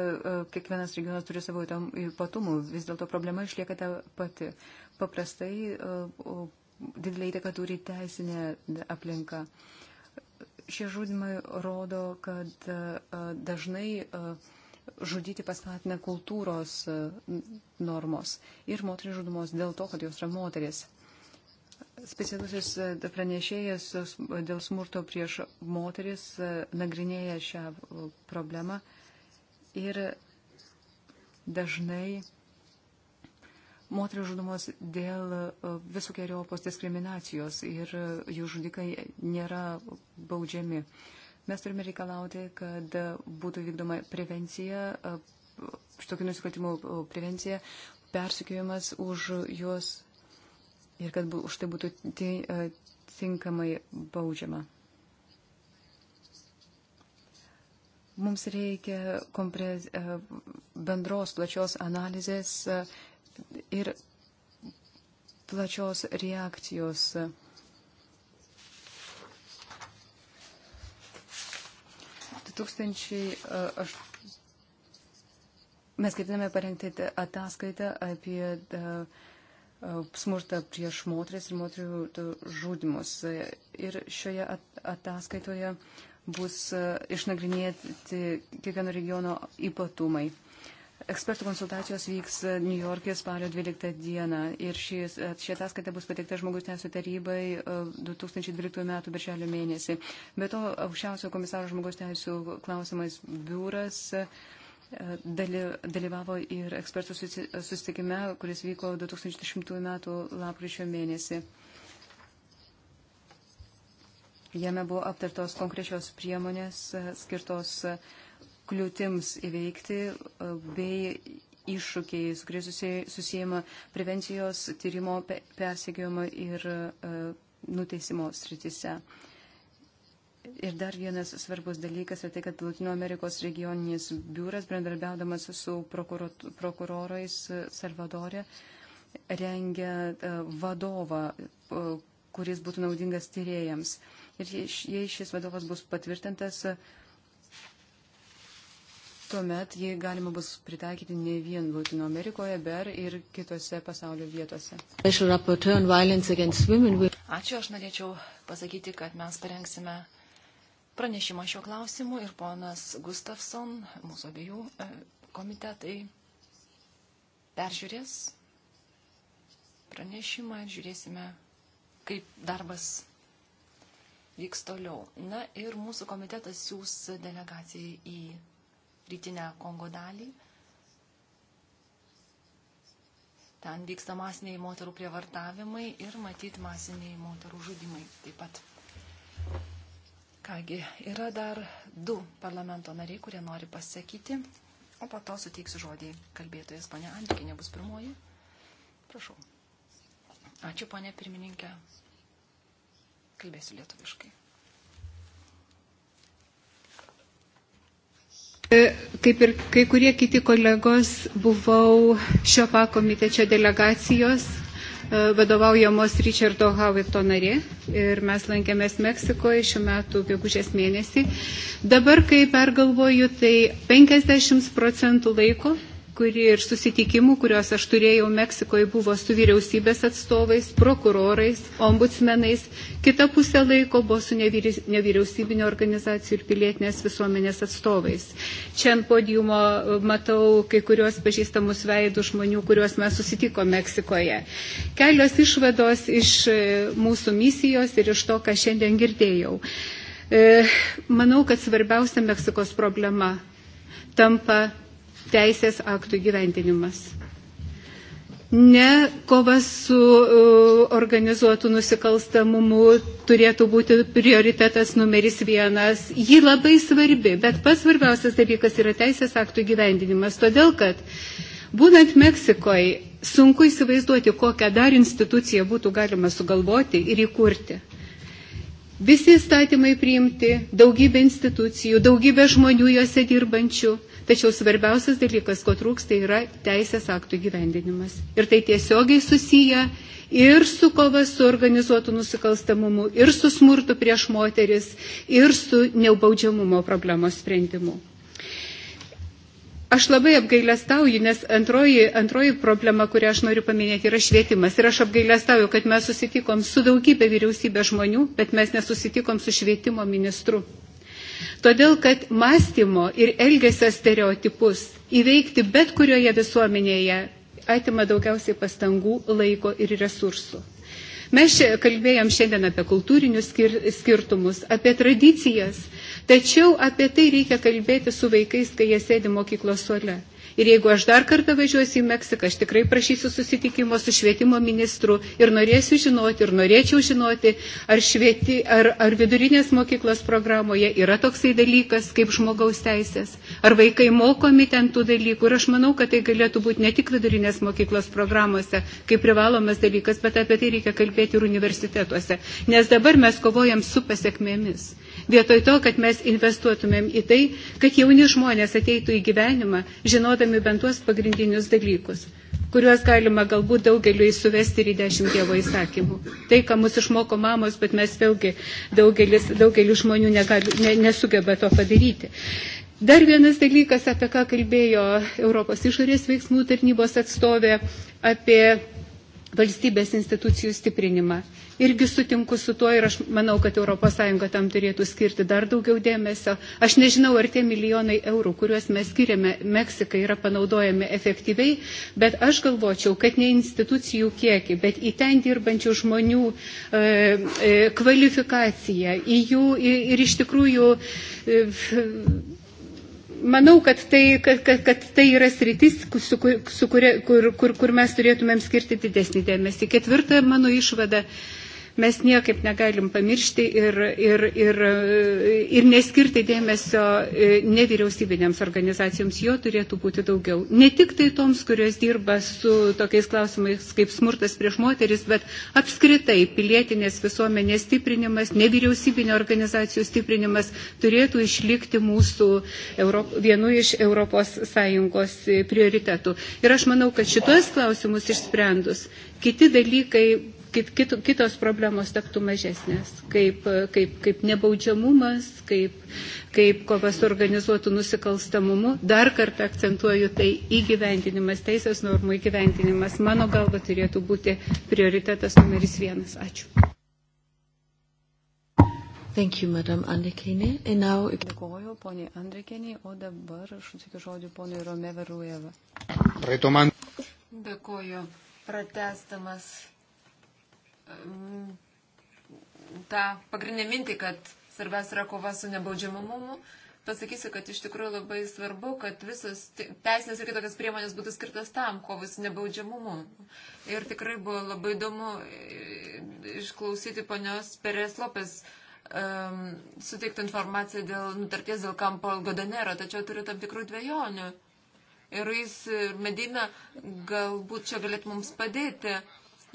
Speaker 11: kiekvienas regionas turi savo ypatumų, vis dėlto problema išlieka ta pati. Paprastai e, didelį įtaką turi teisinė aplinka. Šie žudimai rodo, kad e, dažnai žudyti paskatina kultūros normos ir moteris žudumos dėl to, kad jos yra moteris. Specialusis pranešėjas dėl smurto prieš moteris nagrinėja šią problemą Ir dažnai moteris žudomos dėl e, visokiojopos diskriminacijos ir e, jų žudikai nėra baudžiami. Mes turime reikalauti, kad būtų vykdoma prevencija, e, šitokių nusikaltimų prevencija, persikėjimas už juos ir kad už tai būtų tinkamai baudžiama. Mums reikia kompres, e, bendros plačios analizės e, ir plačios reakcijos. E, mes ketiname parengti ataskaitą apie smurtą prieš moteris ir moterių žudimus. Ir šioje ataskaitoje bus e, išnagrinėti kiekvieno regiono ypatumai. Ekspertų konsultacijos vyks e, New York'e spalio 12 dieną ir ši e, ataskaita bus pateikta žmogus teisų tarybai 2012 m. birželio mėnesį. Be to, aukščiausio komisaro žmogus teisų klausimais biuras dalyvavo ir ekspertų susitikime, kuris vyko 2010 m. lapkričio mėnesį. Jame buvo aptartos konkrečios priemonės e, skirtos e, kliūtims įveikti e, bei iššūkiai, su kuriais susijama prevencijos, tyrimo, persekiojimo ir nuteisimo sritise. Ir dar vienas svarbus dalykas yra tai, kad Latino Amerikos regioninis biuras, bendradarbiaudamas su prokurorais Salvadorė, rengia vadovą, kuris būtų naudingas tyrėjams. Ir jei šis vadovas bus patvirtintas, tuomet jį galima bus pritaikyti ne vien Latino Amerikoje, bet ir kitose pasaulio vietose.
Speaker 1: Ačiū,
Speaker 11: aš
Speaker 12: norėčiau pasakyti, kad mes parengsime pranešimą šiuo klausimu ir ponas Gustafson, mūsų abiejų e, komitetai, peržiūrės pranešimą ir žiūrėsime, kaip darbas vyks toliau. Na ir mūsų komitetas siūs delegaciją į rytinę Kongo dalį. Ten vyksta masiniai moterų prievartavimai ir matyt masiniai moterų žudimai taip pat. Kągi, yra dar du parlamento nariai, kurie nori pasakyti, o po to suteiksiu žodį kalbėtojas. Pane Andrikinė bus pirmoji. Prašau. Ačiū, ponė pirmininkė. Kalbėsiu lietuviškai.
Speaker 9: E, kaip ir kai kurie kiti kolegos, buvau šio pakomitečio delegacijos e, vadovaujamos Richardo Havito narė ir mes lankėmės Meksikoje šiuo metu gegužės mėnesį. Dabar, kai pergalvoju, tai 50 procentų laiko kuri ir susitikimų, kuriuos aš turėjau Meksikoje, buvo su vyriausybės atstovais, prokurorais, ombudsmenais. Kita pusė laiko buvo su nevyriausybinio organizacijų ir pilietinės visuomenės atstovais. Čia ant podiumo e, matau kai kuriuos pažįstamus veidų žmonių, kuriuos mes susitiko Meksikoje. Kelios išvados iš e, mūsų misijos ir iš to, ką šiandien girdėjau. E, manau, kad svarbiausia Meksikos problema tampa teisės aktų gyvendinimas. Ne kova su e, organizuotu nusikalstamumu turėtų būti prioritetas numeris vienas. Ji labai svarbi, bet pats svarbiausias dalykas yra teisės aktų gyvendinimas. Todėl, kad būnant Meksikoje, sunku įsivaizduoti, kokią dar instituciją būtų galima sugalvoti ir įkurti. Visi įstatymai priimti, daugybė institucijų, daugybė žmonių juose dirbančių, Tačiau svarbiausias dalykas, ko trūks, tai yra teisės aktų gyvendinimas. Ir tai tiesiogiai susiję ir su kova su organizuotu nusikalstamumu, ir su smurtu prieš moteris, ir su neubaudžiamumo problemos sprendimu. Aš labai apgailestauju, nes antroji, antroji problema, kurią aš noriu paminėti, yra švietimas. Ir aš apgailestauju, kad mes susitikom su daugybė vyriausybės žmonių, bet mes nesusitikom su švietimo ministru. Todėl, kad mąstymo ir elgesio stereotipus įveikti bet kurioje visuomenėje atima daugiausiai pastangų, laiko ir resursų. Mes čia kalbėjom šiandien apie kultūrinius skir skirtumus, apie tradicijas, tačiau apie tai reikia kalbėti su vaikais, kai jie sėdi mokyklos suole. Ir jeigu aš dar kartą važiuosiu į Meksiką, aš tikrai prašysiu susitikimo su švietimo ministru ir norėsiu žinoti, ir norėčiau žinoti, ar, švieti, ar, ar vidurinės mokyklos programoje yra toksai dalykas kaip žmogaus teisės ar vaikai mokomi ten tų dalykų. Ir aš manau, kad tai galėtų būti ne tik vidurinės mokyklos programuose, kaip privalomas dalykas, bet apie tai reikia kalbėti ir universitetuose. Nes dabar mes kovojam su pasiekmėmis. Vietoj to, kad mes investuotumėm į tai, kad jauni žmonės ateitų į gyvenimą, žinodami bent tuos pagrindinius dalykus kuriuos galima galbūt daugeliu įsuvesti ir į dešimt Dievo įsakymų. Tai, ką mus išmoko mamos, bet mes vėlgi daugelis, daugelis žmonių negali, ne, nesugeba to padaryti. Dar vienas dalykas, apie ką kalbėjo Europos išorės veiksmų tarnybos atstovė, apie valstybės institucijų stiprinimą. Irgi sutinku su tuo ir aš manau, kad ES tam turėtų skirti dar daugiau dėmesio. Aš nežinau, ar tie milijonai eurų, kuriuos mes skiriame Meksikai, yra panaudojami efektyviai, bet aš galvočiau, kad ne institucijų kiekį, bet į ten dirbančių žmonių e, e, kvalifikaciją, į jų ir, ir iš tikrųjų. E, f, manau, kad tai, kad, kad, kad tai yra sritis, su, su kuria, kur, kur, kur mes turėtumėm skirti didesnį dėmesį. Ketvirta mano išvada. Uh, mes niekaip negalim pamiršti ir, ir, ir, ir neskirti dėmesio e, nevyriausybinėms organizacijoms. Jo turėtų būti daugiau. Ne tik tai toms, kurios dirba su tokiais klausimais kaip smurtas prieš moteris, bet apskritai pilietinės visuomenės stiprinimas, nevyriausybinio organizacijų stiprinimas turėtų išlikti mūsų Europ, vienu iš Europos Sąjungos prioritetų. Ir aš manau, kad šitos klausimus išsprendus, kiti dalykai kit, kit, kitos problemos taptų mažesnės, kaip, kaip, kaip nebaudžiamumas, kaip, kaip kova su organizuotu nusikalstamumu. Dar kartą akcentuoju, tai įgyvendinimas, teisės normų įgyvendinimas, mano galva, turėtų būti prioritetas numeris vienas. Ačiū.
Speaker 1: Thank you, Madam Andrikinė. And now...
Speaker 9: Dėkuoju, ponė Andrikinė,
Speaker 11: o dabar aš sutikiu žodį ponui Romeva Rueva.
Speaker 13: Dėkuoju. Pratestamas tą pagrindinę mintį, kad svarbiausia yra kova su nebaudžiamumu, pasakysiu, kad iš tikrųjų labai svarbu, kad visos teisinės ir kitokios priemonės būtų skirtas tam, kovai su nebaudžiamumu. Ir tikrai buvo labai įdomu e, išklausyti ponios Perės Lopės um, suteiktų informaciją dėl nutarties dėl Kampo Algodanero, tačiau turiu tam tikrų dviejonių. Ir jis Medina galbūt čia galėtų mums padėti.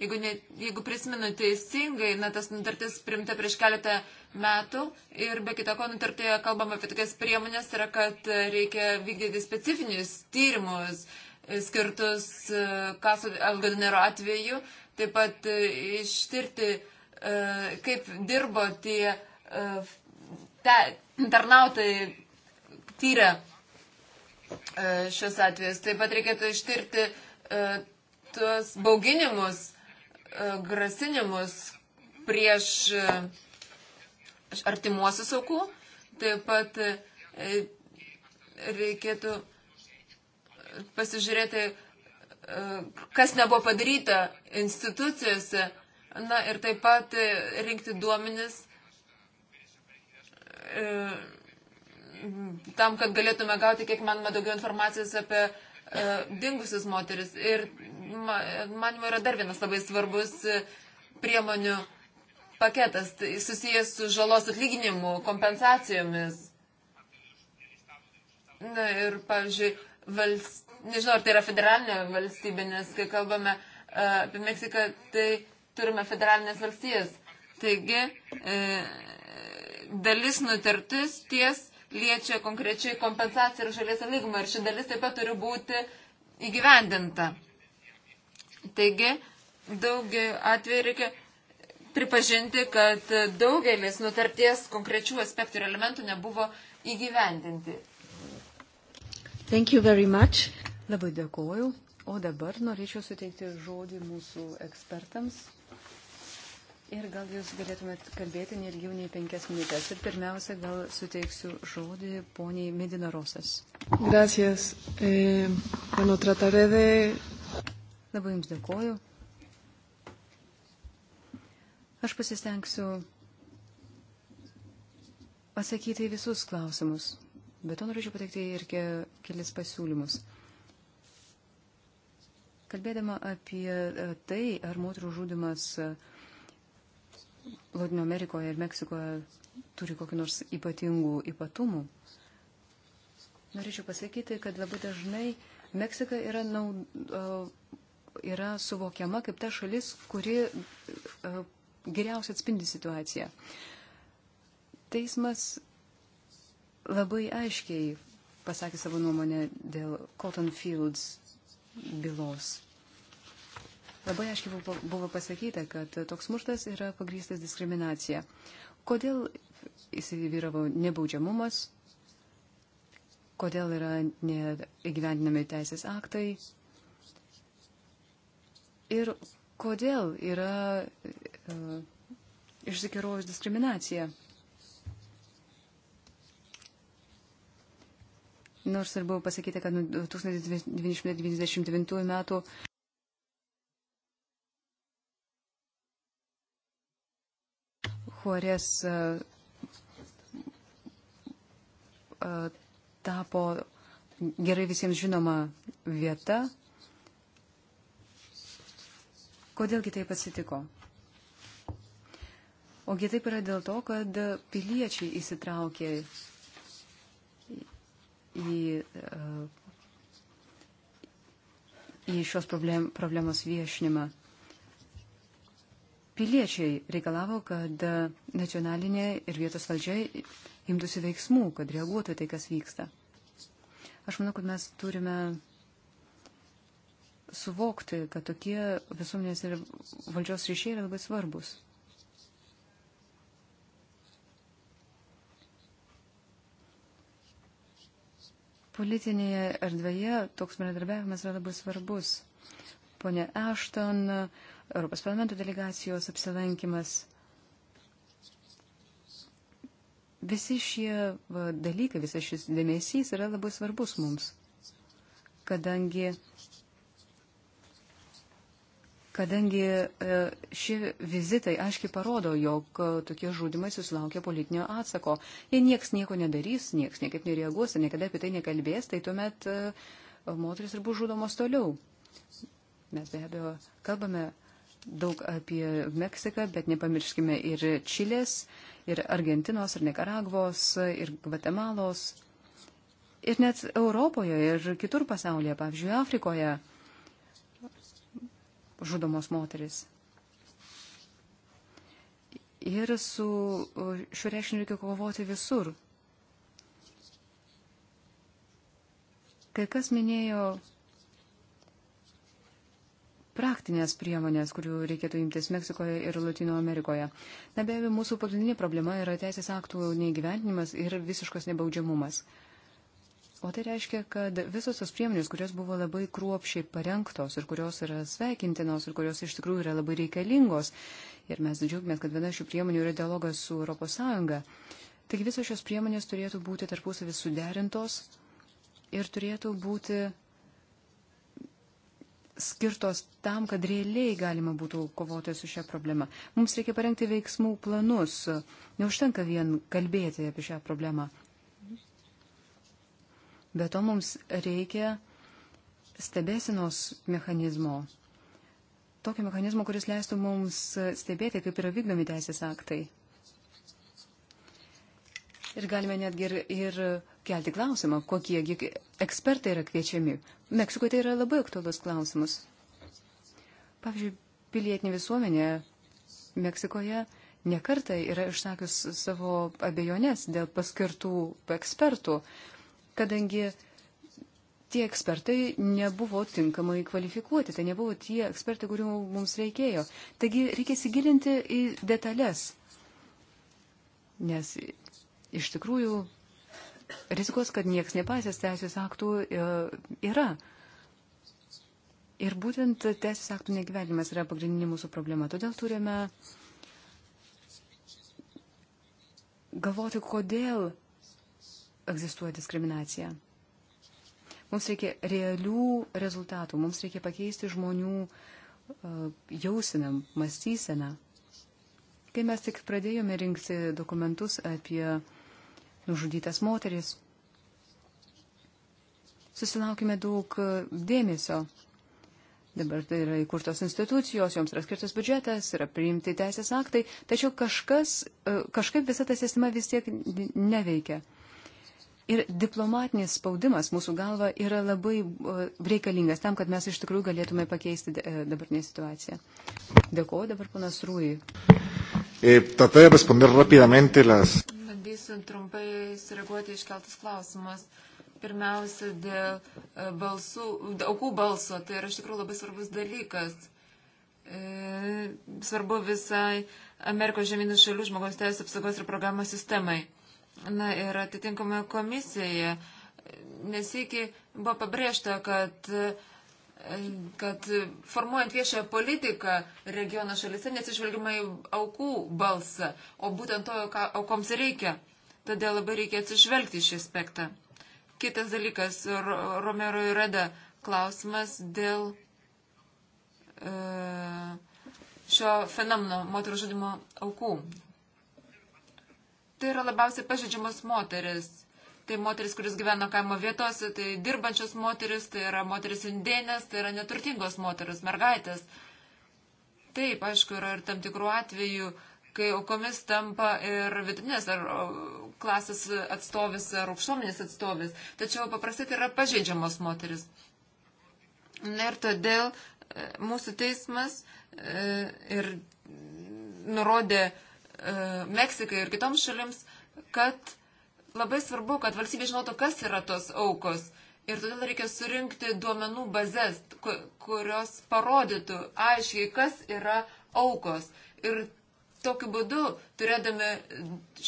Speaker 13: Jeigu, ne, jeigu prisimenu teisingai, na, tas nutartis primta prieš keletą metų ir be kita ko nutartėje kalbama apie tokias priemonės yra, kad reikia vykdyti specifinius tyrimus skirtus e, kaso Algadinero atveju, taip pat e, ištirti, e, kaip dirbo tie te, tarnautai tyrę šios atvejus. Taip pat reikėtų ištirti tuos bauginimus E, grasinimus prieš e, artimuosius aukų. Taip pat e, reikėtų pasižiūrėti, kas nebuvo padaryta institucijose. Na ir taip pat rinkti duomenis tam, kad galėtume gauti kiek manoma daugiau informacijos apie uh, E, dingusius moteris. Ir manimo yra dar vienas labai svarbus e, priemonių paketas tai susijęs su žalos atlyginimu, kompensacijomis. Na ir, pavyzdžiui, valst... nežinau, ar tai yra federalinė valstybė, nes kai kalbame e, apie Meksiką, tai turime federalinės valstijas. Taigi, e, dalis nutartis ties liečia konkrečiai kompensaciją ir šalies atlygumą. Ir ši dalis taip pat turi būti įgyvendinta. Taigi, daugiai atveju reikia pripažinti, kad daugelis nutarties konkrečių aspektų ir elementų nebuvo įgyvendinti.
Speaker 1: Thank you very much.
Speaker 11: Labai dėkoju. O dabar norėčiau suteikti žodį mūsų ekspertams. Ir gal jūs galėtumėt kalbėti ne ilgiau nei penkias minutės. Ir pirmiausia, gal suteiksiu žodį poniai Medina Rosas. Gracias. Eh, bueno, trataré de. Labai jums dėkoju. Aš pasistengsiu atsakyti į visus klausimus, bet to norėčiau pateikti ir ke, kelis pasiūlymus. Kalbėdama apie eh, tai, ar moterų žudimas uh, Latino Amerikoje ir Meksikoje turi kokiu nors ypatingų ypatumų. Norėčiau pasakyti, kad labai dažnai Meksika yra, naud, yra suvokiama kaip ta šalis, kuri geriausiai atspindi situaciją. Teismas labai aiškiai pasakė savo nuomonę dėl Cotton Fields bylos. Labai aiškiai buvo, buvo pasakyta, kad toks smurtas yra pagrystas diskriminacija. Kodėl įsivyravo nebaudžiamumas, kodėl yra neįgyvendinami teisės aktai ir kodėl yra uh, e, išsikerojus diskriminacija. Nors ir buvo pasakyta, kad nuo 1999 metų Juarez e, tapo gerai visiems žinoma vieta. Kodėlgi taip atsitiko? Ogi taip yra dėl to, kad piliečiai įsitraukė į, į e, šios problem, problemos viešinimą. Piliečiai reikalavo, kad nacionalinė ir vietos valdžia imtųsi veiksmų, kad reaguotų tai, kas vyksta. Aš manau, kad mes turime suvokti, kad tokie visuomenės ir valdžios ryšiai yra labai svarbus. Politinėje erdvėje toks bendradarbiavimas yra labai svarbus. Pone Ešton, uh, Europos parlamento delegacijos apsilankimas. Visi šie dalykai, visas šis dėmesys yra labai svarbus mums, kadangi, kadangi e, šie vizitai aiškiai parodo, jog e, tokie žudimai susilaukia politinio atsako. Jei nieks nieko nedarys, nieks niekaip nereaguos, niekada apie tai nekalbės, tai tuomet e, moteris ir bus žudomos toliau. Mes be abejo kalbame daug apie Meksiką, bet nepamirškime ir Čilės, ir Argentinos, ir Nikaragvos, ir Gvatemalos. Ir net Europoje, ir kitur pasaulyje, pavyzdžiui, Afrikoje žudomos moteris. Ir su šiuo reiškiniu reikia kovoti visur. Kai kas minėjo praktinės priemonės, kurių reikėtų imtis Meksikoje ir Latino Amerikoje. Na be abejo, mūsų pagrindinė problema yra teisės aktų neįgyvendinimas ir visiškas nebaudžiamumas. O tai reiškia, kad visos tos priemonės, kurios buvo labai kruopšiai parengtos ir kurios yra sveikintinos ir kurios iš tikrųjų yra labai reikalingos, ir mes džiaugiamės, kad viena šių priemonių yra dialogas su ES, taigi visos šios priemonės turėtų būti tarpusavį suderintos ir turėtų būti skirtos tam, kad realiai galima būtų kovoti su šią problemą. Mums reikia parengti veiksmų planus. Neužtenka vien kalbėti apie šią problemą. Be to mums reikia stebėsinos mechanizmo. Tokio mechanizmo, kuris leistų mums stebėti, kaip yra vykdomi teisės aktai. Ir galime netgi ir, ir kelti klausimą, kokiegi ekspertai yra kviečiami. Meksikoje tai yra labai aktualus klausimas. Pavyzdžiui, pilietinė visuomenė Meksikoje nekartai yra išsakius savo abejonės dėl paskirtų ekspertų, kadangi tie ekspertai nebuvo tinkamai kvalifikuoti, tai nebuvo tie ekspertai, kurių mums reikėjo. Taigi reikia įsigilinti į detalės, nes iš tikrųjų rizikos, kad niekas nepaisės teisės aktų e, yra. Ir būtent teisės aktų negyvenimas yra pagrindinė mūsų problema. Todėl turime galvoti, kodėl egzistuoja diskriminacija. Mums reikia realių rezultatų, mums reikia pakeisti žmonių e, jausinam, mąstyseną. Kai mes tik pradėjome rinkti dokumentus apie nužudytas moteris. Susilaukime daug dėmesio. Dabar tai yra įkurtos institucijos, joms yra skirtas biudžetas, yra priimti teisės aktai, tačiau kažkas, e, kažkaip visa ta sistema vis tiek neveikia. Ir diplomatinis spaudimas mūsų galva yra labai e, reikalingas tam, kad mes iš tikrųjų galėtume pakeisti e, dabartinę situaciją. Dėkuoju dabar panas Rūjai.
Speaker 8: Eh, trataré de responder rápidamente las.
Speaker 11: Pabandysiu trumpai sureaguoti iškeltus klausimus.
Speaker 13: Pirmiausia, dėl e, balsų, aukų balso, tai yra iš tikrųjų labai svarbus dalykas. E, svarbu visai Amerikos žemynų šalių žmogaus teisų apsaugos ir programos sistemai. Na ir atitinkama komisija. Nesikį buvo pabrėžta, kad uh, kad formuojant viešąją politiką regiono šalise nesižvelgiama į aukų balsą, o būtent to, ką aukoms reikia. Todėl labai reikia atsižvelgti šį aspektą. Kitas dalykas, Romero ir Reda klausimas dėl e, šio fenomeno moterų žudimo aukų. Tai yra labiausiai pažydžiamas moteris tai moteris, kuris gyvena kaimo vietose, tai dirbančios moteris, tai yra moteris indėnės, tai yra neturtingos moteris, mergaitės. Taip, aišku, yra ir tam tikrų atvejų, kai aukomis tampa ir vidutinės ar klasės atstovis ar aukštuomenės atstovis, tačiau paprastai tai yra pažeidžiamos moteris. Na ir todėl e, mūsų teismas e, ir nurodė e, Meksikai ir kitoms šalims, kad Labai svarbu, kad valstybė žinotų, kas yra tos aukos. Ir todėl reikia surinkti duomenų bazės, kurios parodytų aiškiai, kas yra aukos. Ir tokiu būdu, turėdami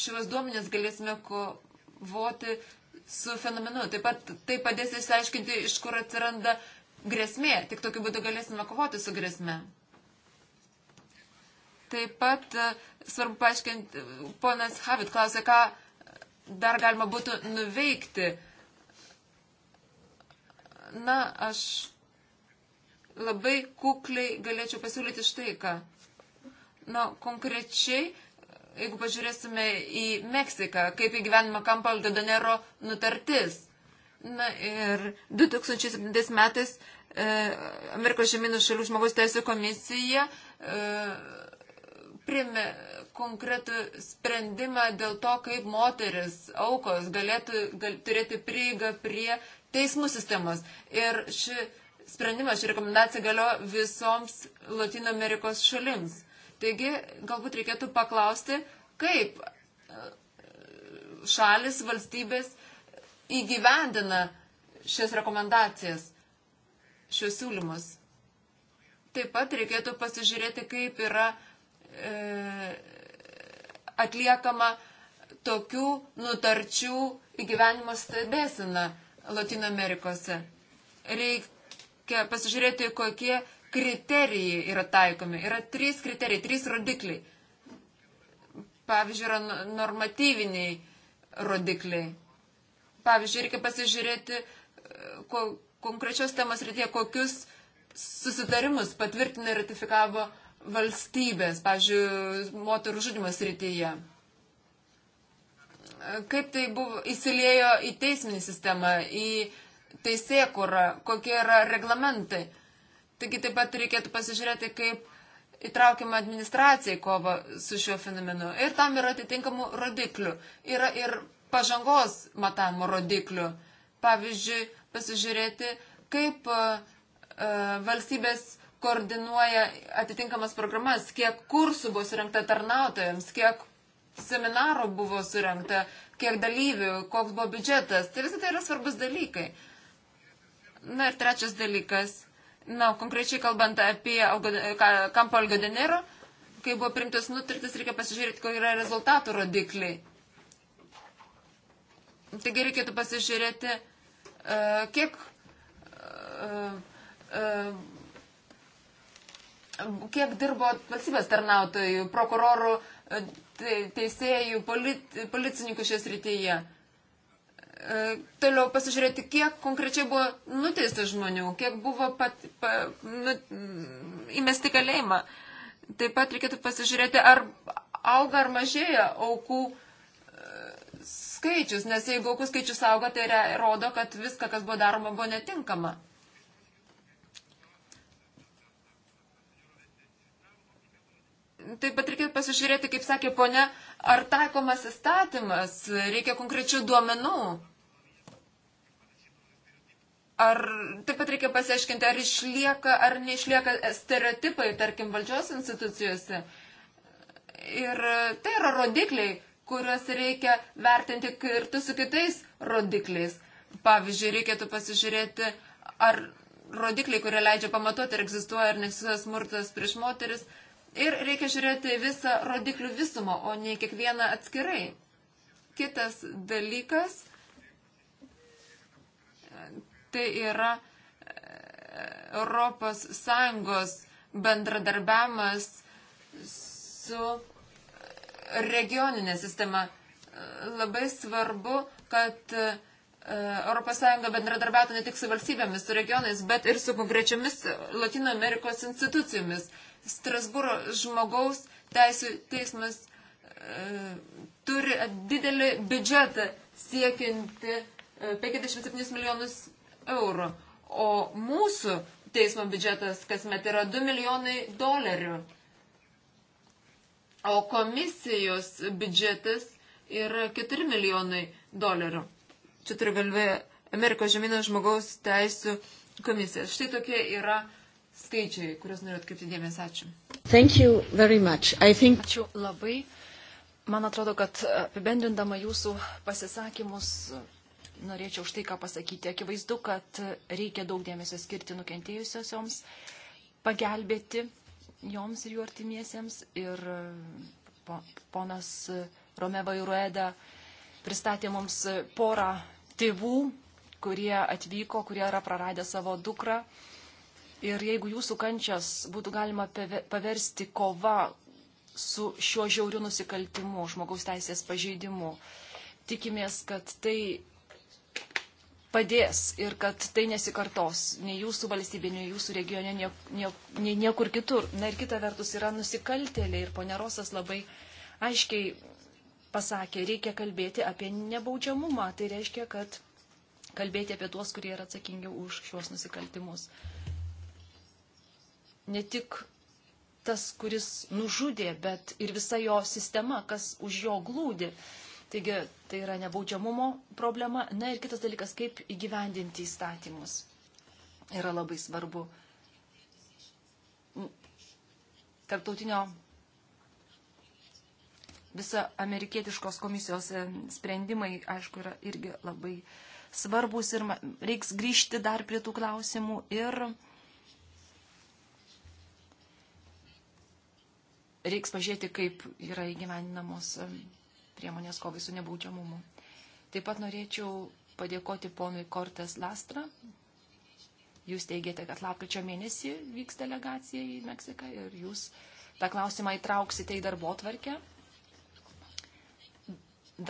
Speaker 13: šios duomenės, galėsime kovoti su fenomenu. Taip pat tai padės išsiaiškinti, iš kur atsiranda grėsmė. Tik tokiu būdu galėsime kovoti su grėsme. Taip pat e, svarbu paaiškinti, ponas Havit klausė, ką dar galima būtų nuveikti. Na, aš labai kukliai galėčiau pasiūlyti štai ką. Na, konkrečiai, jeigu pažiūrėsime į Meksiką, kaip įgyvenimo kampal Gadanero nutartis. Na ir 2007 metais e, Amerikos žemynų šalių žmogaus teisų komisija e, primė konkretų sprendimą dėl to, kaip moteris aukos galėtų gal, turėti prieigą prie teismų sistemos. Ir ši sprendimas, ši rekomendacija galio visoms Latino Amerikos šalims. Taigi, galbūt reikėtų paklausti, kaip e, šalis, valstybės įgyvendina šias rekomendacijas, šios siūlymus. Taip pat reikėtų pasižiūrėti, kaip yra e, atliekama tokių nutarčių įgyvenimo stebėsena Latino Amerikose. Reikia pasižiūrėti, kokie kriterijai yra taikomi. Yra trys kriterijai, trys rodikliai. Pavyzdžiui, yra normatyviniai rodikliai. Pavyzdžiui, reikia pasižiūrėti e, ko, konkrečios temos rytie, kokius susitarimus patvirtina ir ratifikavo valstybės, pažiūrėjau, moterų žudimas rytyje. Kaip tai buvo įsilėjo į teisminį sistemą, į teisėkurą, kokie yra reglamentai. Taigi taip pat reikėtų pasižiūrėti, kaip įtraukiama administracija į kovą su šiuo fenomenu. Ir tam yra atitinkamų rodiklių. Yra ir pažangos matavimo rodiklių. Pavyzdžiui, pasižiūrėti, kaip uh, valstybės koordinuoja atitinkamas programas, kiek kursų buvo surinkta tarnautojams, kiek seminarų buvo surinkta, kiek dalyvių, koks buvo biudžetas. Tai visą tai yra svarbus dalykai. Na ir trečias dalykas. Na, konkrečiai kalbant apie Kampo Algodenero, kai buvo primtas nutartis, reikia pasižiūrėti, kokie yra rezultatų rodikliai. Taigi reikėtų pasižiūrėti, e, kiek e, e, kiek dirbo valstybės tarnautojų, prokurorų, e, teisėjų, polit, policininkų šios rytyje. E, toliau pasižiūrėti, kiek konkrečiai buvo nuteista žmonių, kiek buvo pat, pa, nu, įmesti kalėjimą. Taip pat reikėtų pasižiūrėti, ar auga ar mažėja aukų e, skaičius, nes jeigu aukų skaičius auga, tai rodo, kad viską, kas buvo daroma, buvo netinkama. Taip pat reikia pasižiūrėti, kaip sakė ponia, ar taikomas įstatymas, reikia konkrečių duomenų. Ar taip pat reikia pasiaiškinti, ar išlieka ar neišlieka stereotipai, tarkim, valdžios institucijose. Ir tai yra rodikliai, kuriuos reikia vertinti kartu su kitais rodikliais. Pavyzdžiui, reikėtų pasižiūrėti, ar rodikliai, kurie leidžia pamatuoti, ar egzistuoja ar neegzistuoja smurtas prieš moteris, Ir reikia žiūrėti visą rodiklių visumą, o ne kiekvieną atskirai. Kitas dalykas tai yra e, Europos Sąjungos bendradarbiavimas su e, regioninė sistema. Labai svarbu, kad ES bendradarbiautų ne tik su valstybėmis, su regionais, bet ir su konkrečiomis Latino Amerikos institucijomis. Strasbūro žmogaus teisų teismas e, turi didelį biudžetą siekinti 57 e, milijonus eurų, o mūsų teismo biudžetas kasmet yra 2 milijonai dolerių. O komisijos biudžetas yra 4 milijonai dolerių. Čia turiu galvoje Amerikos žemynos žmogaus teisų komisija. Štai tokie yra uh, skaičiai, kuriuos
Speaker 12: noriu atkreipti dėmesį. Ačiū.
Speaker 1: Think... Ačiū
Speaker 12: labai. Man atrodo, kad apibendrindama jūsų pasisakymus, norėčiau štai ką pasakyti. Akivaizdu, kad reikia daug dėmesio skirti nukentėjusiosioms, pagelbėti joms ir jų artimiesiems. Ir ponas Romeva Irueda pristatė mums porą tėvų, kurie atvyko, kurie yra praradę savo dukrą Ir jeigu jūsų kančias būtų galima paversti kova su šiuo žiauriu nusikaltimu, žmogaus teisės pažeidimu, tikimės, kad tai padės ir kad tai nesikartos nei jūsų valstybė, nei jūsų regione, nei, nie, nie, niekur kitur. Na ir kita vertus yra nusikaltėliai ir ponerosas labai aiškiai pasakė, reikia kalbėti apie nebaudžiamumą. Tai reiškia, kad kalbėti apie tuos, kurie yra atsakingi už šiuos nusikaltimus ne tik tas, kuris nužudė, bet ir visa jo sistema, kas už jo glūdi. Taigi tai yra nebaudžiamumo problema. Na ir kitas dalykas, kaip įgyvendinti įstatymus. Yra labai svarbu. Tarptautinio visa amerikietiškos komisijos e, sprendimai, aišku, yra irgi labai svarbus ir reiks grįžti dar prie tų klausimų. Ir reiks pažiūrėti, kaip yra įgyveninamos priemonės kovai su nebaudžiamumu. Taip pat norėčiau padėkoti ponui Kortes Lastra. Jūs teigiate, kad lapkričio mėnesį vyks delegacija į Meksiką ir jūs tą klausimą įtrauksite į darbo tvarkę.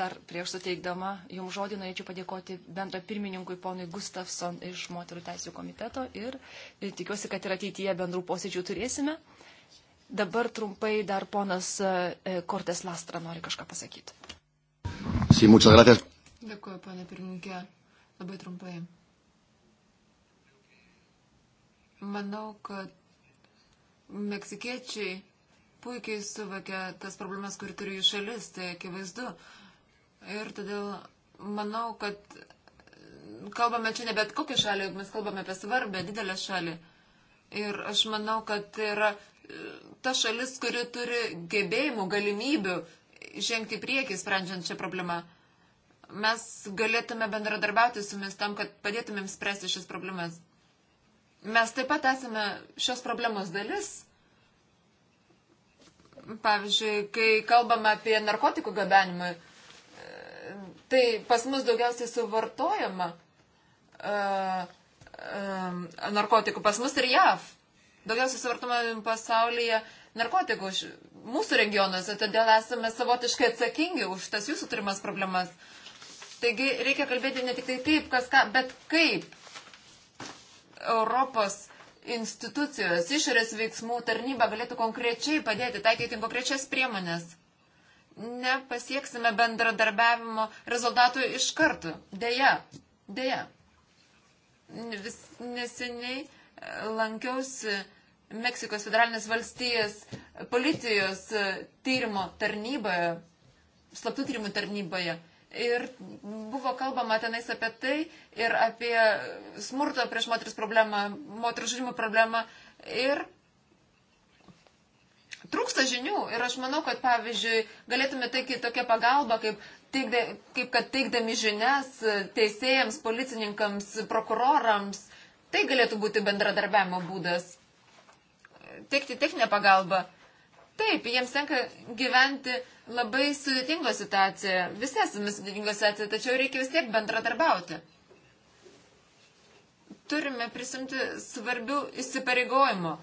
Speaker 12: Dar prieš suteikdama jums žodį norėčiau padėkoti bendro pirmininkui ponui Gustafson iš moterų teisų komiteto ir, ir tikiuosi, kad ir ateityje bendrų posėdžių turėsime. Uh, Dabar trumpai dar ponas Kortes e, e, Lastra nori kažką pasakyti.
Speaker 6: Sí, muchas gracias.
Speaker 12: Dėkuoju, ponė pirmininkė. Labai trumpai.
Speaker 13: Manau, kad meksikiečiai puikiai suvokia tas problemas, kur turi jų šalis, tai akivaizdu. Ir todėl manau, kad kalbame čia ne bet kokią šalį, mes kalbame apie svarbę, didelę šalį. Ir aš manau, kad tai yra ta šalis, kuri turi gebėjimų, galimybių žengti priekį sprendžiant šią problemą. Mes galėtume bendradarbiauti su jumis tam, kad padėtumėm spręsti šias problemas. Mes taip pat esame šios problemos dalis. Pavyzdžiui, kai kalbame apie narkotikų gabenimą, tai pas mus daugiausiai suvartojama uh, uh, narkotikų, pas mus ir JAV daugiausiai suvartojami pasaulyje narkotikų mūsų regionuose, todėl esame savotiškai atsakingi už tas jūsų turimas problemas. Taigi reikia kalbėti ne tik tai kaip, kas ką, bet kaip Europos institucijos išorės veiksmų tarnyba galėtų konkrečiai padėti, taikyti konkrečias priemonės. Nepasieksime bendradarbiavimo rezultatų iš karto. Deja, deja. Vis neseniai lankiausi Meksikos federalinės valstijos policijos e, tyrimo tarnyboje, slaptų tyrimų tarnyboje. Ir buvo kalbama tenais apie tai ir apie smurto prieš moteris problemą, moterų žudimų problemą. Ir trūksta žinių. Ir aš manau, kad pavyzdžiui, galėtume teikti tokią pagalbą, kaip, teikde, kaip kad teikdami žinias teisėjams, policininkams, prokurorams, Tai galėtų būti bendradarbiavimo būdas. Teikti techninę pagalbą. Taip, jiems tenka gyventi labai sudėtingo situacijoje. Visi esame sudėtingo situacijoje, tačiau reikia vis tiek bendradarbiauti. Turime prisimti svarbių įsipareigojimų.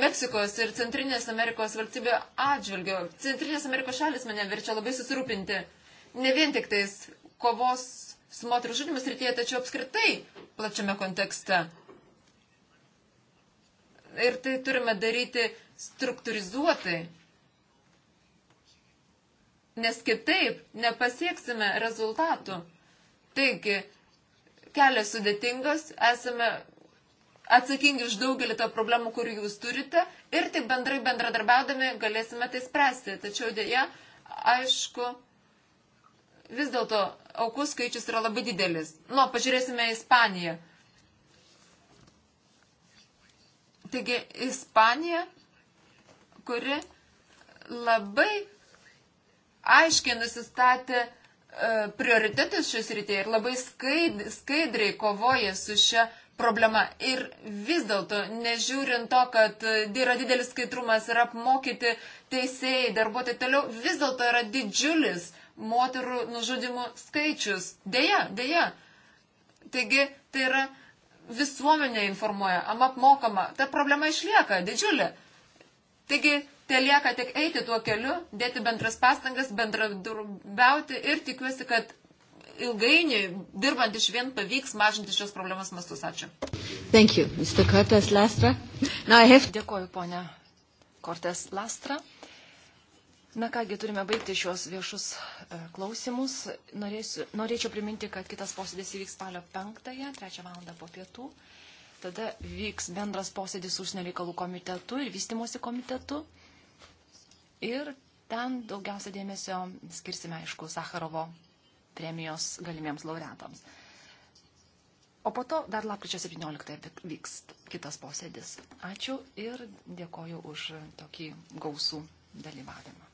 Speaker 13: Meksikos ir Centrinės Amerikos valstybių atžvilgių. Centrinės Amerikos šalis mane verčia labai susirūpinti. Ne vien tik tais kovos su moterų žudimus rytyje, tačiau apskritai plačiame kontekste ir tai turime daryti struktūrizuotai. Nes kitaip nepasieksime rezultatų. Taigi, kelias sudėtingas, esame atsakingi už daugelį to problemų, kur jūs turite ir tik bendrai bendradarbiaudami galėsime tai spręsti. Tačiau dėja, aišku, vis dėlto aukų skaičius yra labai didelis. Nu, pažiūrėsime į Ispaniją. Taigi Ispanija, kuri labai aiškiai nusistatė e, prioritetus šios rytėje ir labai skaidriai kovoja su šia problema. Ir vis dėlto, nežiūrint to, kad yra didelis skaidrumas ir apmokyti teisėjai, darbuotojai toliau, vis dėlto yra didžiulis moterų nužudimų skaičius. Deja, deja. Taigi, tai yra visuomenė informuoja, am apmokama, ta problema išlieka didžiulė. Taigi, te lieka tik eiti tuo keliu, dėti bendras pastangas, bendradarbiauti ir tikiuosi, kad ilgainiui, dirbant iš vien, pavyks mažinti
Speaker 12: šios problemas mastus. Ačiū.
Speaker 1: Thank you, Mr. Cortes Lastra. Now I
Speaker 12: have... Dėkoju, ponia Cortes Lastra. Na kągi, turime baigti šios viešus e, klausimus. Norėsiu, norėčiau priminti, kad kitas posėdis įvyks spalio 5-ąją, 3 val. po pietų. Tada vyks bendras posėdis užsienio reikalų komitetu ir vystimosi komitetu. Ir ten daugiausia dėmesio skirsime, aišku, Sakarovo premijos galimiems laureatams. O po to dar lapkričio 17 vyks kitas posėdis. Ačiū ir dėkoju už tokį gausų dalyvavimą.